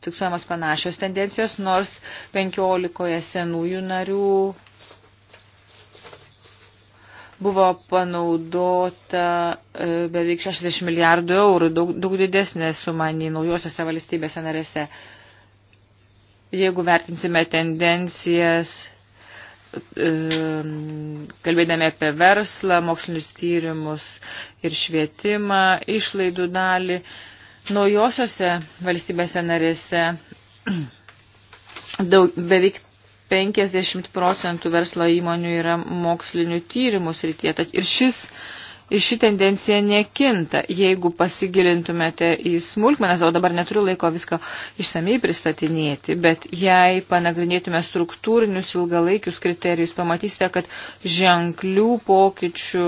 fiksuojamos panašios tendencijos, nors 15 senųjų narių buvo panaudota e, beveik 60 milijardų eurų, daug, daug didesnė suma nei naujosiuose valstybėse narėse. Jeigu vertinsime tendencijas, e, kalbėdami apie verslą, mokslinius tyrimus ir švietimą, išlaidų dalį, naujosiuose valstybėse narėse daug, beveik 50 procentų verslo įmonių yra mokslinių tyrimų srityje. Ir šis, ši tendencija nekinta. Jeigu pasigilintumėte į smulkmenas, o dabar neturiu laiko viską išsamei pristatinėti, bet jei panagrinėtume struktūrinius ilgalaikius kriterijus, pamatysite, kad ženklių pokyčių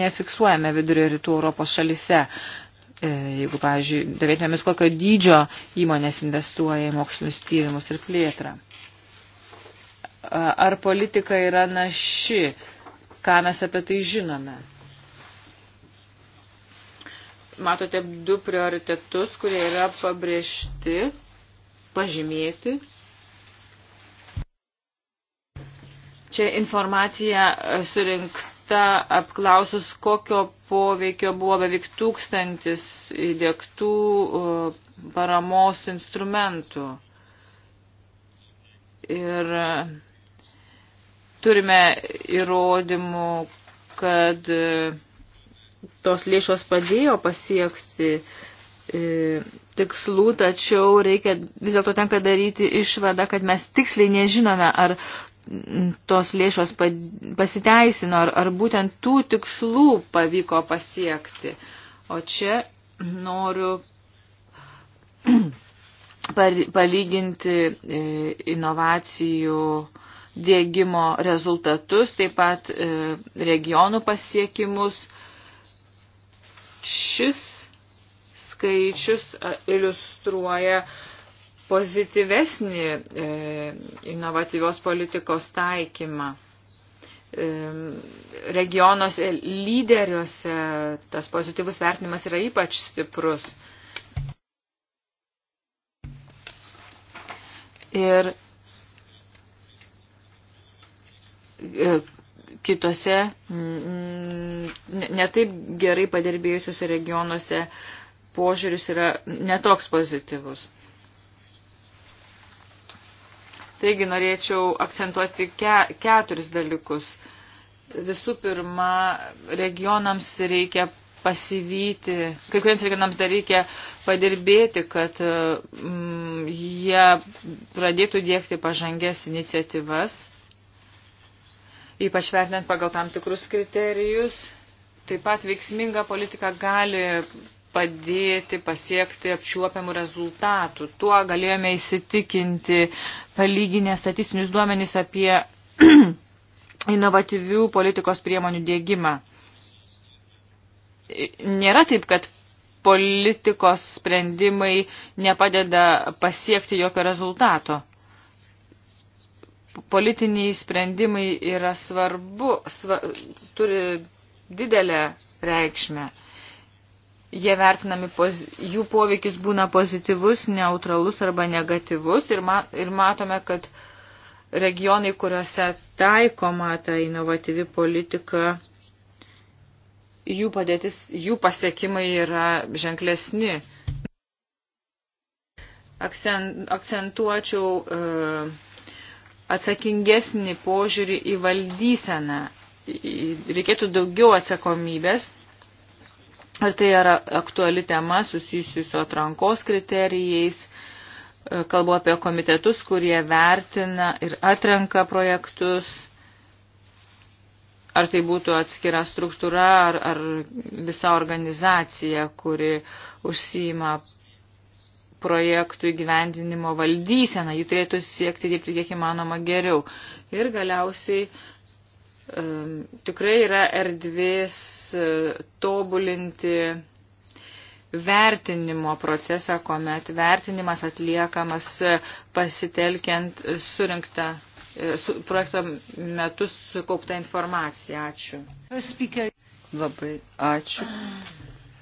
nefiksuojame vidurio rytų Europos šalise e, jeigu, pavyzdžiui, davėtumėmis kokio dydžio įmonės investuoja į mokslinius tyrimus ir plėtrą ar politika yra naši, ką mes apie tai žinome. Matote du prioritetus, kurie yra pabrėžti, pažymėti. Čia informacija surinkta apklausus, kokio poveikio buvo beveik tūkstantis įdėktų uh, paramos instrumentų. Ir Turime įrodymų, kad e, tos lėšos padėjo pasiekti e, tikslų, tačiau reikia vis dėlto tenka daryti išvadą, kad mes tiksliai nežinome, ar tos lėšos pasiteisino, ar, ar būtent tų tikslų pavyko pasiekti. O čia noriu palyginti e, inovacijų dėgymo rezultatus, taip pat e, regionų pasiekimus. Šis skaičius e, iliustruoja pozityvesnį e, inovatyvios politikos taikymą regionuose, lyderiuose tas pozityvus vertinimas yra ypač stiprus. Ir E, kitose mm, netaip gerai padirbėjusiuose regionuose požiūris yra netoks pozityvus. Taigi norėčiau akcentuoti ke, keturis dalykus. Visų pirma, regionams reikia pasivyti, kai kuriems regionams dar reikia padirbėti, kad mm, jie pradėtų dėkti pažangės iniciatyvas ypač vertinant pagal tam tikrus kriterijus. Taip pat veiksminga politika gali padėti pasiekti apčiuopiamų rezultatų. Tuo galėjome įsitikinti palyginę statistinius duomenys apie inovatyvių politikos priemonių dėgymą. Nėra taip, kad politikos sprendimai nepadeda pasiekti jokio rezultato politiniai sprendimai yra svarbu, sva, turi didelę reikšmę. Jie vertinami, poz, jų poveikis būna pozityvus, neutralus arba negatyvus ir, ma, ir matome, kad regionai, kuriuose taikoma ta inovatyvi politika, jų padėtis, jų pasiekimai yra ženklesni. Akcentuočiau. Uh, e, atsakingesnį požiūrį į valdyseną. Reikėtų daugiau atsakomybės. Ar tai yra aktuali tema susijusi su atrankos kriterijais. E, kalbu apie komitetus, kurie vertina ir atrenka projektus. Ar tai būtų atskira struktūra, ar, ar visa organizacija, kuri užsima projektų įgyvendinimo valdyseną. Jų turėtų siekti dirbti kiek įmanoma geriau. Ir galiausiai um, tikrai yra erdvės uh, tobulinti vertinimo procesą, kuomet vertinimas atliekamas e, pasitelkiant surinktą e, su, projekto metu sukauptą informaciją. Ačiū. Labai ačiū.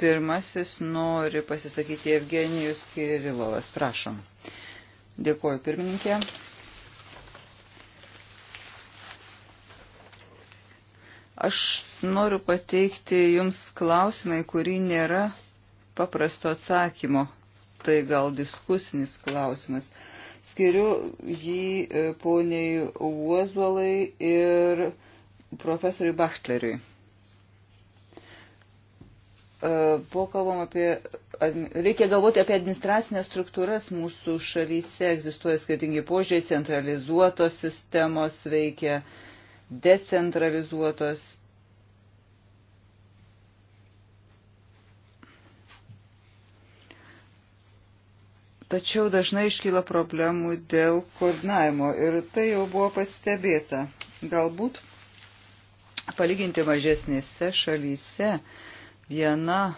Pirmasis nori pasisakyti Evgenijus Kirilovas. Prašom. Dėkuoju pirmininkė. Aš noriu pateikti Jums klausimą, į kurį nėra paprasto atsakymo. Tai gal diskusinis klausimas. Skiriu jį e, poniai Uozuolai ir profesoriui Bachtleriui. Buvo kalbam apie, reikia galvoti apie administracinės struktūras mūsų šalyse, egzistuoja skirtingi požiūriai, centralizuotos sistemos veikia, decentralizuotos. Tačiau dažnai iškyla problemų dėl koordinavimo ir tai jau buvo pastebėta. Galbūt palyginti mažesnėse šalyse viena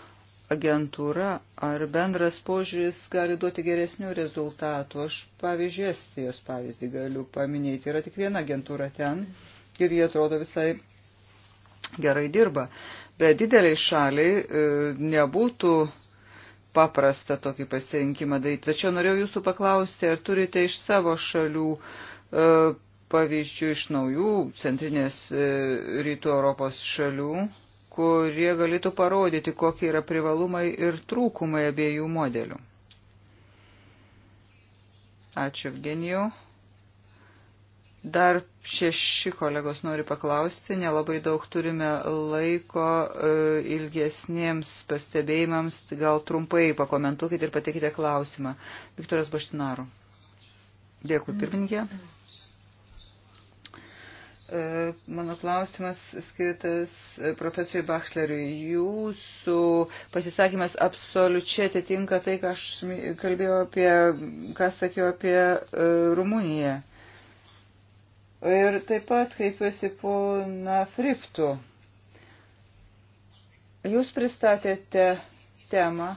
agentūra ar bendras požiūris gali duoti geresnių rezultatų. Aš pavyzdžiui, Estijos pavyzdį galiu paminėti. Yra tik viena agentūra ten ir jie atrodo visai gerai dirba. Bet dideliai šaliai e, nebūtų paprasta tokį pasirinkimą daryti. Tačiau norėjau jūsų paklausti, ar turite iš savo šalių e, pavyzdžių iš naujų centrinės e, rytų Europos šalių kurie galėtų parodyti, kokie yra privalumai ir trūkumai abiejų modelių. Ačiū, Evgenijau. Dar šeši kolegos nori paklausti, nelabai daug turime laiko e, ilgesniems pastebėjimams, gal trumpai pakomentuokite ir pateikite klausimą. Viktoras Baštinaru. Dėkui, pirmininkė. Mm. E, mano klausimas skirtas e, profesoriui Bachleriui. Jūsų pasisakymas absoliučiai atitinka tai, ką aš kalbėjau apie, ką sakiau apie e, Rumuniją. Ir taip pat kreipiuosi pona Friftų. Jūs pristatėte temą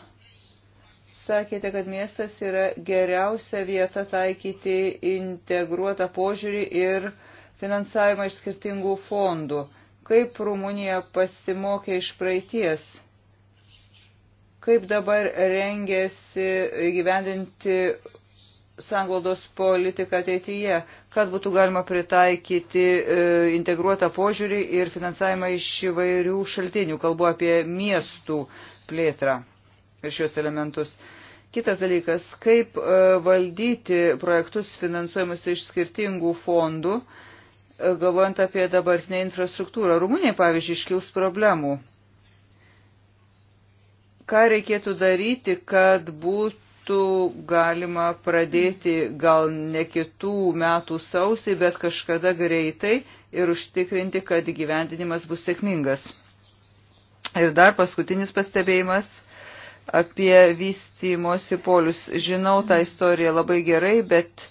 sakėte, kad miestas yra geriausia vieta taikyti integruotą požiūrį ir uh, finansavimą iš skirtingų fondų. Kaip Rumunija pasimokė iš praeities? Kaip dabar rengiasi gyvendinti sanglaudos politiką ateityje, kad būtų galima pritaikyti e, integruotą požiūrį ir finansavimą iš įvairių šaltinių, kalbu apie miestų plėtrą ir šios elementus. Kitas dalykas, kaip e, valdyti projektus finansuojamus iš skirtingų fondų, galvojant apie dabartinę infrastruktūrą. Rumunijai, pavyzdžiui, iškils problemų. Ką reikėtų daryti, kad būtų galima pradėti gal ne kitų metų sausį, bet kažkada greitai ir užtikrinti, kad gyvendinimas bus sėkmingas. Ir dar paskutinis pastebėjimas apie vystymosi polius. Žinau tą istoriją labai gerai, bet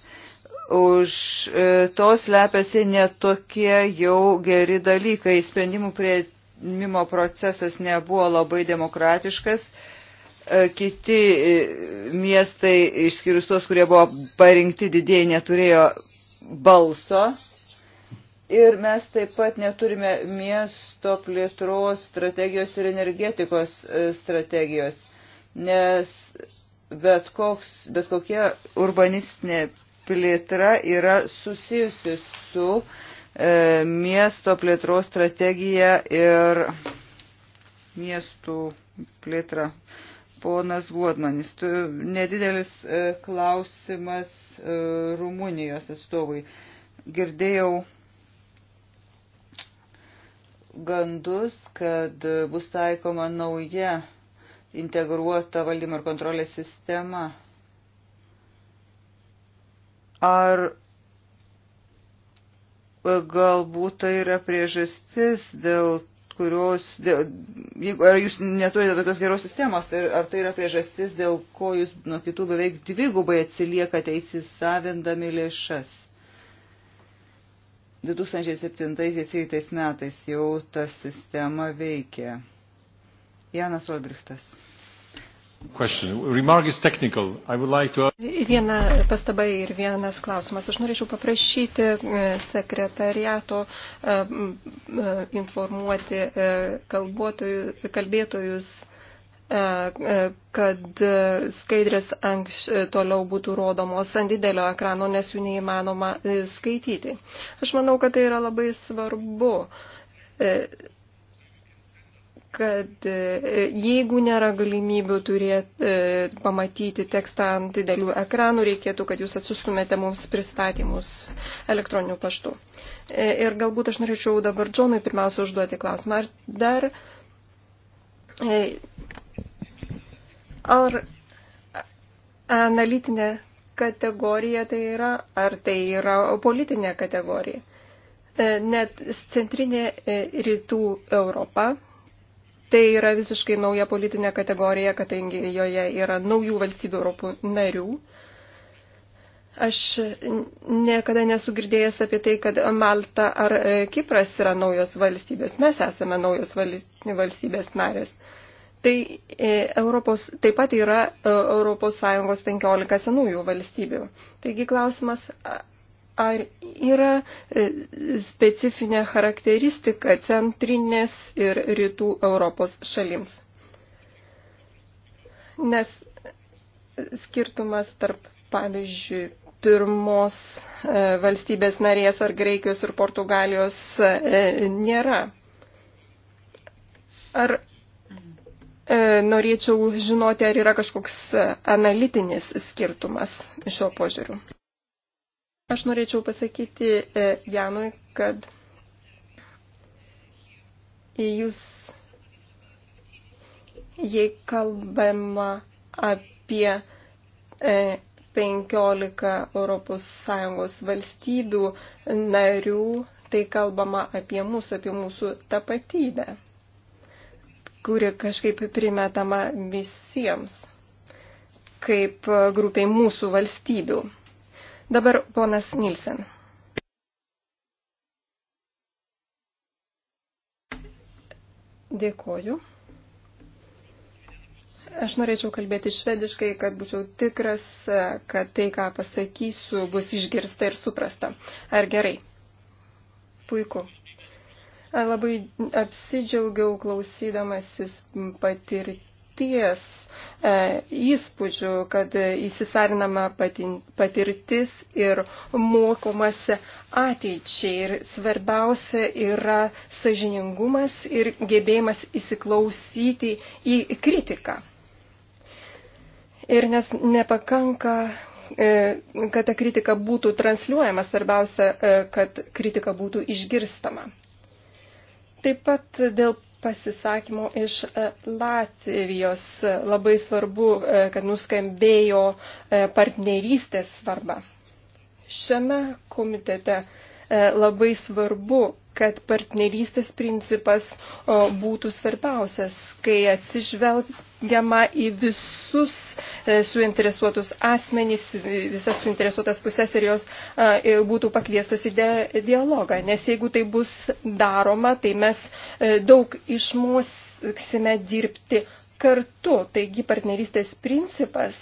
už e, to slepiasi netokie jau geri dalykai. Sprendimų prieimimo procesas nebuvo labai demokratiškas. E, kiti e, miestai, išskyrus tos, kurie buvo parinkti didėjai, neturėjo balso. Ir mes taip pat neturime miesto plėtros strategijos ir energetikos strategijos, nes bet, koks, bet kokie urbanistinė plėtra yra susijusi su e, miesto plėtros strategija ir miestų plėtra. Ponas Guodmanis, tu, nedidelis e, klausimas e, Rumunijos atstovui. Girdėjau gandus, kad bus taikoma nauja integruota valdymo ir kontrolės sistema Ar galbūt tai yra priežastis, dėl kurios, dėl, jeigu, ar jūs neturite tokios geros sistemos, tai ar tai yra priežastis, dėl ko jūs nuo kitų beveik dvigubai atsiliekate įsisavindami lėšas? 2007-2013 metais jau ta sistema veikia. Janas Olbrichtas. Like to... Viena pastaba ir vienas klausimas. Aš norėčiau paprašyti e, sekretariato e, e, informuoti kalbėtojus kad skaidrės anks, toliau būtų rodomos ant didelio ekrano, nes jų neįmanoma skaityti. Aš manau, kad tai yra labai svarbu kad e, jeigu nėra galimybių turėti, e, pamatyti tekstą ant didelių ekranų, reikėtų, kad jūs atsistumėte mums pristatymus elektroniniu paštu. E, ir galbūt aš norėčiau dabar Džonui pirmiausia užduoti klausimą. Ar dar. Ar analitinė kategorija tai yra, ar tai yra politinė kategorija? Net centrinė rytų Europa Tai yra visiškai nauja politinė kategorija, kadangi joje yra naujų valstybių Europų narių. Aš niekada nesu girdėjęs apie tai, kad Malta ar e, Kipras yra naujos valstybės. Mes esame naujos valstybės narės. Tai e, Europos, taip pat yra ES 15 senųjų valstybių. Taigi klausimas, ar yra e, specifinė charakteristika centrinės ir rytų Europos šalims. Nes skirtumas tarp, pavyzdžiui, pirmos e, valstybės narės ar Graikijos ir Portugalijos e, nėra. Ar norėčiau žinoti, ar yra kažkoks analitinis skirtumas šio požiūriu. Aš norėčiau pasakyti e, Janui, kad jūs, jei kalbama apie 15 e, ES valstybių narių, tai kalbama apie mūsų, apie mūsų tapatybę, kuri kažkaip primetama visiems kaip grupiai mūsų valstybių. Dabar ponas Nilsen. Dėkoju. Aš norėčiau kalbėti švediškai, kad būčiau tikras, kad tai, ką pasakysiu, bus išgirsta ir suprasta. Ar gerai? Puiku. Labai apsidžiaugiau klausydamasis patirti patirties e, įspūdžių, kad įsisarinama patirtis ir mokomasi ateičiai. Ir svarbiausia yra sažiningumas ir gebėjimas įsiklausyti į kritiką. Ir nes nepakanka e, kad ta kritika būtų transliuojama, svarbiausia, e, kad kritika būtų išgirstama. Taip pat dėl pasisakymo iš e, Latvijos. Labai svarbu, e, kad nuskambėjo e, partnerystės svarba. Šiame komitete labai svarbu kad partnerystės principas būtų svarbiausias, kai atsižvelgiama į visus e, suinteresuotus asmenys, visas suinteresuotas pusės ir jos e, būtų pakviestos į dialogą. Nes jeigu tai bus daroma, tai mes e, daug išmoksime dirbti kartu. Taigi partnerystės principas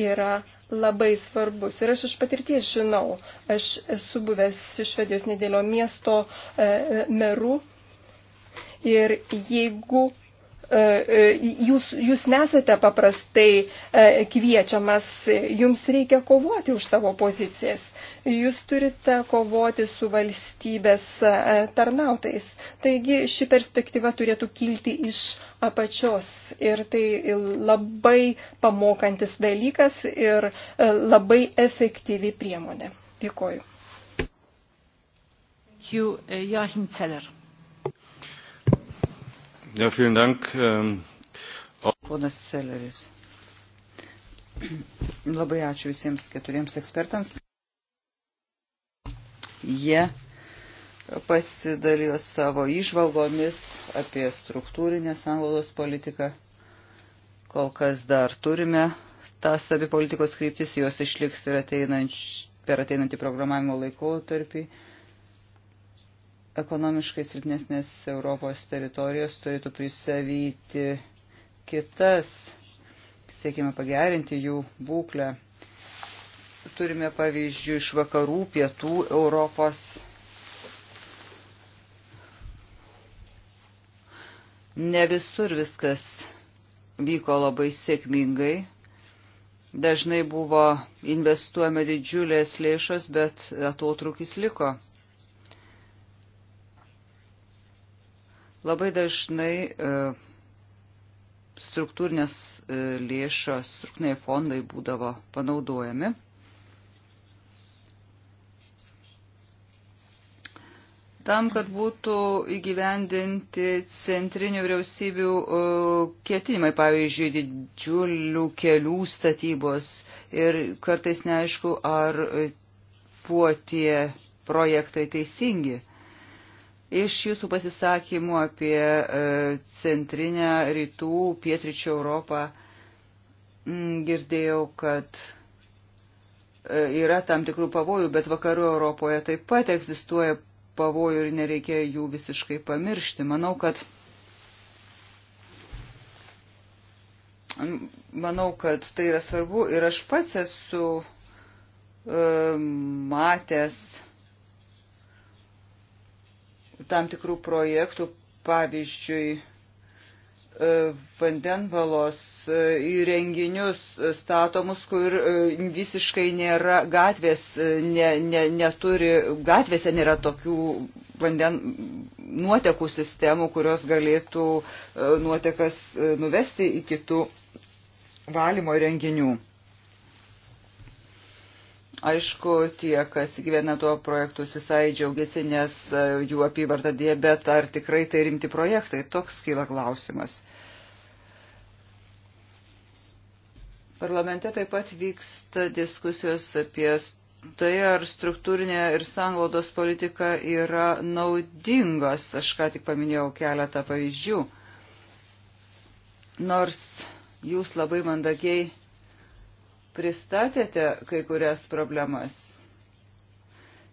yra labai svarbus. Ir aš iš patirties žinau, aš esu buvęs iš Švedijos nedėlio miesto e, e meru ir jeigu jūs, jūs nesate paprastai e, kviečiamas, jums reikia kovoti už savo pozicijas. Jūs turite kovoti su valstybės e, tarnautais. Taigi ši perspektyva turėtų kilti iš apačios ir tai labai pamokantis dalykas ir e, labai efektyvi priemonė. Dėkoju. Joachim Celler. Ja, vielen Dank. Ähm, Ponas Seleris. Labai ačiū visiems keturiems ekspertams. Jie pasidalijo savo išvalgomis apie struktūrinę sąnaudos politiką. Kol kas dar turime tas abi politikos kryptis, jos išliks ir ateinanč, per ateinantį programavimo laikotarpį. tarpį ekonomiškai silpnesnės Europos teritorijos turėtų prisavyti kitas, siekime pagerinti jų būklę. Turime pavyzdžių iš vakarų, pietų Europos. Ne visur viskas vyko labai sėkmingai. Dažnai buvo investuojama didžiulės lėšos, bet atotrukis liko. Labai dažnai e, struktūrinės e, lėšos, struktūriniai fondai būdavo panaudojami. Tam, kad būtų įgyvendinti centrinių vyriausybių e, ketinimai, pavyzdžiui, didžiulių kelių statybos ir kartais neaišku, ar buvo tie projektai teisingi. Iš jūsų pasisakymų apie e, centrinę rytų, pietričių Europą mm, girdėjau, kad e, yra tam tikrų pavojų, bet vakarų Europoje taip pat egzistuoja pavojų ir nereikia jų visiškai pamiršti. Manau, kad Manau, kad tai yra svarbu ir aš pats esu e, matęs tam tikrų projektų, pavyzdžiui, e, vandenvalos e, įrenginius statomus, kur e, visiškai nėra gatvės, ne, ne, neturi, gatvėse nėra tokių vanden nuotekų sistemų, kurios galėtų nuotekas nuvesti į kitų valymo renginių. Aišku, tie, kas gyvena tuo projektus, visai džiaugiasi, nes e, jų apyvarta dėja, bet ar tikrai tai rimti projektai, toks kyla klausimas. Parlamente taip pat vyksta diskusijos apie tai, ar struktūrinė ir sanglaudos politika yra naudingos. Aš ką tik paminėjau keletą pavyzdžių. Nors jūs labai mandagiai pristatėte kai kurias problemas.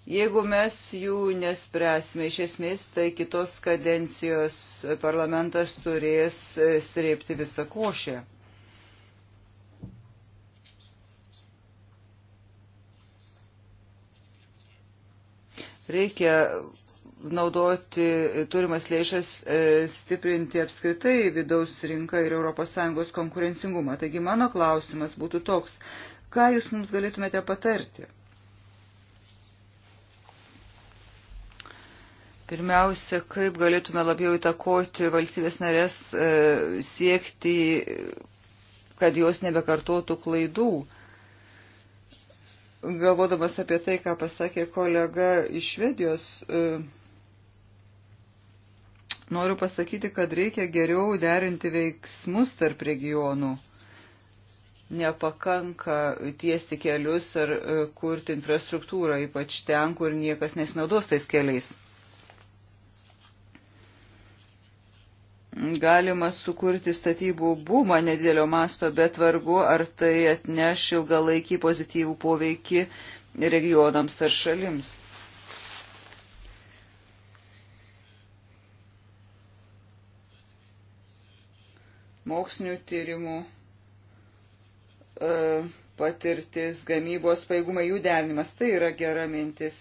Jeigu mes jų nespręsime iš esmės, tai kitos kadencijos parlamentas turės e, srėpti visą košę. Reikia naudoti turimas lėšas e, stiprinti apskritai vidaus rinką ir ES konkurencingumą. Taigi mano klausimas būtų toks, ką jūs mums galėtumėte patarti? Pirmiausia, kaip galėtume labiau įtakoti valstybės narės e, siekti, kad jos nebekartotų klaidų. Galvodamas apie tai, ką pasakė kolega iš Švedijos, e, Noriu pasakyti, kad reikia geriau derinti veiksmus tarp regionų. Nepakanka tiesti kelius ar e, kurti infrastruktūrą, ypač ten, kur niekas nesinaudos tais keliais. galima sukurti statybų būmą nedidelio masto, bet vargu ar tai atneš ilgalaikį pozityvų poveikį regionams ar šalims. mokslinių tyrimų e, patirtis, gamybos paėgumai, jų derinimas. Tai yra gera mintis.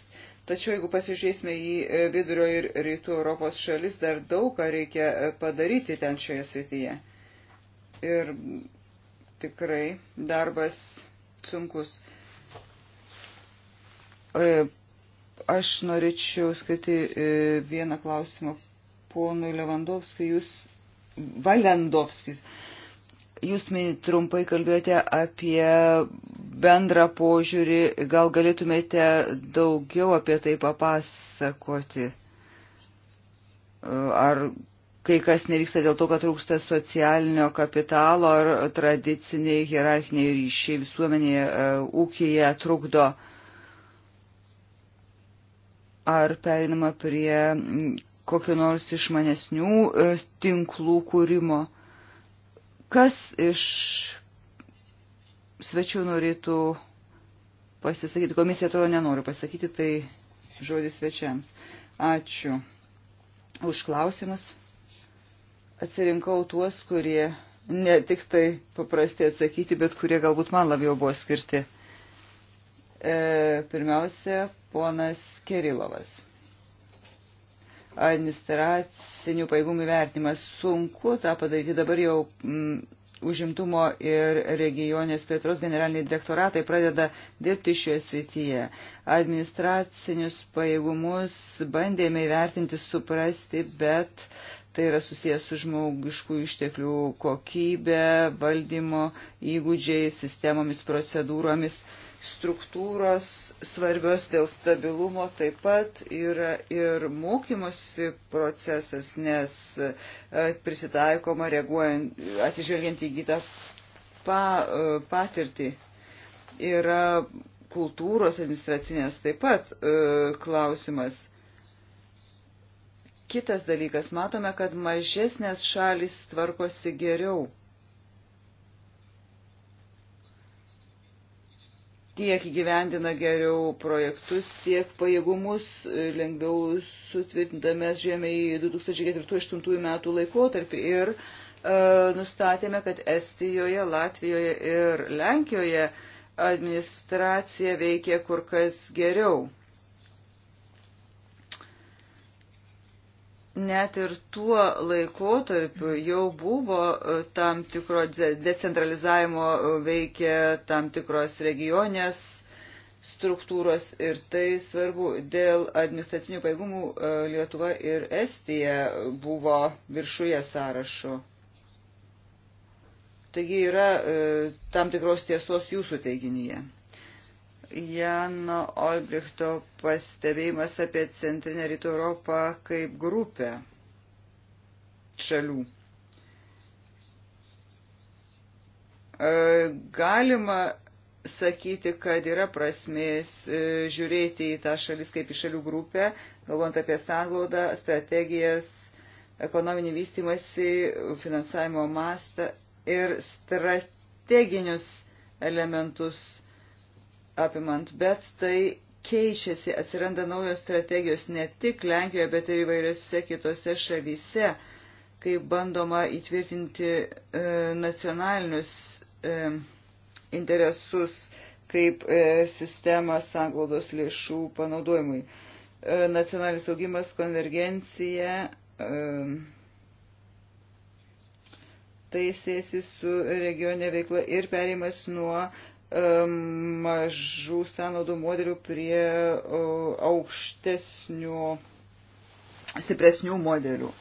Tačiau jeigu pasižiūrėsime į e, vidurio ir rytų Europos šalis, dar daug ką reikia e, padaryti ten šioje srityje. Ir tikrai darbas sunkus. Aš norėčiau skirti vieną klausimą ponui Levandovskui. Jūs Valendovskis. Jūs trumpai kalbėjote apie bendrą požiūrį, gal galėtumėte daugiau apie tai papasakoti? Ar kai kas nevyksta dėl to, kad trūksta socialinio kapitalo ar tradiciniai hierarchiniai ryšiai visuomenėje, e, ūkija trukdo. Ar perinama prie kokiu nors išmanesnių e, tinklų kūrimo. Kas iš svečių norėtų pasisakyti? Komisija atrodo nenori pasakyti, tai žodis svečiams. Ačiū už klausimus. Atsirinkau tuos, kurie ne tik tai paprasti atsakyti, bet kurie galbūt man labiau buvo skirti. E, pirmiausia, ponas Kirilovas administracinių paėgumų vertinimas. Sunku tą padaryti dabar jau. Mm, Užimtumo ir regionės plėtros generaliniai direktoratai pradeda dirbti šioje srityje. Administracinius pajėgumus bandėme įvertinti, suprasti, bet tai yra susijęs su žmogiškų išteklių kokybė, valdymo įgūdžiais, sistemomis, procedūromis. Uh, struktūros svarbios dėl stabilumo taip pat yra ir mokymosi procesas, nes e, prisitaikoma reaguojant, atsižvelgiant į kitą pa, e, patirtį. Yra kultūros administracinės taip pat e, klausimas. Kitas dalykas, matome, kad mažesnės šalis tvarkosi geriau tiek gyvendina geriau projektus, tiek pajėgumus e, lengviau sutvirtintame žemė į 2004-2008 metų laikotarpį ir e, nustatėme, kad Estijoje, Latvijoje ir Lenkijoje administracija veikia kur kas geriau. net ir tuo laikotarpiu jau buvo e, tam tikro decentralizavimo e, veikė tam tikros regionės struktūros ir tai svarbu. Dėl administracinių paėgumų e, Lietuva ir Estija buvo viršuje sąrašo. Taigi yra tam tikros tiesos jūsų teiginyje. Jano Olbrichto pastebėjimas apie Centrinę Rytų Europą kaip grupę šalių. E, galima sakyti, kad yra prasmės e, žiūrėti į tą šalis kaip į šalių grupę, galvant apie sanglaudą, strategijas, ekonominį vystimąsi, finansavimo mastą ir strateginius elementus apimant, bet tai keičiasi, atsiranda naujos strategijos ne tik Lenkijoje, bet ir įvairiose kitose šalyse, kai bandoma įtvirtinti e, nacionalinius e, interesus kaip e, sistemą sanglaudos lėšų panaudojimui. E, nacionalinis augimas, konvergencija. E, tai sėsi su regionė veikla ir perėjimas nuo Um, mažų sąnaudų modelių prie aukštesnių, stipresnių modelių.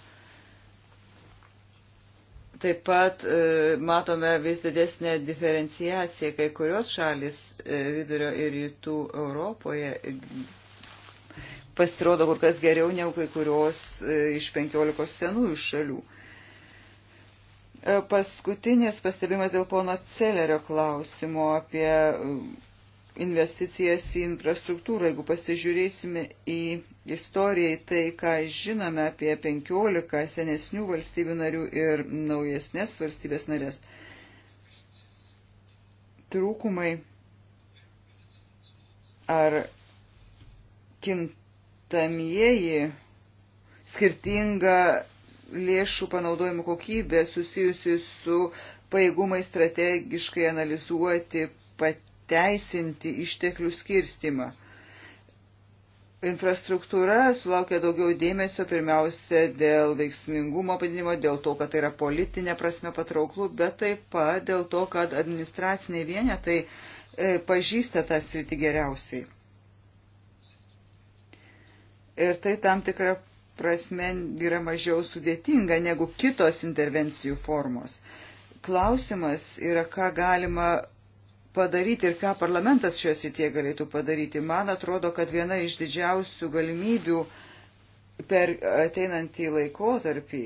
Taip pat e, matome vis didesnę diferenciaciją, kai kurios šalis e, vidurio ir rytų Europoje pasirodo kur kas geriau negu kai kurios e, iš penkiolikos senųjų šalių. Paskutinės pastebimas dėl pono Celerio klausimo apie um, investicijas į infrastruktūrą. Jeigu pasižiūrėsime į istoriją, į tai, ką žinome apie 15 senesnių valstybių narių ir naujesnės valstybės narės, trūkumai ar kintamieji skirtinga lėšų panaudojimo kokybė susijusi su paėgumai strategiškai analizuoti, pateisinti išteklių skirstimą. Infrastruktūra sulaukia daugiau dėmesio pirmiausia dėl veiksmingumo padinimo, dėl to, kad tai yra politinė prasme patrauklų, bet taip pat dėl to, kad administraciniai vienetai e, pažįsta tą sritį geriausiai. Ir tai tam tikra prasme yra mažiau sudėtinga negu kitos intervencijų formos. Klausimas yra, ką galima padaryti ir ką parlamentas šios įtie galėtų padaryti. Man atrodo, kad viena iš didžiausių galimybių per ateinantį laikotarpį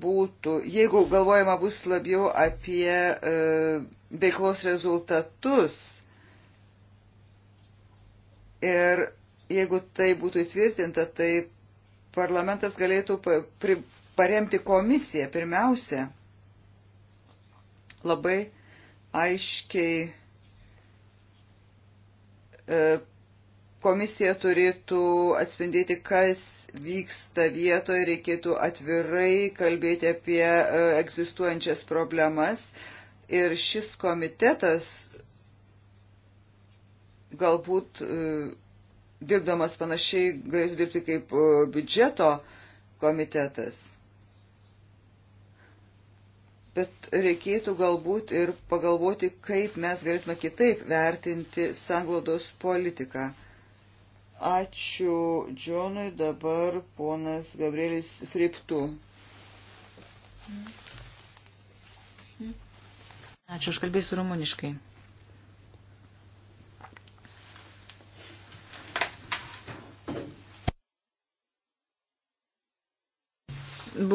būtų, jeigu galvojama bus labiau apie e, veiklos rezultatus ir jeigu tai būtų įtvirtinta, tai parlamentas galėtų paremti komisiją pirmiausia. Labai aiškiai e, komisija turėtų atspindėti, kas vyksta vietoje, reikėtų atvirai kalbėti apie e, egzistuojančias problemas. Ir šis komitetas galbūt e, dirbdamas panašiai galėtų dirbti kaip e, biudžeto komitetas. Bet reikėtų galbūt ir pagalvoti, kaip mes galėtume kitaip vertinti sanglaudos politiką. Ačiū Džonui, dabar ponas Gabrielis Friptų. Ačiū, aš kalbėsiu rumuniškai.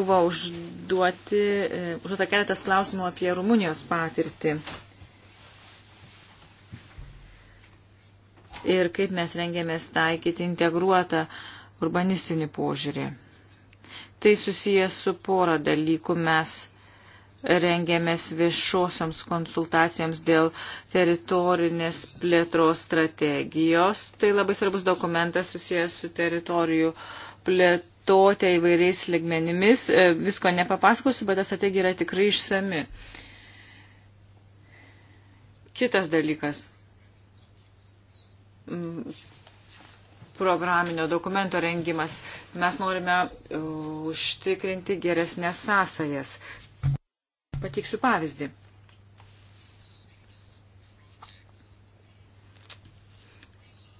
buvo užduoti, e, užduota keletas klausimų apie Rumunijos patirtį. Ir kaip mes rengėmės taikyti integruotą urbanistinį požiūrį. Tai susijęs su pora dalykų mes rengėmės viešosioms konsultacijoms dėl teritorinės plėtros strategijos. Tai labai svarbus dokumentas susijęs su teritorijų plėtros plėtotę įvairiais ligmenimis. E, visko nepapasakosiu, bet ta strategija yra tikrai išsami. Kitas dalykas. Mm, programinio dokumento rengimas. Mes norime e, užtikrinti geresnės sąsajas. Pateiksiu pavyzdį.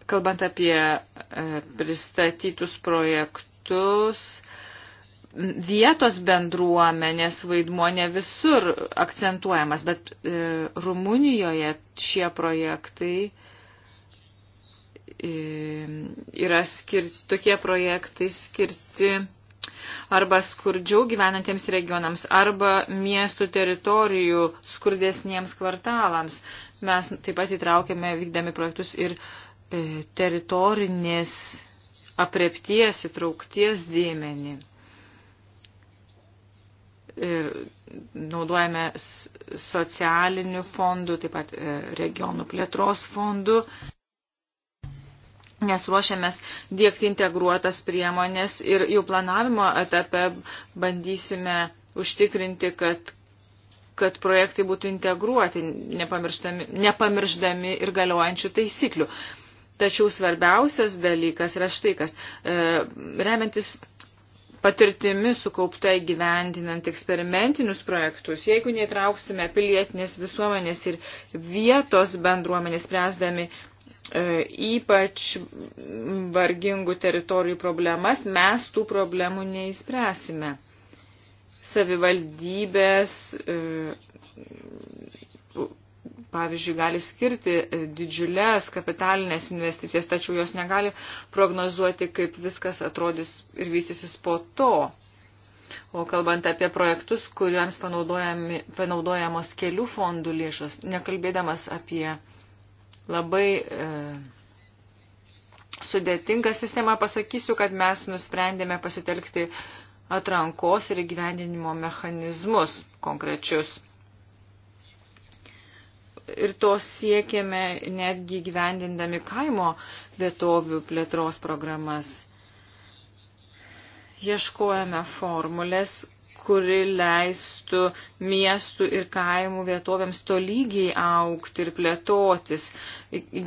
kalbant apie e, pristatytus projektus, metus vietos bendruomenės vaidmuo ne visur akcentuojamas, bet e, Rumunijoje šie projektai e, yra skirti, tokie projektai skirti arba skurdžiau gyvenantiems regionams, arba miestų teritorijų skurdesniems kvartalams. Mes taip pat įtraukėme vykdami projektus ir e, teritorinės apriepties įtraukties dėmenį. Ir naudojame socialinių fondų, taip pat e, regionų plėtros fondų, nes ruošiamės dėkti integruotas priemonės ir jų planavimo etape bandysime užtikrinti, kad kad projektai būtų integruoti, nepamiršdami, nepamiršdami ir galiojančių taisyklių. Tačiau svarbiausias dalykas yra štai kas. E, remiantis patirtimi sukaupta įgyvendinant eksperimentinius projektus, jeigu neįtrauksime pilietinės visuomenės ir vietos bendruomenės spręsdami e, ypač vargingų teritorijų problemas, mes tų problemų neįspręsime. Savivaldybės e, pavyzdžiui, gali skirti e, didžiulės kapitalinės investicijas, tačiau jos negali prognozuoti, kaip viskas atrodys ir vystysis po to. O kalbant apie projektus, kuriuoms panaudojamos kelių fondų lėšos, nekalbėdamas apie labai e, sudėtingą sistemą, pasakysiu, kad mes nusprendėme pasitelkti atrankos ir gyvendinimo mechanizmus konkrečius ir to siekėme netgi gyvendindami kaimo vietovių plėtros programas. Ieškojame formulės, kuri leistų miestų ir kaimų vietovėms tolygiai aukti ir plėtotis,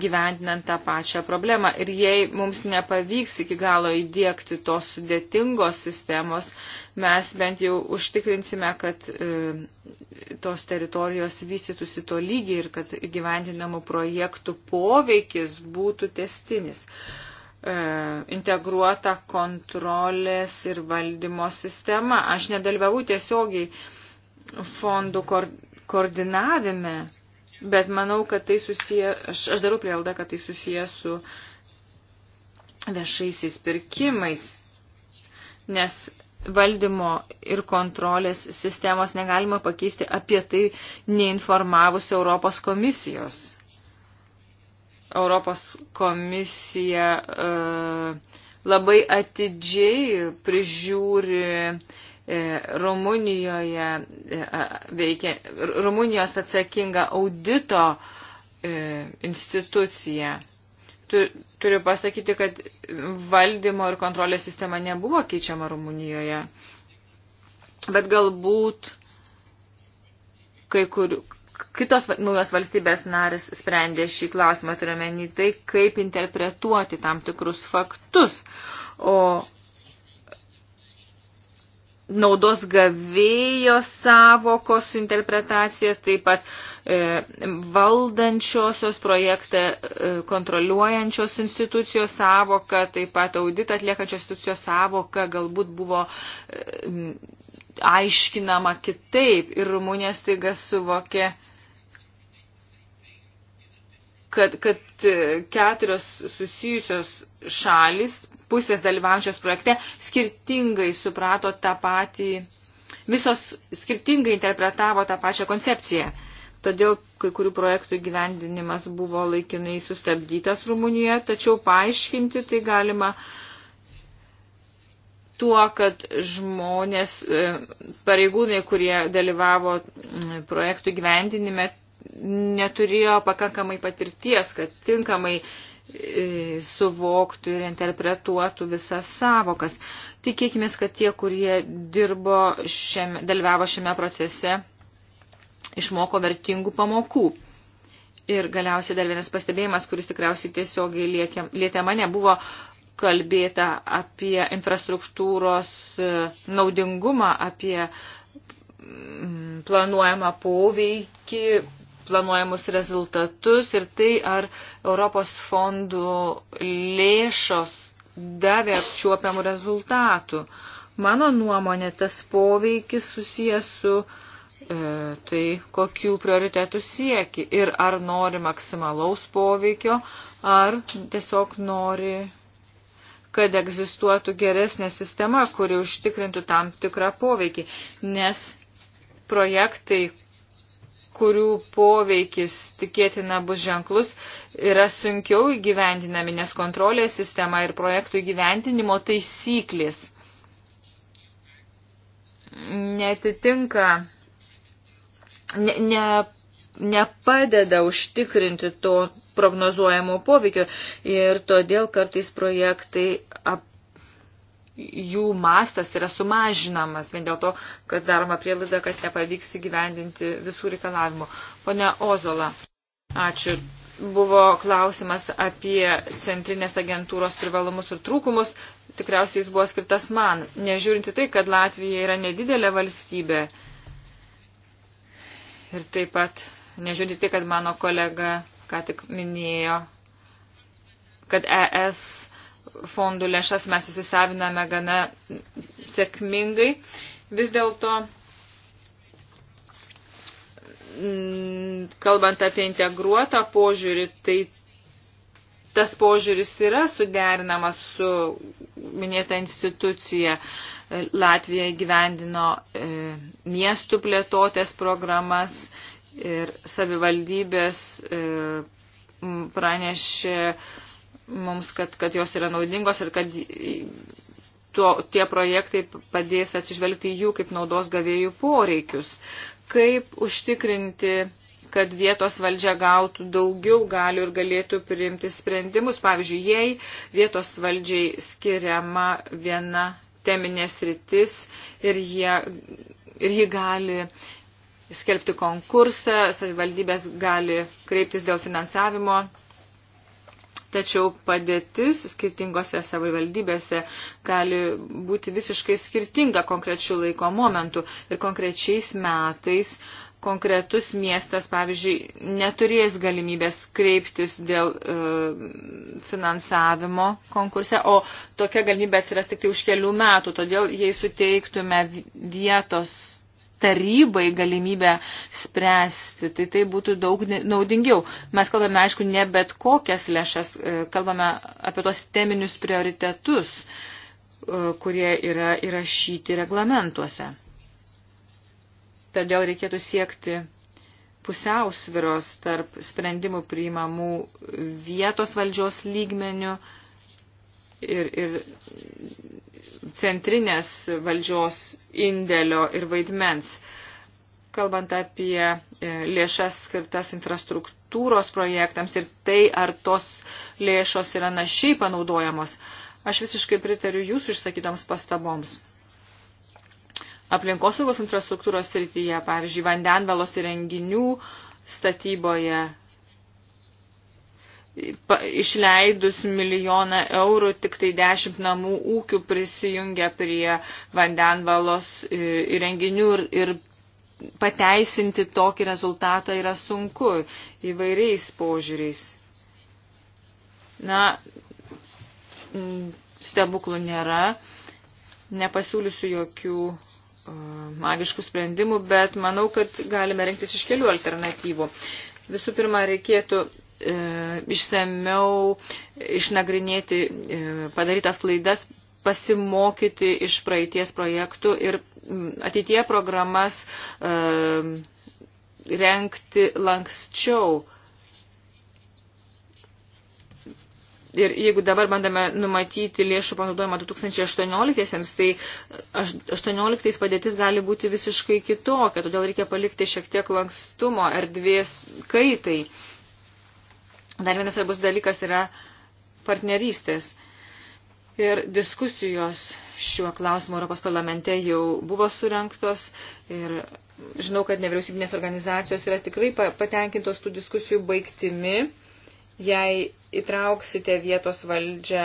gyventinant tą pačią problemą. Ir jei mums nepavyks iki galo įdėkti tos sudėtingos sistemos, mes bent jau užtikrinsime, kad e, tos teritorijos vystytųsi tolygiai ir kad gyventinamų projektų poveikis būtų testinis. E, E, integruota kontrolės ir valdymo sistema. Aš nedalyvau tiesiogiai fondų ko koordinavime, bet manau, kad tai susiję, aš, aš darau prielaidą, kad tai susiję su viešaisiais pirkimais, nes valdymo ir kontrolės sistemos negalima pakeisti apie tai neinformavus Europos komisijos. Europos komisija uh, labai atidžiai prižiūri e, Rumunijoje e, veikia, Rumunijos atsakinga audito institucija. Turiu pasakyti, kad valdymo ir kontrolės sistema nebuvo keičiama Rumunijoje, bet galbūt kai, kur, kitos naujos valstybės narės sprendė šį klausimą, turiuomenį tai, kaip interpretuoti tam tikrus faktus, o naudos gavėjo savokos interpretacija, taip pat e, valdančiosios projektą e, kontroliuojančios institucijos savoka, taip pat auditą atliekančios institucijos savoka galbūt buvo e, aiškinama kitaip ir rumunės taiga suvokė, kad, kad e, keturios susijusios šalis, pusės dalyvaujančios projekte, skirtingai suprato tą patį, visos skirtingai interpretavo tą pačią koncepciją. Todėl kai kurių projektų gyvendinimas buvo laikinai sustabdytas Rumunijoje, tačiau paaiškinti tai galima tuo, kad žmonės, e, pareigūnai, kurie dalyvavo projektų gyvendinime, neturėjo pakankamai patirties, kad tinkamai e, suvoktų ir interpretuotų visas savokas. Tikėkime, kad tie, kurie dirbo šiame, dalyvavo šiame procese, išmoko vertingų pamokų. Ir galiausiai dar vienas pastebėjimas, kuris tikriausiai tiesiogiai lietė mane, buvo kalbėta apie infrastruktūros e, naudingumą, apie planuojamą poveikį planuojamus rezultatus ir tai, ar Europos fondų lėšos davė apčiuopiamų rezultatų. Mano nuomonė, tas poveikis susijęs su e, tai, kokių prioritetų sieki ir ar nori maksimalaus poveikio, ar tiesiog nori kad egzistuotų geresnė sistema, kuri užtikrintų tam tikrą poveikį, nes projektai, kurių poveikis tikėtina bus ženklus, yra sunkiau įgyvendinami, nes kontrolės sistema ir projektų įgyvendinimo taisyklės netitinka, ne, ne, nepadeda užtikrinti to prognozuojamo poveikio ir todėl kartais projektai ap, jų mastas yra sumažinamas, vien dėl to, kad daroma prielaida, kad nepavyks įgyvendinti visų reikalavimų. Pone Ozola, ačiū. Buvo klausimas apie centrinės agentūros privalumus ir trūkumus. Tikriausiai jis buvo skirtas man. Nežiūrinti tai, kad Latvija yra nedidelė valstybė. Ir taip pat, nežiūrinti tai, kad mano kolega ką tik minėjo, kad ES fondų lėšas mes įsisaviname gana sėkmingai. Vis dėlto, mm, kalbant apie integruotą požiūrį, tai tas požiūris yra suderinamas su minėta institucija. Latvija įgyvendino e, miestų plėtotės programas ir savivaldybės e, pranešė e, mums, kad, kad jos yra naudingos ir kad tuo, tie projektai padės atsižvelgti jų kaip naudos gavėjų poreikius. Kaip užtikrinti kad vietos valdžia gautų daugiau galių ir galėtų priimti sprendimus. Pavyzdžiui, jei vietos valdžiai skiriama viena teminė sritis ir, jie, ir ji gali skelbti konkursą, savivaldybės gali kreiptis dėl finansavimo tačiau padėtis skirtingose savivaldybėse gali būti visiškai skirtinga konkrečių laiko momentų ir konkrečiais metais konkretus miestas, pavyzdžiui, neturės galimybės kreiptis dėl e, finansavimo konkurse, o tokia galimybė atsiras tik tai už kelių metų, todėl jei suteiktume vietos tarybai galimybę spręsti, tai tai būtų daug naudingiau. Mes kalbame, aišku, ne bet kokias lėšas, e, kalbame apie tos teminius prioritetus, e, kurie yra įrašyti reglamentuose. Todėl reikėtų siekti pusiausviros tarp sprendimų priimamų vietos valdžios lygmenių ir, ir centrinės valdžios indėlio ir vaidmens. Kalbant apie e, lėšas skirtas infrastruktūros projektams ir tai, ar tos lėšos yra našiai panaudojamos, aš visiškai pritariu jūsų išsakytoms pastaboms aplinkosaugos infrastruktūros srityje, pavyzdžiui, vandenvalos įrenginių statyboje išleidus milijoną eurų, tik tai dešimt namų ūkių prisijungia prie vandenvalos e, įrenginių ir, ir pateisinti tokį rezultatą yra sunku įvairiais požiūriais. Na, mm, stebuklų nėra, nepasiūlysiu jokių e, magiškų sprendimų, bet manau, kad galime rinktis iš kelių alternatyvų. Visų pirma, reikėtų E, išsameu išnagrinėti e, padarytas klaidas, pasimokyti iš praeities projektų ir ateitie programas e, renkti lankščiau. Ir jeigu dabar bandame numatyti lėšų panaudojimą 2018-iesiams, tai 18-ais padėtis gali būti visiškai kitokia, todėl reikia palikti šiek tiek lankstumo erdvės kaitai. Uh, Dar vienas svarbus dalykas yra partnerystės. Ir diskusijos šiuo klausimu Europos parlamente jau buvo surinktos ir žinau, kad nevyriausybinės organizacijos yra tikrai patenkintos tų diskusijų baigtimi. Jei įtrauksite vietos valdžią,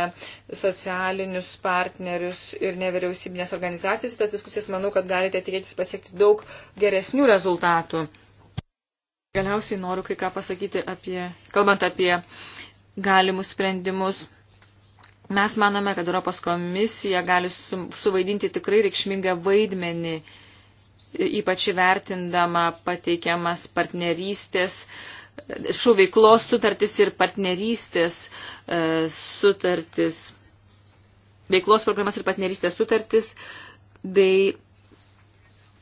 socialinius partnerius ir nevyriausybinės organizacijas, tas diskusijas manau, kad galite tikėtis pasiekti daug geresnių rezultatų. Galiausiai noriu kai ką pasakyti apie, kalbant apie galimus sprendimus. Mes manome, kad Europos komisija gali su, suvaidinti tikrai reikšmingą vaidmenį, ypač įvertindama pateikiamas partnerystės, šių veiklos sutartis ir partnerystės e, sutartis, veiklos programas ir partnerystės sutartis bei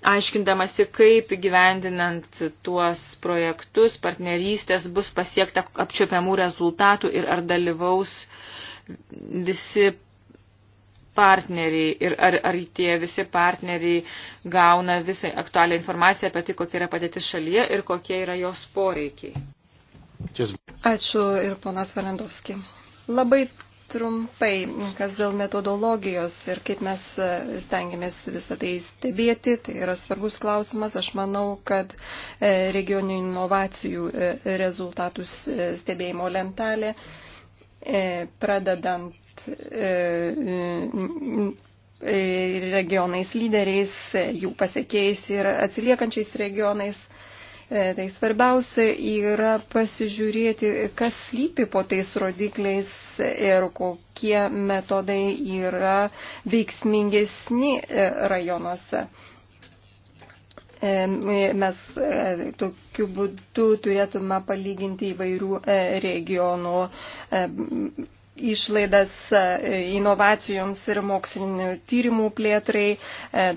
aiškindamasi, kaip gyvendinant tuos projektus, partnerystės bus pasiekta apčiopiamų rezultatų ir ar dalyvaus visi partneriai ir ar, ar tie visi partneriai gauna visą aktualią informaciją apie tai, kokia yra padėtis šalyje ir kokie yra jos poreikiai. Ačiū ir ponas Valendovski. Labai trumpai, kas dėl metodologijos ir kaip mes e, stengiamės visą tai stebėti. Tai yra svarbus klausimas. Aš manau, kad e, regioninių inovacijų e, rezultatų stebėjimo lentelė, pradedant regionais lyderiais, jų pasiekėjais ir atsiliekančiais regionais E, tai svarbiausia yra pasižiūrėti, kas lypi po tais rodikliais ir kokie metodai yra veiksmingesni e, rajonuose. E, mes tokiu būdu turėtume palyginti įvairių regionų išlaidas e, inovacijoms ir mokslininių tyrimų plėtrai, e,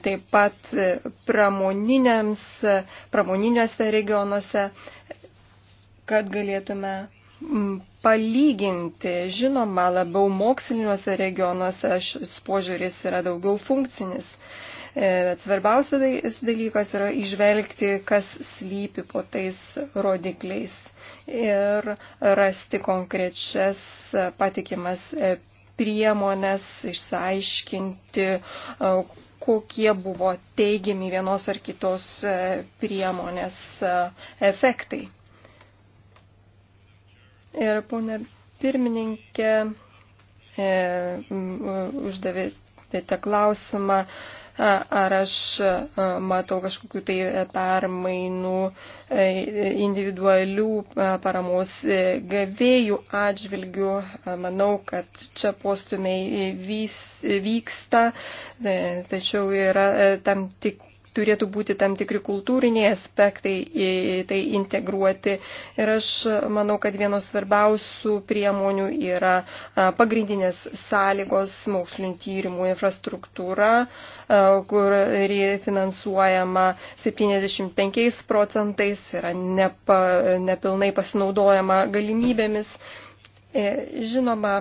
taip pat e, pramoniniuose regionuose, kad galėtume palyginti. Žinoma, labiau moksliniuose regionuose šis požiūris yra daugiau funkcinis. E, Svarbiausias dalykas yra išvelgti, kas slypi po tais rodikliais ir rasti konkrečias patikimas e, priemonės, išsiaiškinti, e, kokie buvo teigiami vienos ar kitos priemonės efektai. Ir ponė pirmininkė, uždavėte klausimą, ar aš matau kažkokių tai permainų e, individualių paramos e, gavėjų atžvilgių. Manau, kad čia postumiai vyksta, e, tačiau yra tam tik turėtų būti tam tikri kultūriniai aspektai į tai integruoti. Ir aš manau, kad vienos svarbiausių priemonių yra pagrindinės sąlygos mokslinio tyrimų infrastruktūra, kuri finansuojama 75 procentais, yra nepa, nepilnai pasinaudojama galimybėmis. E, žinoma,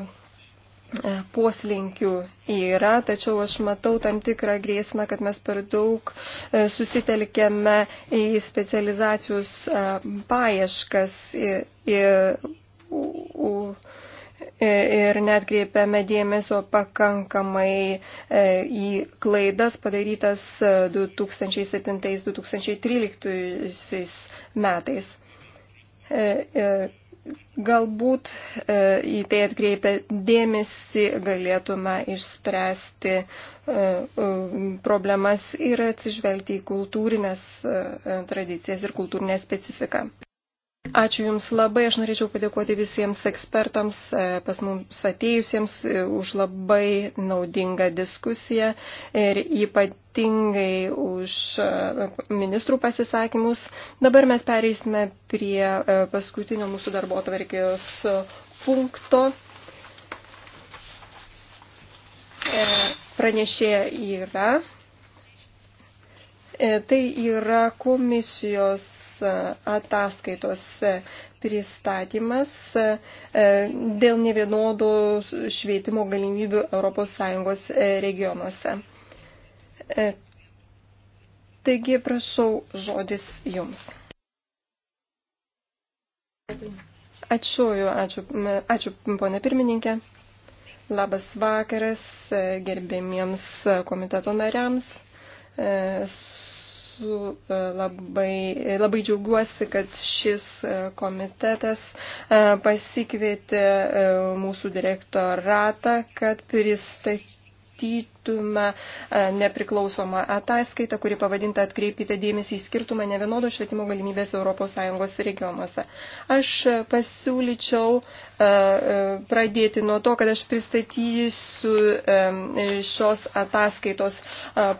E, poslinkių yra, tačiau aš matau tam tikrą grėsmę, kad mes per daug e, susitelkėme į specializacijos e, paieškas ir, ir net grėpėme dėmesio pakankamai į klaidas padarytas 2007-2013 metais Galbūt e, į tai atkreipę dėmesį galėtume išspręsti e, e, problemas ir atsižvelgti į kultūrinės tradicijas ir kultūrinę specifiką. Ačiū Jums labai, aš norėčiau padėkoti visiems ekspertams, e, pas mums atėjusiems e, už labai naudingą diskusiją ir ypatingai už e, ministrų pasisakymus. Dabar mes pereisime prie paskutinio mūsų darbo tvarkės punkto. Pranešėja yra. E, tai yra komisijos e, ataskaitos pristatymas e, dėl nevienodų švietimo galimybių ES regionuose. Taigi, prašau, žodis jums. Ačiū, ačiū, ačiū ponė pirmininkė. Labas vakaras gerbėmiems komiteto nariams esu e, labai, labai džiaugiuosi, kad šis e, komitetas e, pasikvietė mūsų direktoratą, kad pristatytų matytume nepriklausomą ataskaitą, kuri pavadinta atkreipkite dėmesį į skirtumą nevienodo švietimo galimybės ES regionuose. Aš pasiūlyčiau e, e, pradėti nuo to, kad aš pristatysiu e, šios ataskaitos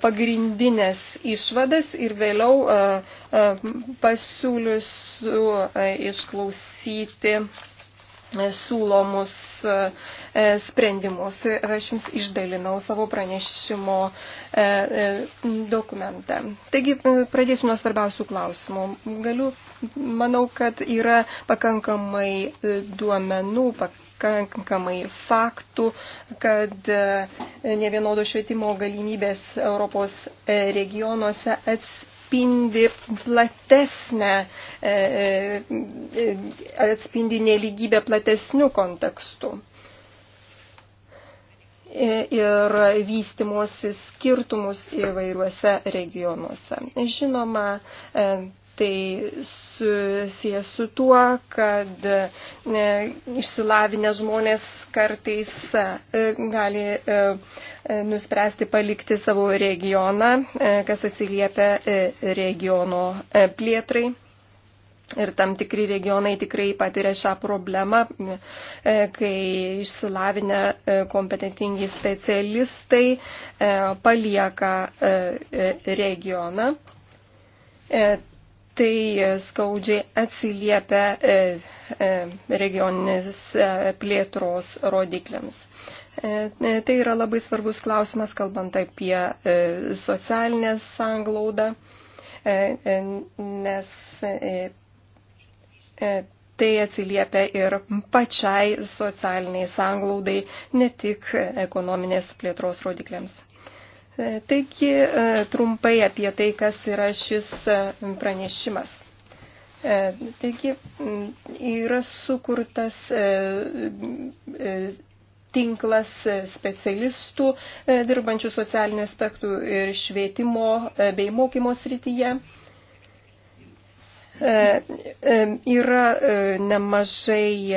pagrindinės išvadas ir vėliau pasiūlysiu išklausyti siūlomus e, sprendimus ir aš jums išdalinau savo pranešimo e, e, dokumentą. Taigi pradėsiu nuo svarbiausių klausimų. Galiu, manau, kad yra pakankamai duomenų, pakankamai faktų, kad nevienodo švietimo galimybės Europos regionuose atspindi atspindi platesnę, e, e, e, atspindi neligybę platesnių kontekstų. Ir vystimuosi skirtumus įvairiuose regionuose. Žinoma, tai susijęs su tuo, kad ne, išsilavinę žmonės kartais e, gali e, e, nuspręsti palikti savo regioną, e, kas atsiliepia e, regiono e, plėtrai. Ir tam tikri regionai tikrai patiria šią problemą, e, kai išsilavinę e, kompetentingi specialistai palieka regioną tai skaudžiai atsiliepia e, e, regioninės e, plėtros rodikliams. Tai yra labai svarbus klausimas, kalbant apie socialinę sanglaudą, nes tai atsiliepia ir pačiai socialiniai sanglaudai, ne tik ekonominės plėtros rodikliams. Taigi e, trumpai apie tai, kas yra šis e, pranešimas. E, taigi yra sukurtas tinklas specialistų dirbančių socialinių aspektų ir švietimo bei mokymo srityje. Yra nemažai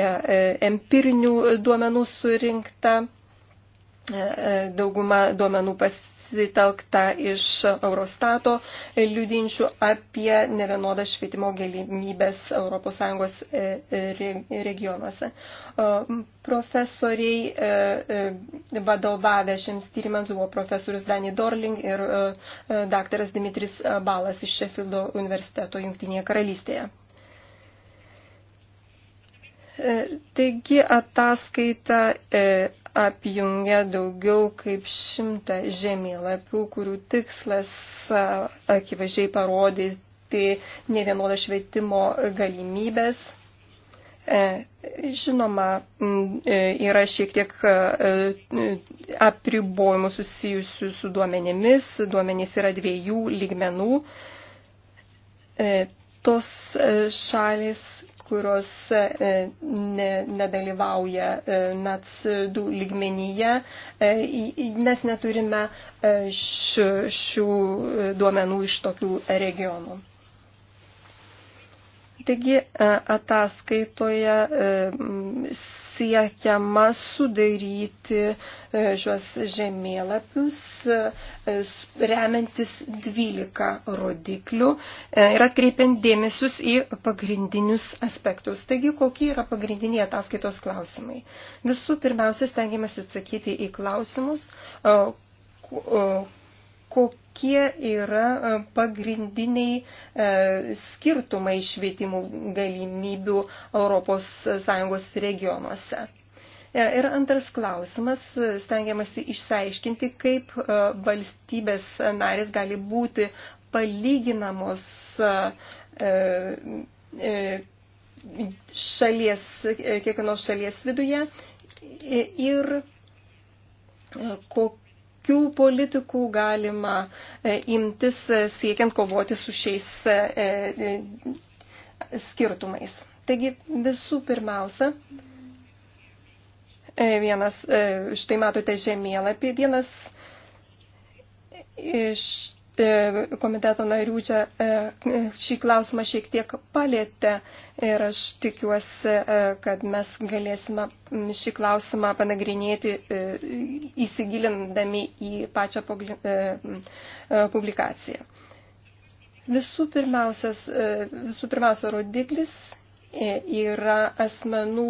empirinių duomenų surinkta, dauguma duomenų pas, pasitelkta iš Eurostato liudinčių apie nevienodą švietimo galimybės ES regionuose. Profesoriai e, e, vadovavę šiems tyrimams buvo profesorius Dani Dorling ir e, daktaras Dimitris Balas iš Sheffieldo universiteto Jungtinėje karalystėje. Taigi ataskaita apjungia daugiau kaip šimtą žemėlapių, kurių tikslas akivaizdžiai parodyti ne vienodą švietimo galimybės. E, žinoma, e, yra šiek tiek e, apribojimų susijusių su duomenėmis. Duomenys yra dviejų lygmenų. Tos šalis kurios e, ne, nedalyvauja e, NATS 2 lygmenyje. E, mes neturime š, šių duomenų iš tokių regionų. Taigi ataskaitoje siekiama sudaryti e, šios žemėlapius e, remiantis 12 rodiklių e, ir atkreipiant dėmesius į pagrindinius aspektus. Taigi, kokie yra pagrindiniai ataskaitos klausimai? Visų pirmiausia, stengiamės atsakyti į klausimus, kokie yra e, pagrindiniai e, skirtumai švietimų galimybių ES regionuose. E, ir antras klausimas, stengiamasi išsiaiškinti, kaip valstybės narės gali būti palyginamos šalies, kiekvienos šalies viduje ir kok kokių politikų galima e, imtis e, siekiant kovoti su šiais e, skirtumais. Taigi visų pirmiausia, vienas, štai matote žemėlapį, vienas iš E, komiteto narių čia e, e, šį klausimą šiek tiek palėtė ir aš tikiuosi, kad mes galėsime šį klausimą panagrinėti įsigilindami į pačią publikaciją. Visų, visų pirmiausia, rodiklis yra asmenų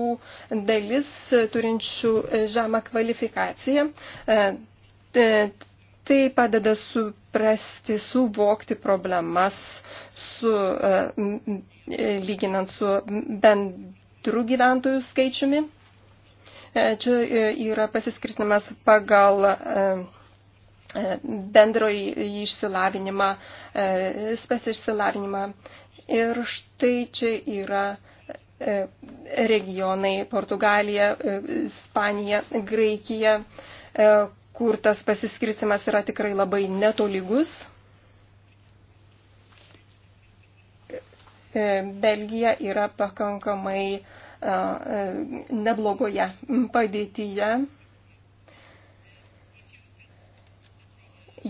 dalis turinčių žemą kvalifikaciją. Tai padeda suprasti, suvokti problemas, su, e, lyginant su bendru gyventojų skaičiumi. E, čia e, yra pasiskirstimas pagal bendroji išsilavinimą, spes išsilavinimą. Ir štai čia yra regionai Portugalija, Ispanija, Graikija, kur tas pasiskirstimas yra tikrai labai netolygus. E, Belgija yra pakankamai e, e, neblogoje padėtyje.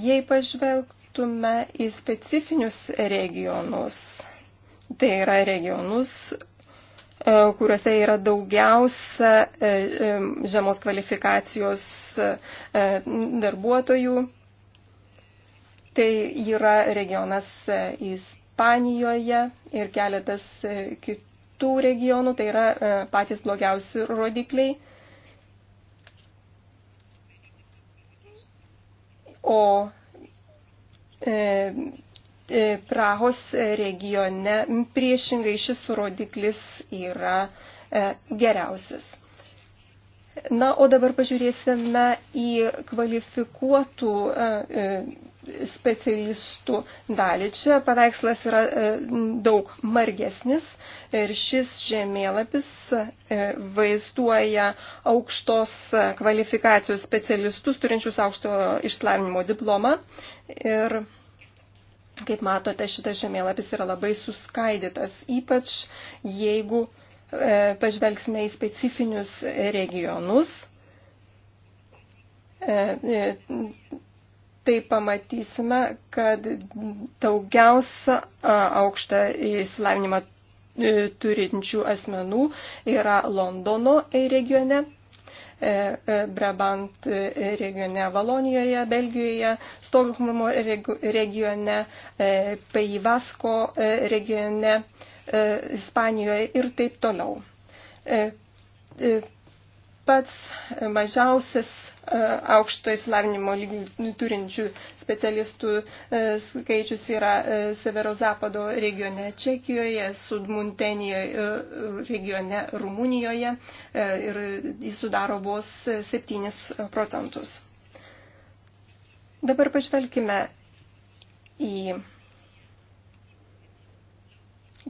Jei pažvelgtume į specifinius regionus, tai yra regionus, E, kuriuose yra daugiausia e, e, žemos kvalifikacijos darbuotojų. Tai yra regionas Ispanijoje ir keletas kitų regionų, tai yra patys blogiausi rodikliai. O e, E, Prahos regione priešingai šis rodiklis yra e, geriausias. Na, o dabar pažiūrėsime į kvalifikuotų e, specialistų dalį. Čia paveikslas yra daug margesnis ir šis žemėlapis vaizduoja aukštos kvalifikacijos specialistus turinčius aukšto išslavinimo diplomą. Ir Kaip matote, šitas žemėlapis yra labai suskaidytas, ypač jeigu e, pažvelgsime į specifinius regionus. E, e, tai pamatysime, kad daugiausia e, aukštą įsilavinimą e, turinčių asmenų yra Londono regione E, e, Brabant e, regione Valonijoje, Belgijoje, Stokholmo regione, Paivasko regione, Ispanijoje ir taip toliau pats mažiausias e, aukšto įsilavinimo lygių turinčių specialistų e, skaičius yra e, Severozapado regione Čekijoje, Sudmuntenijoje regione Rumunijoje ir jis sudaro vos 7 procentus. Dabar pažvelkime į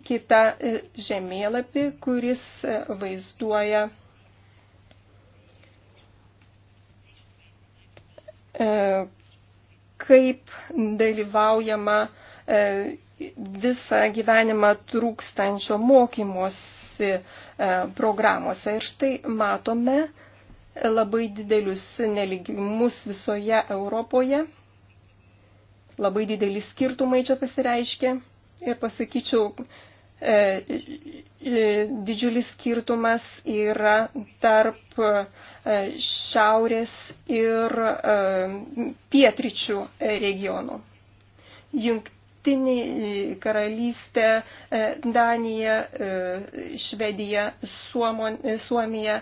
kitą žemėlapį, kuris vaizduoja E, kaip dalyvaujama e, visą gyvenimą trūkstančio mokymosi e, programuose. Ir štai matome labai didelius neligimus visoje Europoje. Labai dideli skirtumai čia pasireiškia. Ir pasakyčiau, didžiulis skirtumas yra tarp E, šiaurės ir e, pietričių regionų. Jungtinė karalystė, e, Danija, Švedija, Suomon, Suomija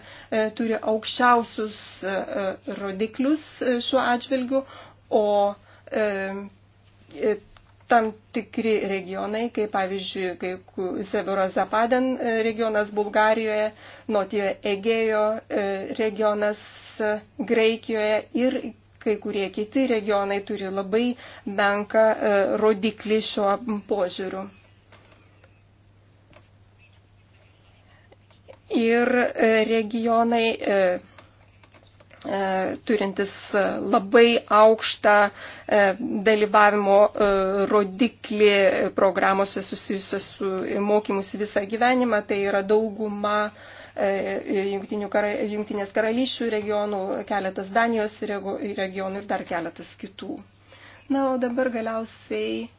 turi aukščiausius rodiklius šiuo atžvilgiu, o tam tikri regionai, kaip pavyzdžiui, kaip Severo Zapaden e, regionas Bulgarijoje, Notijo Egėjo regionas e, Graikijoje ir kai kurie kiti regionai turi labai menką e, rodiklį šiuo požiūriu. Ir regionai E, turintis labai aukštą e, dalyvavimo e, rodiklį programuose susijusios su mokymus visą gyvenimą. Tai yra dauguma Jungtinės karalysčių regionų, keletas Danijos regionų ir dar keletas kitų. Na, o dabar galiausiai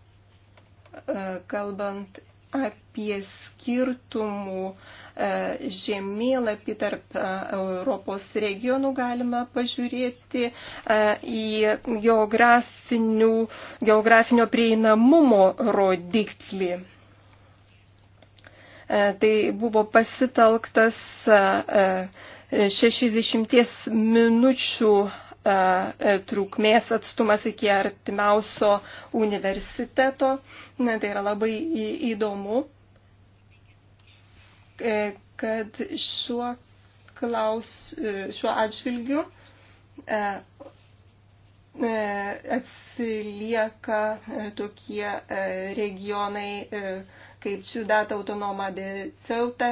kalbant apie skirtumų uh, E, žemėlapį tarp e, Europos regionų galima pažiūrėti e, į geografinio prieinamumo rodiklį. Tai buvo pasitelktas 60 minučių trukmės atstumas iki artimiausio universiteto. Tai yra labai įdomu. E, kad šiuo, klaus, e, šiuo atžvilgiu e, atsilieka tokie regionai kaip Ciudad Autonoma de Ceuta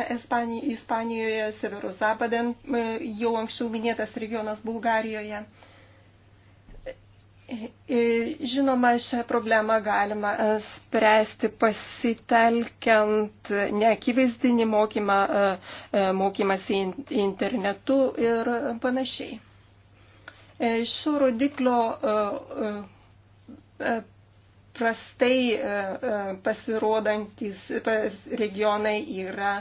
Ispanijoje, Severozapaden, jau anksčiau minėtas regionas Bulgarijoje. E, žinoma, šią problemą galima e, spręsti pasitelkiant neakivaizdinį mokymą, e, mokymasi internetu ir panašiai. Šio rodiklio prastai pasirodantis regionai yra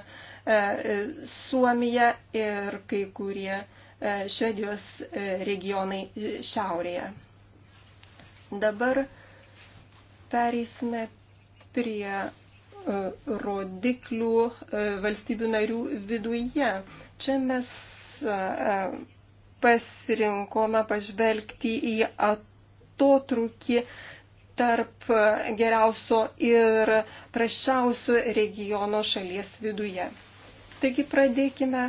Suomija ir kai kurie Švedijos regionai šiaurėje. Dabar pereisime prie e, rodiklių e, valstybių narių viduje. Čia mes e, pasirinkome pažvelgti į atotrukį tarp geriausio ir praščiausio regiono šalies viduje. Taigi pradėkime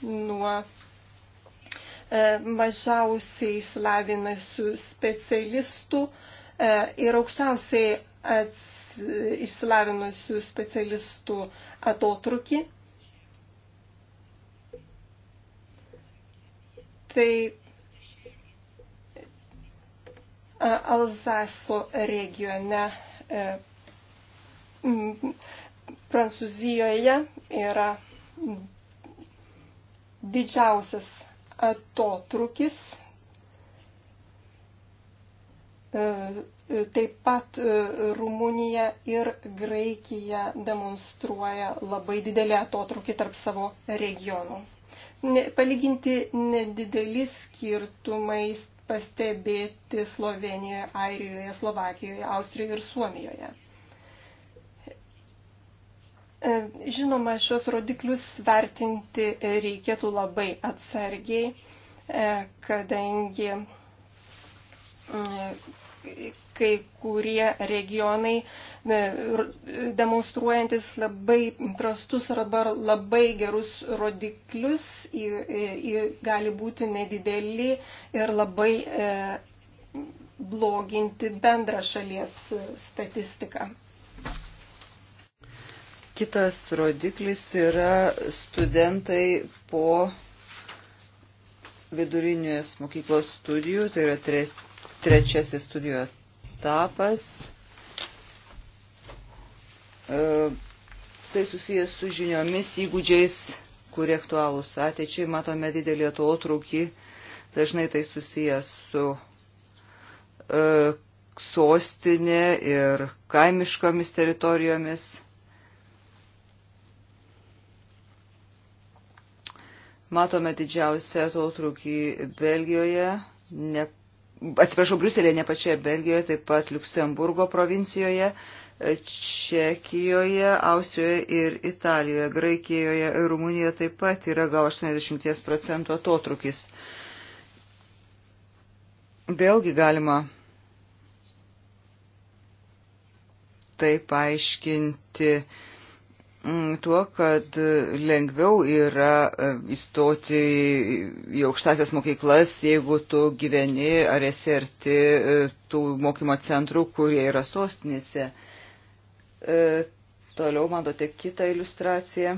nuo E, mažiausiai išsilavinusių specialistų e, ir aukščiausiai ats, išsilavinusių specialistų atotrukį. Tai e, Alzaso regione Prancūzijoje yra didžiausias atotrukis e, e, Taip pat e, Rumunija ir Graikija demonstruoja labai didelį atotrukį tarp savo regionų. Ne, palyginti nedideli skirtumai pastebėti Slovenijoje, Airijoje, Slovakijoje, Austrijoje ir Suomijoje. E, žinoma, šios rodiklius vertinti reikėtų labai atsargiai, e, kadangi e, kai kurie regionai demonstruojantis labai prastus arba labai gerus rodiklius į, į, gali būti nedideli ir labai e, bloginti bendrą šalies statistiką. Kitas rodiklis yra studentai po vidurinės mokyklos studijų, tai yra tre, trečiasis studijų etapas. E, tai susijęs su žiniomis, įgūdžiais, kurie aktualūs ateičiai. Matome didelį atotrukį, dažnai tai susijęs su e, sostinė ir kaimiškomis teritorijomis Matome didžiausią atotrukį Belgijoje, ne, atsiprašau, Bruselėje, ne pačioje Belgijoje, taip pat Luksemburgo provincijoje, Čekijoje, Austrijoje ir Italijoje, Graikijoje ir Rumunijoje taip pat yra gal 80 procentų atotrukis. Vėlgi galima tai paaiškinti Mm, tuo, kad lengviau yra e, įstoti į aukštasias mokyklas, jeigu tu gyveni ar esi arti e, tų mokymo centrų, kurie yra sostinėse. E, toliau matote kitą iliustraciją.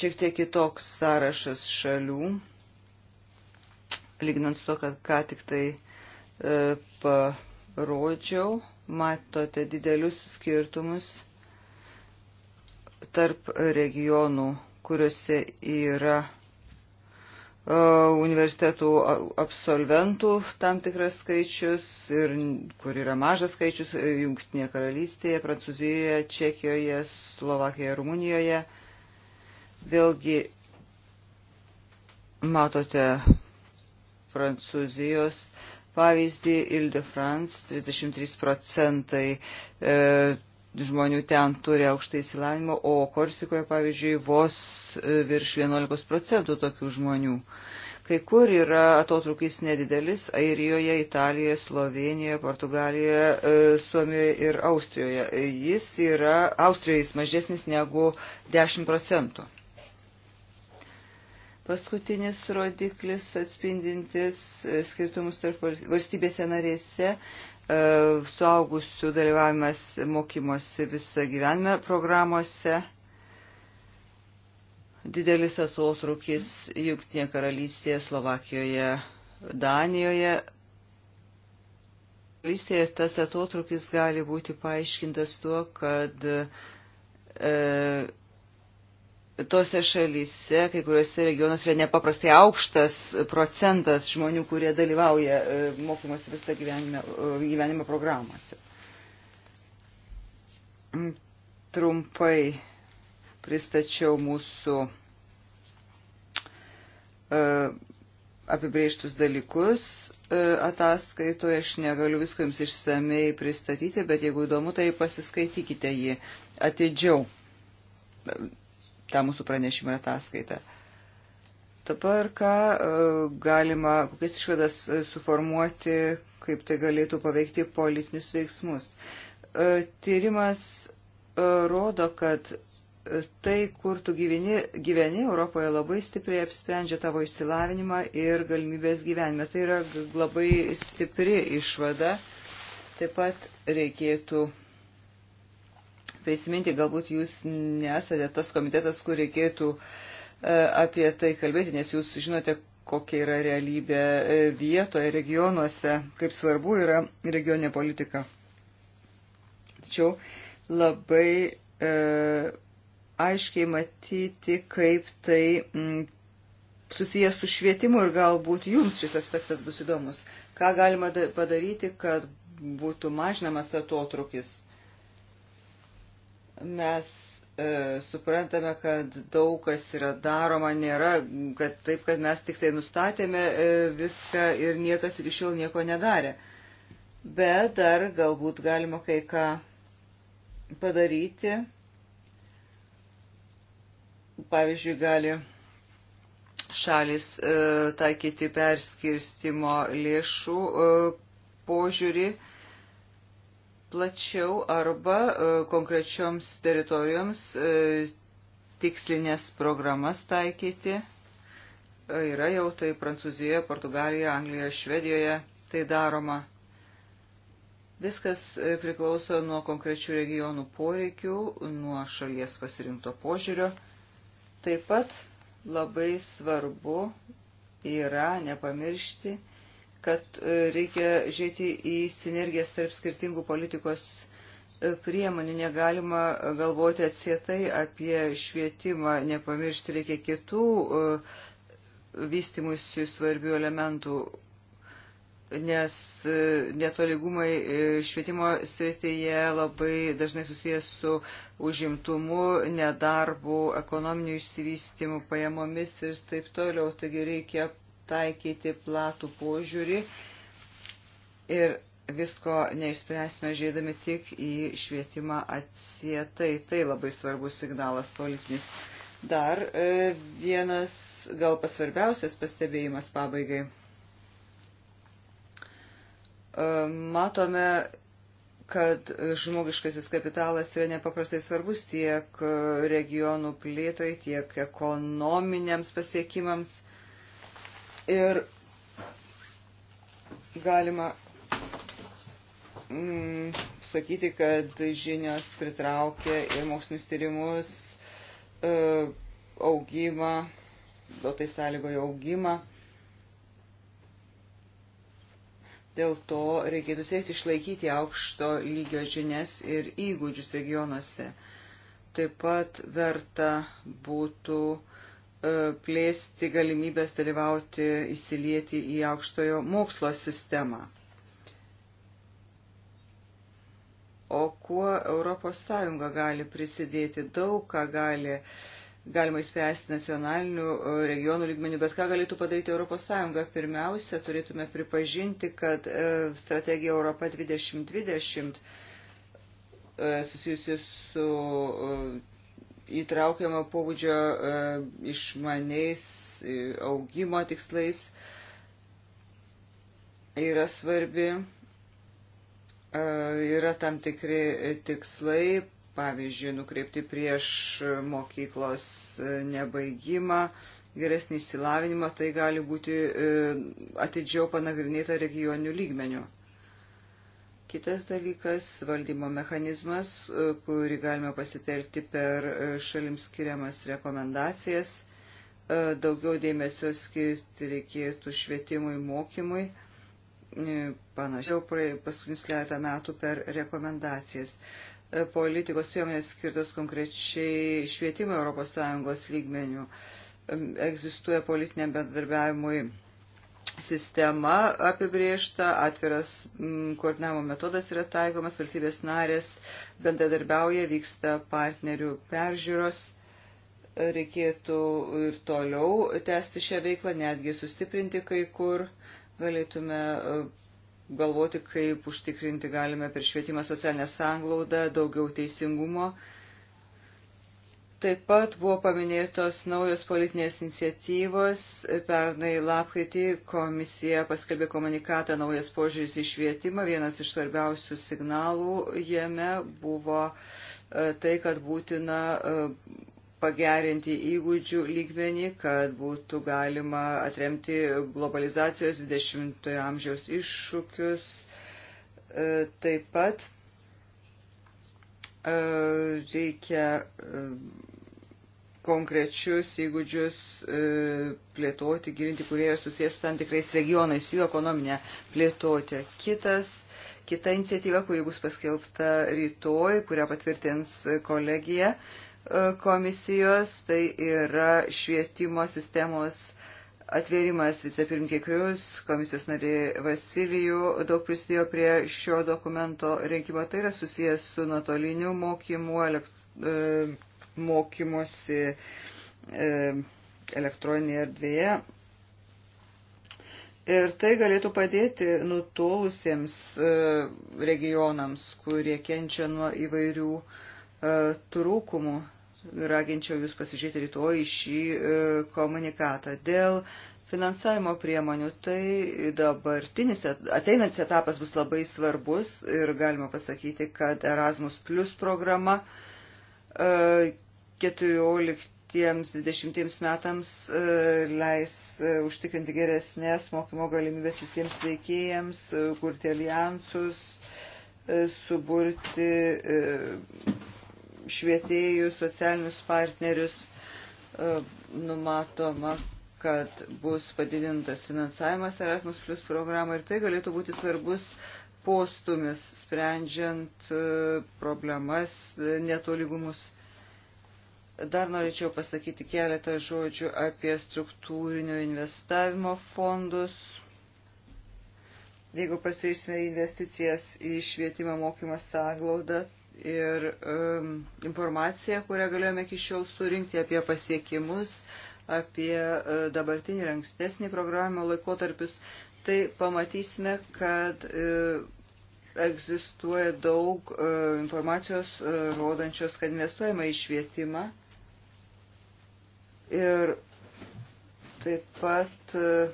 Šiek tiek kitoks sąrašas šalių, lyginant su to, kad ką tik tai parodžiau. E, matote didelius skirtumus tarp regionų, kuriuose yra e, universitetų absolventų tam tikras skaičius ir kur yra mažas skaičius e, Junktinėje karalystėje, Prancūzijoje, Čekijoje, Slovakijoje, Rumunijoje. Vėlgi matote Prancūzijos pavyzdį Ilde France, 33 procentai e, žmonių ten turi aukštą įsilavinimą, o Korsikoje, pavyzdžiui, vos e, virš 11 procentų tokių žmonių. Kai kur yra atotrukis nedidelis - Airijoje, Italijoje, Slovenijoje, Portugalijoje, e, Suomijoje ir Austrijoje. Jis yra, Austrijoje jis mažesnis negu 10 procentų. Paskutinis rodiklis atspindintis e, skirtumus tarp valstybėse narėse, e, suaugusių dalyvavimas mokymosi visą gyvenimą programuose, didelis atotrukis Junktinėje karalystėje, Slovakijoje, Danijoje. Karalystėje tas atotrukis gali būti paaiškintas tuo, kad e, tose šalyse, kai kuriuose regionuose yra nepaprastai aukštas procentas žmonių, kurie dalyvauja e, mokymosi visą gyvenime, e, gyvenimo programuose. Mm, trumpai pristačiau mūsų e, apibrėžtus dalykus ataskaitoje, aš negaliu visko jums išsamei pristatyti, bet jeigu įdomu, tai pasiskaitykite jį atidžiau tą mūsų pranešimą ir ataskaitą. Dabar ką e, galima, kokias išvadas e, suformuoti, kaip tai galėtų paveikti politinius veiksmus. E, tyrimas rodo, kad tai, kur tu gyveni, gyveni Europoje, labai stipriai apsprendžia tavo išsilavinimą ir galimybės gyvenime. Tai yra labai stipri išvada. Taip pat reikėtų prisiminti, galbūt jūs nesate tas komitetas, kur reikėtų e, apie tai kalbėti, nes jūs žinote, kokia yra realybė e, vietoje, regionuose, kaip svarbu yra regioninė politika. Tačiau labai e, aiškiai matyti, kaip tai m, susijęs su švietimu ir galbūt jums šis aspektas bus įdomus. Ką galima padaryti, kad būtų mažinamas atotrukis Mes e, suprantame, kad daug kas yra daroma, nėra, kad taip, kad mes tik tai nustatėme e, viską ir niekas iki šiol nieko nedarė. Bet dar galbūt galima kai ką padaryti. Pavyzdžiui, gali šalis e, taikyti perskirstimo lėšų e, požiūrį. E, plačiau arba e, konkrečioms teritorijoms e, tikslinės programas taikyti. E, yra jau tai Prancūzijoje, Portugalijoje, Anglijoje, Švedijoje tai daroma. Viskas priklauso nuo konkrečių regionų poreikių, nuo šalies pasirinkto požiūrio. Taip pat labai svarbu yra nepamiršti, kad e, reikia žiūrėti į sinergijas tarp skirtingų politikos e, priemonių. Negalima galvoti atsietai apie švietimą, nepamiršti reikia kitų e, vystimusių svarbių elementų, nes netoligumai švietimo srityje labai dažnai susijęs su užimtumu, nedarbu, ekonominiu išsivystimu, pajamomis ir taip toliau. Taigi reikia taikyti platų požiūrį ir visko neišspręsime žiūrėdami tik į švietimą atsietai. Tai labai svarbus signalas politinis. Dar e, vienas gal pasvarbiausias pastebėjimas pabaigai. E, matome, kad žmogiškasis kapitalas yra nepaprastai svarbus tiek regionų plėtrai, tiek ekonominiams pasiekimams ir galima mm, sakyti, kad žinios pritraukia ir mokslinius tyrimus, e, augimą, o tai sąlygoja augimą. Dėl to reikėtų siekti išlaikyti aukšto lygio žinias ir įgūdžius regionuose. Taip pat verta būtų E, plėsti galimybės dalyvauti, įsilieti į aukštojo mokslo sistemą. O kuo ES gali prisidėti, daug ką gali, galima įspręsti nacionalinių e, regionų lygmenių, bet ką galėtų padaryti ES, pirmiausia, turėtume pripažinti, kad e, strategija Europa 2020 susijusi su įtraukiamo pobūdžio e, išmaniais e, augimo tikslais yra svarbi. E, yra tam tikri tikslai, pavyzdžiui, nukreipti prieš mokyklos nebaigimą, geresnį įsilavinimą, tai gali būti atidžiau panagrinėta regioninių lygmenių. Kitas dalykas - valdymo mechanizmas, e, kurį galime pasitelkti per e, šalims skiriamas rekomendacijas. E, daugiau dėmesio skirti reikėtų švietimui, mokymui. Panašiau paskutinius keletą metų per rekomendacijas. Politikos priemonės skirtos konkrečiai švietimo ES lygmenių. Egzistuoja politiniam bendarbiavimui sistema apibriešta, atviras mm, koordinavimo metodas yra taikomas, valstybės narės bendradarbiauja, vyksta partnerių peržiūros. Reikėtų ir toliau tęsti šią veiklą, netgi sustiprinti kai kur. Galėtume e, galvoti, kaip užtikrinti galime per švietimą socialinę sanglaudą, daugiau teisingumo Taip pat buvo paminėtos naujos politinės iniciatyvos. Pernai lapkritį komisija paskelbė komunikatą naujas požiūris į švietimą. Vienas iš svarbiausių signalų jame buvo e, tai, kad būtina e, pagerinti įgūdžių lygmenį, kad būtų galima atremti globalizacijos 20-ojo amžiaus iššūkius. E, taip pat E, reikia e, konkrečius įgūdžius e, plėtoti, gilinti, kurie susijęs su tam tikrais regionais, jų ekonominę plėtoti. Kitas, kita iniciatyva, kuri bus paskelbta rytoj, kurią patvirtins kolegija komisijos, tai yra švietimo sistemos atvėrimas vicepirmininkė Krius, komisijos narė Vasilijų daug prisidėjo prie šio dokumento rinkimo. Tai yra susijęs su nuotoliniu mokymu, elekt, e, mokymosi e, elektroninėje erdvėje. Ir tai galėtų padėti nutolusiems e, regionams, kurie kenčia nuo įvairių e, trūkumų raginčiau Jūs pasižiūrėti rytoj šį e, komunikatą. Dėl finansavimo priemonių tai dabartinis ateinantis etapas bus labai svarbus ir galima pasakyti, kad Erasmus Plus programa 14-20 e, metams e, leis užtikrinti geresnės mokymo galimybės visiems veikėjams, kurti alijansus, suburti švietėjus, socialinius partnerius. E, numatoma, kad bus padidintas finansavimas Erasmus Plus programai ir tai galėtų būti svarbus postumis sprendžiant e, problemas, e, netolygumus. Dar norėčiau pasakyti keletą žodžių apie struktūrinio investavimo fondus. Jeigu pasižiūrėsime investicijas į švietimą mokymą sąglaudą, ir um, informacija, kurią galėjome iki šiol surinkti apie pasiekimus, apie uh, dabartinį ir ankstesnį programavimo laikotarpius, tai pamatysime, kad uh, egzistuoja daug uh, informacijos uh, rodančios, kad investuojama į švietimą. Ir taip pat uh,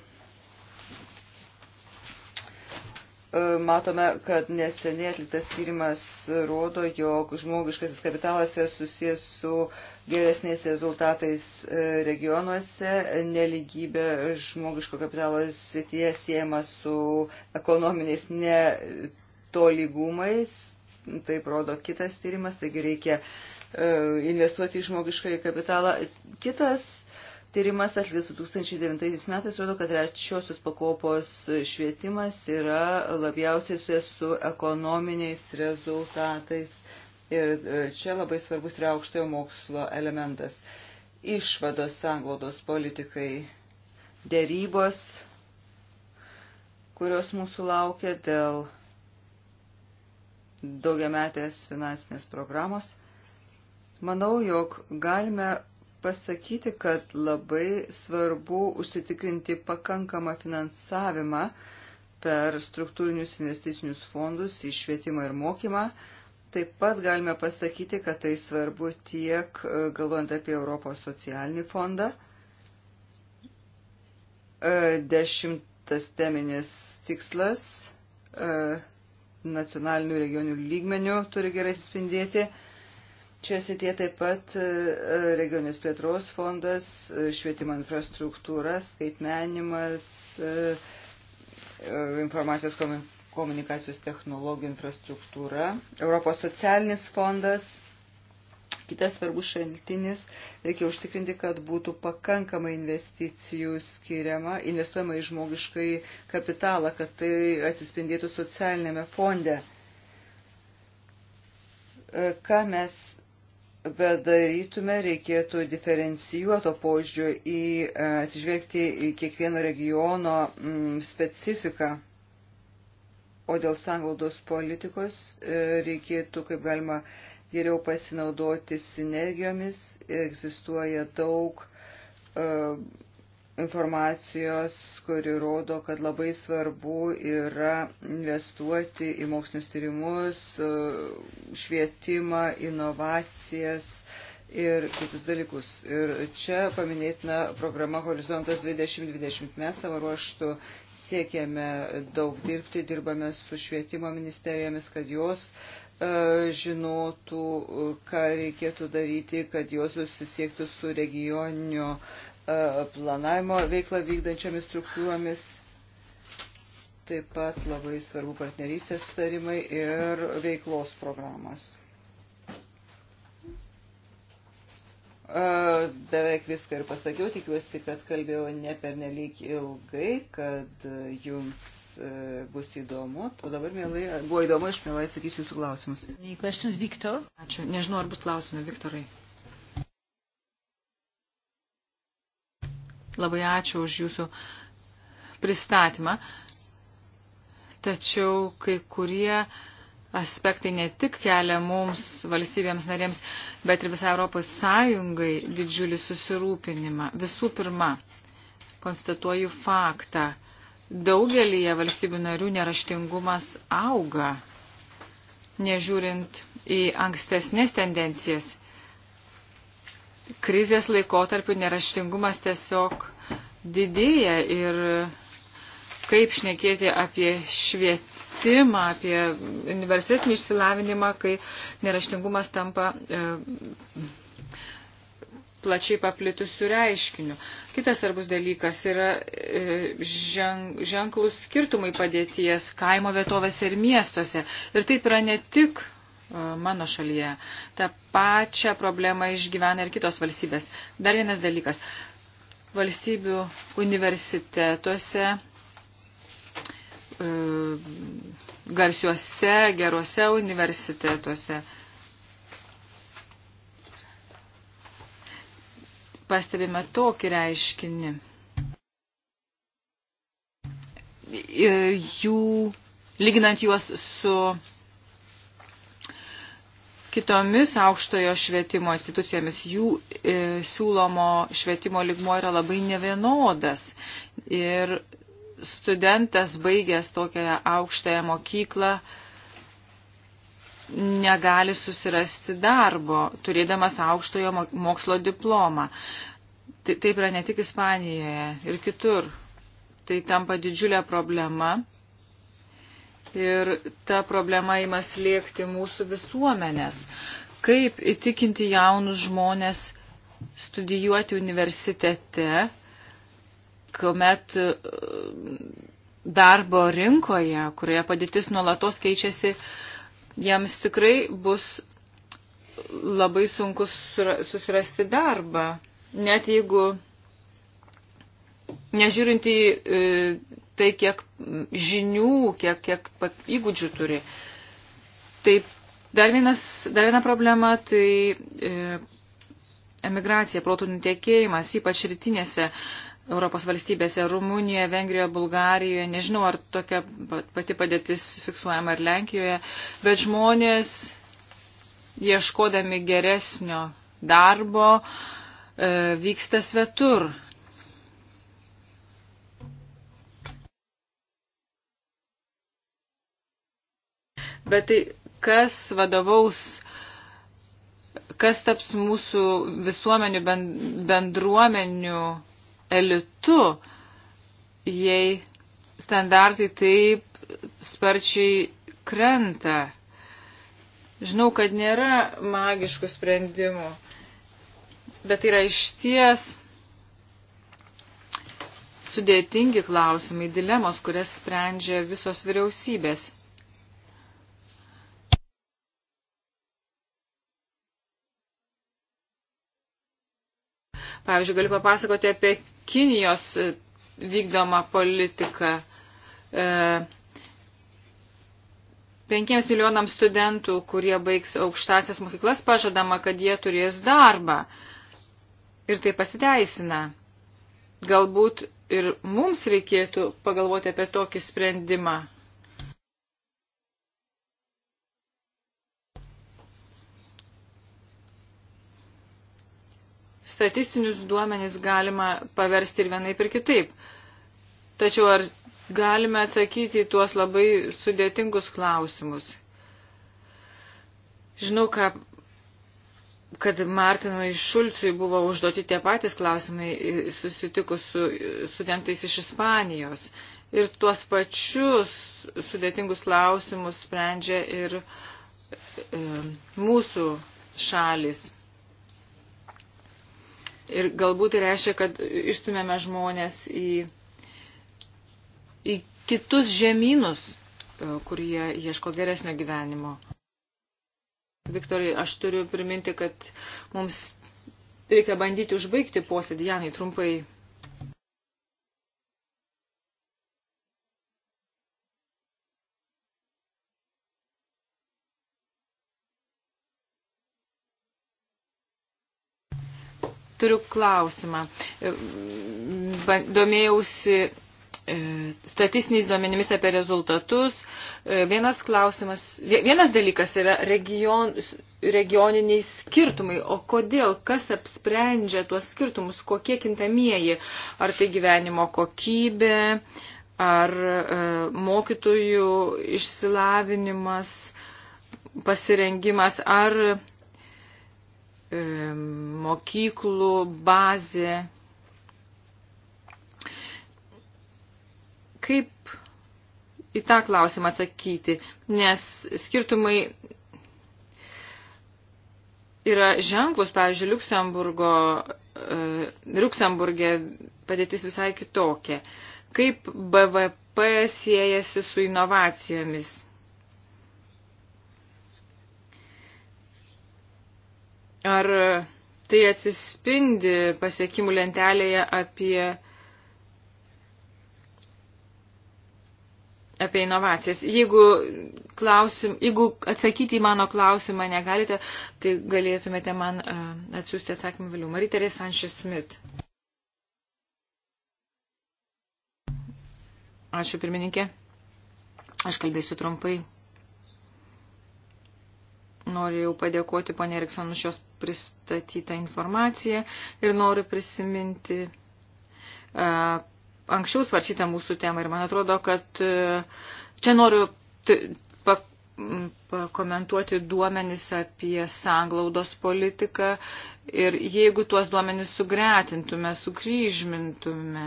E, matome, kad neseniai atliktas tyrimas rodo, jog žmogiškasis kapitalas yra susijęs su geresniais rezultatais e, regionuose, neligybė žmogiško kapitalo sityje siejama su ekonominiais netolygumais, taip rodo kitas tyrimas, taigi reikia e, investuoti į žmogiškąjį kapitalą. Kitas Tyrimas atliktas 2009 metais rodo, kad trečiosios pakopos švietimas yra labiausiai susijęs su ekonominiais rezultatais. Ir e, čia labai svarbus yra aukštojo mokslo elementas. Išvados sanglaudos politikai, dėrybos, kurios mūsų laukia dėl daugiametės finansinės programos. Manau, jog galime pasakyti, kad labai svarbu užsitikrinti pakankamą finansavimą per struktūrinius investicinius fondus į švietimą ir mokymą. Taip pat galime pasakyti, kad tai svarbu tiek e, galvojant apie Europos socialinį fondą. E, dešimtas teminis tikslas e, nacionalinių regionių lygmenių turi gerai spindėti. Čia sitie taip pat e, regionės plėtros fondas, e, švietimo infrastruktūra, skaitmenimas, e, informacijos komunikacijos technologijų infrastruktūra, Europos socialinis fondas. Kitas svarbus šaltinis - reikia užtikrinti, kad būtų pakankamai investicijų skiriama, investuojama į žmogiškai kapitalą, kad tai atsispindėtų socialinėme fonde. Ką mes bedarytume, reikėtų diferencijuoto požiūrio į e, atsižvelgti į kiekvieno regiono mm, specifiką. O dėl sanglaudos politikos e, reikėtų kaip galima geriau pasinaudoti sinergijomis. Egzistuoja daug e, informacijos, kuri rodo, kad labai svarbu yra investuoti į mokslinius tyrimus, švietimą, inovacijas ir kitus dalykus. Ir čia paminėtina programa Horizontas 2020. Mes savo ruoštų siekėme daug dirbti, dirbame su švietimo ministerijomis, kad jos e, žinotų, ką reikėtų daryti, kad jos susisiektų su regioninio E, planavimo veiklą vykdančiomis struktūromis. Taip pat labai svarbu partnerystės sutarimai ir veiklos programos. E, beveik viską ir pasakiau, tikiuosi, kad kalbėjau ne pernelyg ilgai, kad jums e, bus įdomu. O dabar, mielai, buvo įdomu, aš mielai atsakysiu jūsų klausimus. Questions, Viktor? Ačiū. Nežinau, ar bus klausimai, Viktorai. Labai ačiū už jūsų pristatymą. Tačiau kai kurie aspektai ne tik kelia mums, valstybėms narėms, bet ir visai Europos Sąjungai didžiulį susirūpinimą. Visų pirma, konstatuoju faktą, daugelyje valstybių narių neraštingumas auga, nežiūrint į ankstesnės tendencijas. Krizės laikotarpiu neraštingumas tiesiog didėja ir kaip šnekėti apie švietimą, apie universitetinį išsilavinimą, kai neraštingumas tampa e, plačiai paplitusių reiškinių. Kitas svarbus dalykas yra e, ženklus skirtumai padėties kaimo vietovėse ir miestuose. Ir taip yra ne tik e, mano šalyje. Ta pačia problema išgyvena ir kitos valstybės. Dar vienas dalykas valstybių universitetuose, e, garsiuose, geruose universitetuose. Pastebime tokį reiškinį. E, jų, lyginant juos su kitomis aukštojo švietimo institucijomis. Jų e, siūlomo švietimo ligmo yra labai nevienodas. Ir studentas baigęs tokią aukštąją mokyklą negali susirasti darbo, turėdamas aukštojo mokslo diplomą. Taip yra ne tik Ispanijoje ir kitur. Tai tampa didžiulė problema ir ta problema įmas lėkti mūsų visuomenės. Kaip įtikinti jaunus žmonės studijuoti universitete, kuomet e, darbo rinkoje, kurioje padėtis nuolatos keičiasi, jiems tikrai bus labai sunku susirasti darbą. Net jeigu, nežiūrint į e, tai, kiek žinių, kiek, kiek įgūdžių turi. Taip, dar, vienas, dar viena problema - tai e, emigracija, protų nutiekėjimas, ypač rytinėse Europos valstybėse - Rumunijoje, Vengrijoje, Bulgarijoje. Nežinau, ar tokia pati padėtis fiksuojama ir Lenkijoje, bet žmonės ieškodami geresnio darbo e, vyksta svetur. bet tai kas vadovaus, kas taps mūsų visuomenių bendruomenių elitu, jei standartai taip sparčiai krenta. Žinau, kad nėra magiškų sprendimų, bet tai yra išties sudėtingi klausimai, dilemos, kurias sprendžia visos vyriausybės. Pavyzdžiui, galiu papasakoti apie Kinijos e, vykdomą politiką. E, penkiems milijonams studentų, kurie baigs aukštasias mokyklas, pažadama, kad jie turės darbą. Ir tai pasiteisina. Galbūt ir mums reikėtų pagalvoti apie tokį sprendimą. statistinius duomenys galima paversti ir vienaip ir kitaip. Tačiau ar galime atsakyti į tuos labai sudėtingus klausimus? Žinau, ką, kad Martinui Šulcui buvo užduoti tie patys klausimai susitikus su studentais iš Ispanijos. Ir tuos pačius sudėtingus klausimus sprendžia ir e, mūsų šalis. Ir galbūt tai reiškia, kad išstumėme žmonės į, į kitus žemynus, e, kur jie ieško geresnio gyvenimo. Viktorai, aš turiu priminti, kad mums reikia bandyti užbaigti posėdį, Janai, trumpai Turiu klausimą. E, domėjausi e, statistiniais duomenimis apie rezultatus. E, vienas klausimas, vienas dalykas yra region, regioniniai skirtumai. O kodėl, kas apsprendžia tuos skirtumus, kokie kintamieji? Ar tai gyvenimo kokybė, ar mokytojų išsilavinimas, pasirengimas, ar E, mokyklų bazė. Kaip į tą klausimą atsakyti, nes skirtumai yra ženklus, pavyzdžiui, Luxemburgo, e, Luxemburgė padėtis visai kitokia. Kaip BVP siejasi su inovacijomis? Ar e, tai atsispindi pasiekimų lentelėje apie, apie inovacijas? Jeigu, klausim, jeigu atsakyti į mano klausimą negalite, tai galėtumėte man uh, atsiųsti atsakymą vėliau. Mariterė Sančias Smith. Ačiū pirmininkė. Aš kalbėsiu trumpai. Noriu jau padėkoti ponė Erikson už jos pristatytą informaciją ir noriu prisiminti uh, anksčiau svarsytą mūsų temą ir man atrodo, kad uh, čia noriu pakomentuoti duomenis apie sanglaudos politiką ir jeigu tuos duomenis sugretintume, sukryžmintume,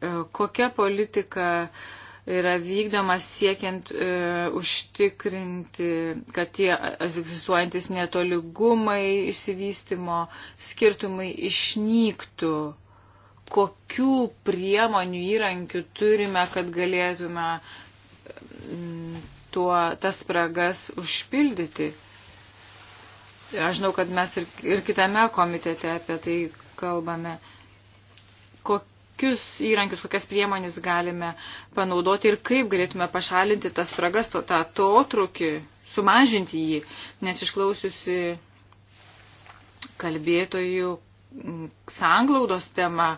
e, kokia politika uh, yra vykdomas siekiant e, užtikrinti, kad tie egzistuojantis netoligumai, išsivystimo skirtumai išnyktų. Kokių priemonių įrankių turime, kad galėtume mm, tuo, tas spragas užpildyti? Aš žinau, kad mes ir, ir kitame komitete apie tai kalbame. Kok, kokius įrankius, kokias priemonės galime panaudoti ir kaip galėtume pašalinti tas spragas, to, tą atotrukį, sumažinti jį, nes išklausiusi kalbėtojų sanglaudos tema,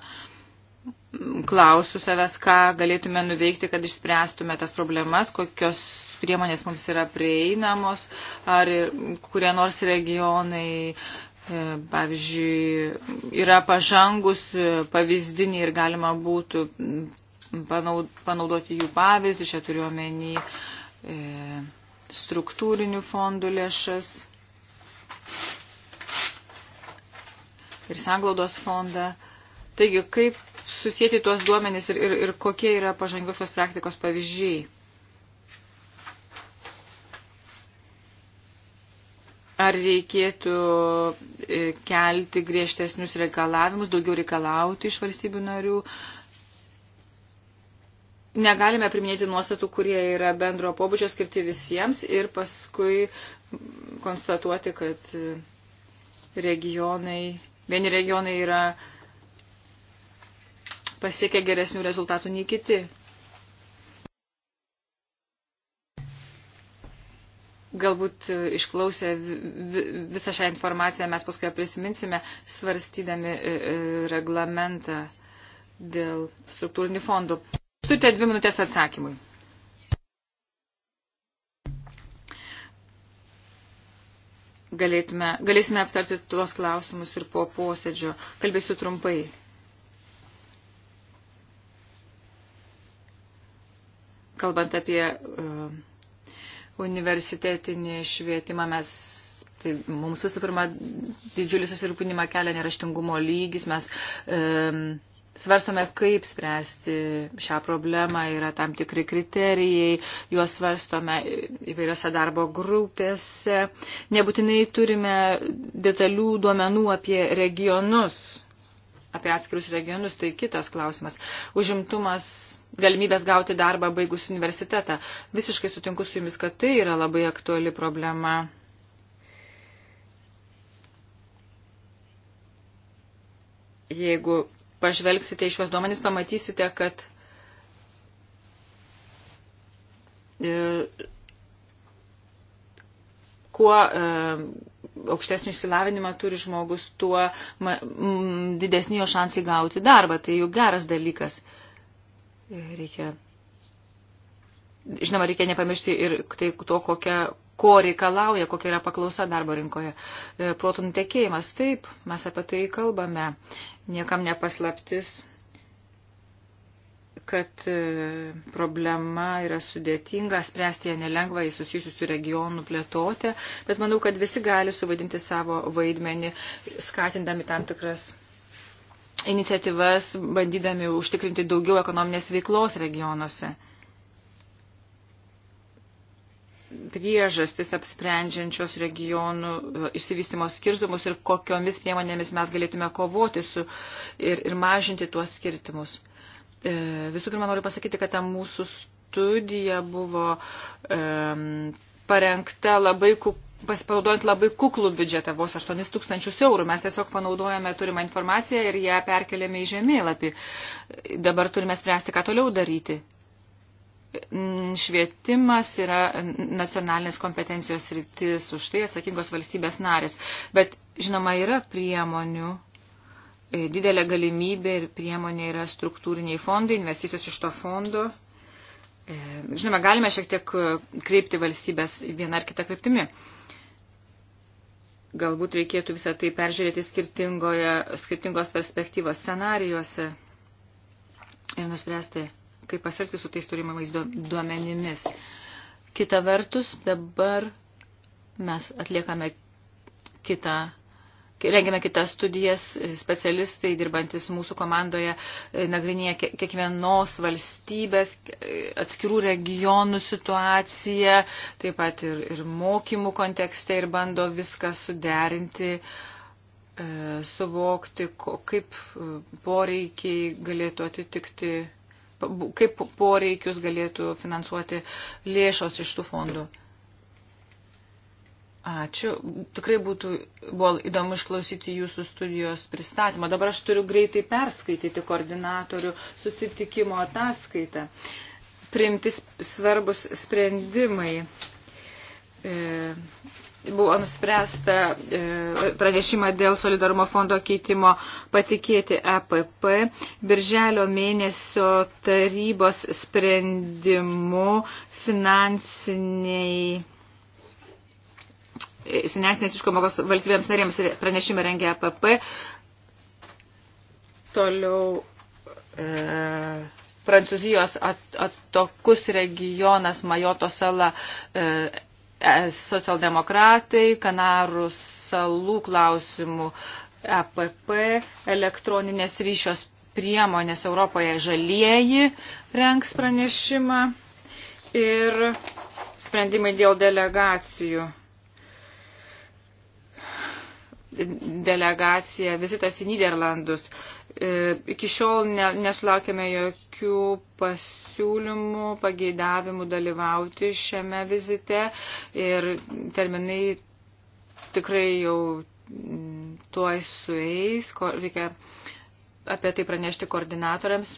klausiu savęs, ką galėtume nuveikti, kad išspręstume tas problemas, kokios priemonės mums yra prieinamos, ar kurie nors regionai E, pavyzdžiui, yra pažangus e, pavyzdiniai ir galima būtų panaudoti jų pavyzdį, čia turiu omeny e, struktūrinių fondų lėšas ir sanglaudos fondą. Taigi, kaip susijęti tuos duomenys ir, ir, ir kokie yra pažangiosios praktikos pavyzdžiai? Ar reikėtų e, kelti griežtesnius reikalavimus, daugiau reikalauti iš valstybių narių? Negalime priminėti nuostatų, kurie yra bendro pobūdžio skirti visiems ir paskui konstatuoti, kad e, regionai, vieni regionai yra pasiekę geresnių rezultatų nei kiti. Galbūt e, išklausę visą šią informaciją mes paskui prisiminsime, svarstydami e, e, reglamentą dėl struktūrinių fondų. Turite dvi minutės atsakymui. Galėtume, galėsime aptarti tuos klausimus ir po posėdžio. Kalbėsiu trumpai. Kalbant apie uh, universitetinį švietimą mes Tai mums visų pirma didžiulį susirūpinimą kelia neraštingumo lygis. Mes e, svarstome, kaip spręsti šią problemą, yra tam tikri kriterijai, juos svarstome įvairiose darbo grupėse. Nebūtinai turime detalių duomenų apie regionus apie atskirus regionus, tai kitas klausimas. Užimtumas, galimybės gauti darbą baigus universitetą. Visiškai sutinku su jumis, kad tai yra labai aktuali problema. Jeigu pažvelgsite į šios duomenys, pamatysite, kad e, kuo e, aukštesnį išsilavinimą turi žmogus, tuo ma, m, didesni jo šansai gauti darbą. Tai jau geras dalykas. Reikia. Žinoma, reikia nepamiršti ir tai, to, kokia, ko reikalauja, kokia yra paklausa darbo rinkoje. E, protų nutekėjimas, taip, mes apie tai kalbame. Niekam nepaslaptis kad e, problema yra sudėtinga, spręsti ją nelengva, jis susijusi su regionų plėtotė, bet manau, kad visi gali suvaidinti savo vaidmenį, skatindami tam tikras iniciatyvas, bandydami užtikrinti daugiau ekonominės veiklos regionuose. Priežastis apsprendžiančios regionų e, išsivystimo skirtumus ir kokiomis priemonėmis mes galėtume kovoti su ir, ir mažinti tuos skirtumus. E, visų pirma, noriu pasakyti, kad ta mūsų studija buvo um, parengta labai kuk, pasipanaudojant labai kuklų biudžetą, vos 8 tūkstančius eurų. Mes tiesiog panaudojame turimą informaciją ir ją perkeliame į žemėlapį. Dabar turime spręsti, ką toliau daryti. Švietimas yra nacionalinės kompetencijos rytis, už tai atsakingos valstybės narės. Bet, žinoma, yra priemonių E, didelė galimybė ir priemonė yra struktūriniai fondai, investicijos iš to fondo. E, žinoma, galime šiek tiek e, kreipti valstybės vieną ar kitą kryptimį. Galbūt reikėtų visą tai peržiūrėti skirtingos perspektyvos scenarijuose ir nuspręsti, kaip pasakti su tais turimais duomenimis. Kita vertus, dabar mes atliekame kitą rengiame kitas studijas, specialistai dirbantis mūsų komandoje e, nagrinėja kiekvienos valstybės, e, atskirų regionų situaciją, taip pat ir, ir mokymų kontekste ir bando viską suderinti e, suvokti, kaip poreikiai galėtų atitikti, kaip poreikius galėtų finansuoti lėšos iš tų fondų. Ačiū. Tikrai būtų buvo įdomu išklausyti jūsų studijos pristatymą. Dabar aš turiu greitai perskaityti koordinatorių susitikimo ataskaitą. Priimti svarbus sprendimai. E, buvo nuspręsta e, pranešimą dėl solidarumo fondo keitimo patikėti EPP. Birželio mėnesio tarybos sprendimu finansiniai finansinės iškomokos valstybėms narėms pranešimą rengia APP. Toliau e, Prancūzijos at, atokus regionas Majoto sala e, e socialdemokratai, Kanarų salų klausimų APP, elektroninės ryšios priemonės Europoje žalieji rengs pranešimą ir sprendimai dėl delegacijų delegacija, vizitas į Niderlandus. E, iki šiol ne, nesulaukėme jokių pasiūlymų, pageidavimų dalyvauti šiame vizite ir terminai tikrai jau mm, tuoj sueis, reikia apie tai pranešti koordinatoriams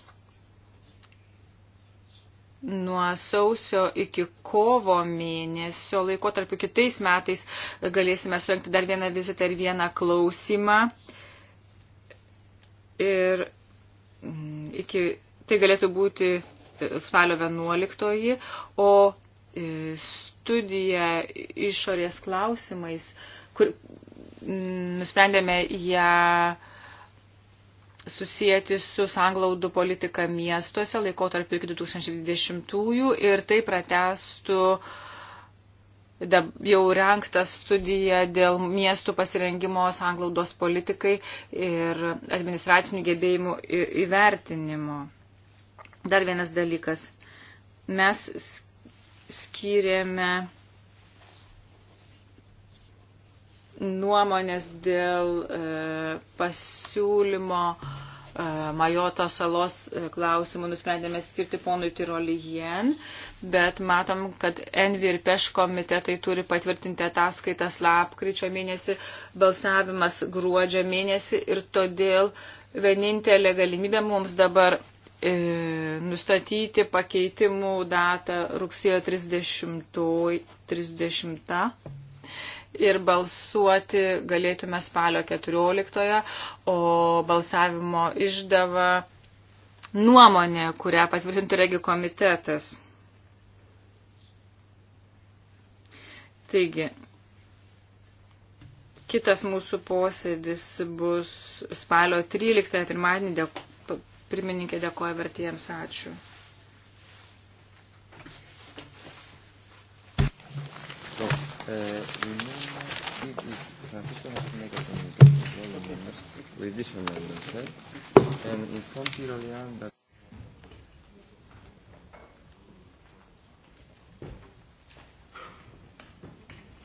nuo sausio iki kovo mėnesio laikotarpiu kitais metais galėsime surenkti dar vieną vizitą ir vieną klausimą. Ir mm, iki, tai galėtų būti e, spalio 11, o e, studija išorės klausimais, kur mm, nusprendėme ją susijęti su sanglaudų politika miestuose laikotarpiu iki 2020-ųjų ir tai pratestų jau renktą studiją dėl miestų pasirengimo sanglaudos politikai ir administracinių gebėjimų įvertinimo. Dar vienas dalykas. Mes skyrėme nuomonės dėl e, pasiūlymo e, Majoto salos e, klausimų nusprendėme skirti ponui Tirolijen, bet matom, kad Envi ir Peš komitetai turi patvirtinti ataskaitas lapkričio mėnesį, balsavimas gruodžio mėnesį ir todėl vienintelė galimybė mums dabar e, nustatyti pakeitimų datą rugsėjo 30. 30 ir balsuoti galėtume spalio 14, o balsavimo išdava nuomonė, kurią patvirtintų regi komitetas. Taigi, kitas mūsų posėdis bus spalio 13, pirmadienį, dėk, pirmininkė dėkoja vertėjams, ačiū. Donc, euh, une... Now, this one has to make a communication with this amendment, right? And inform Tirolian that.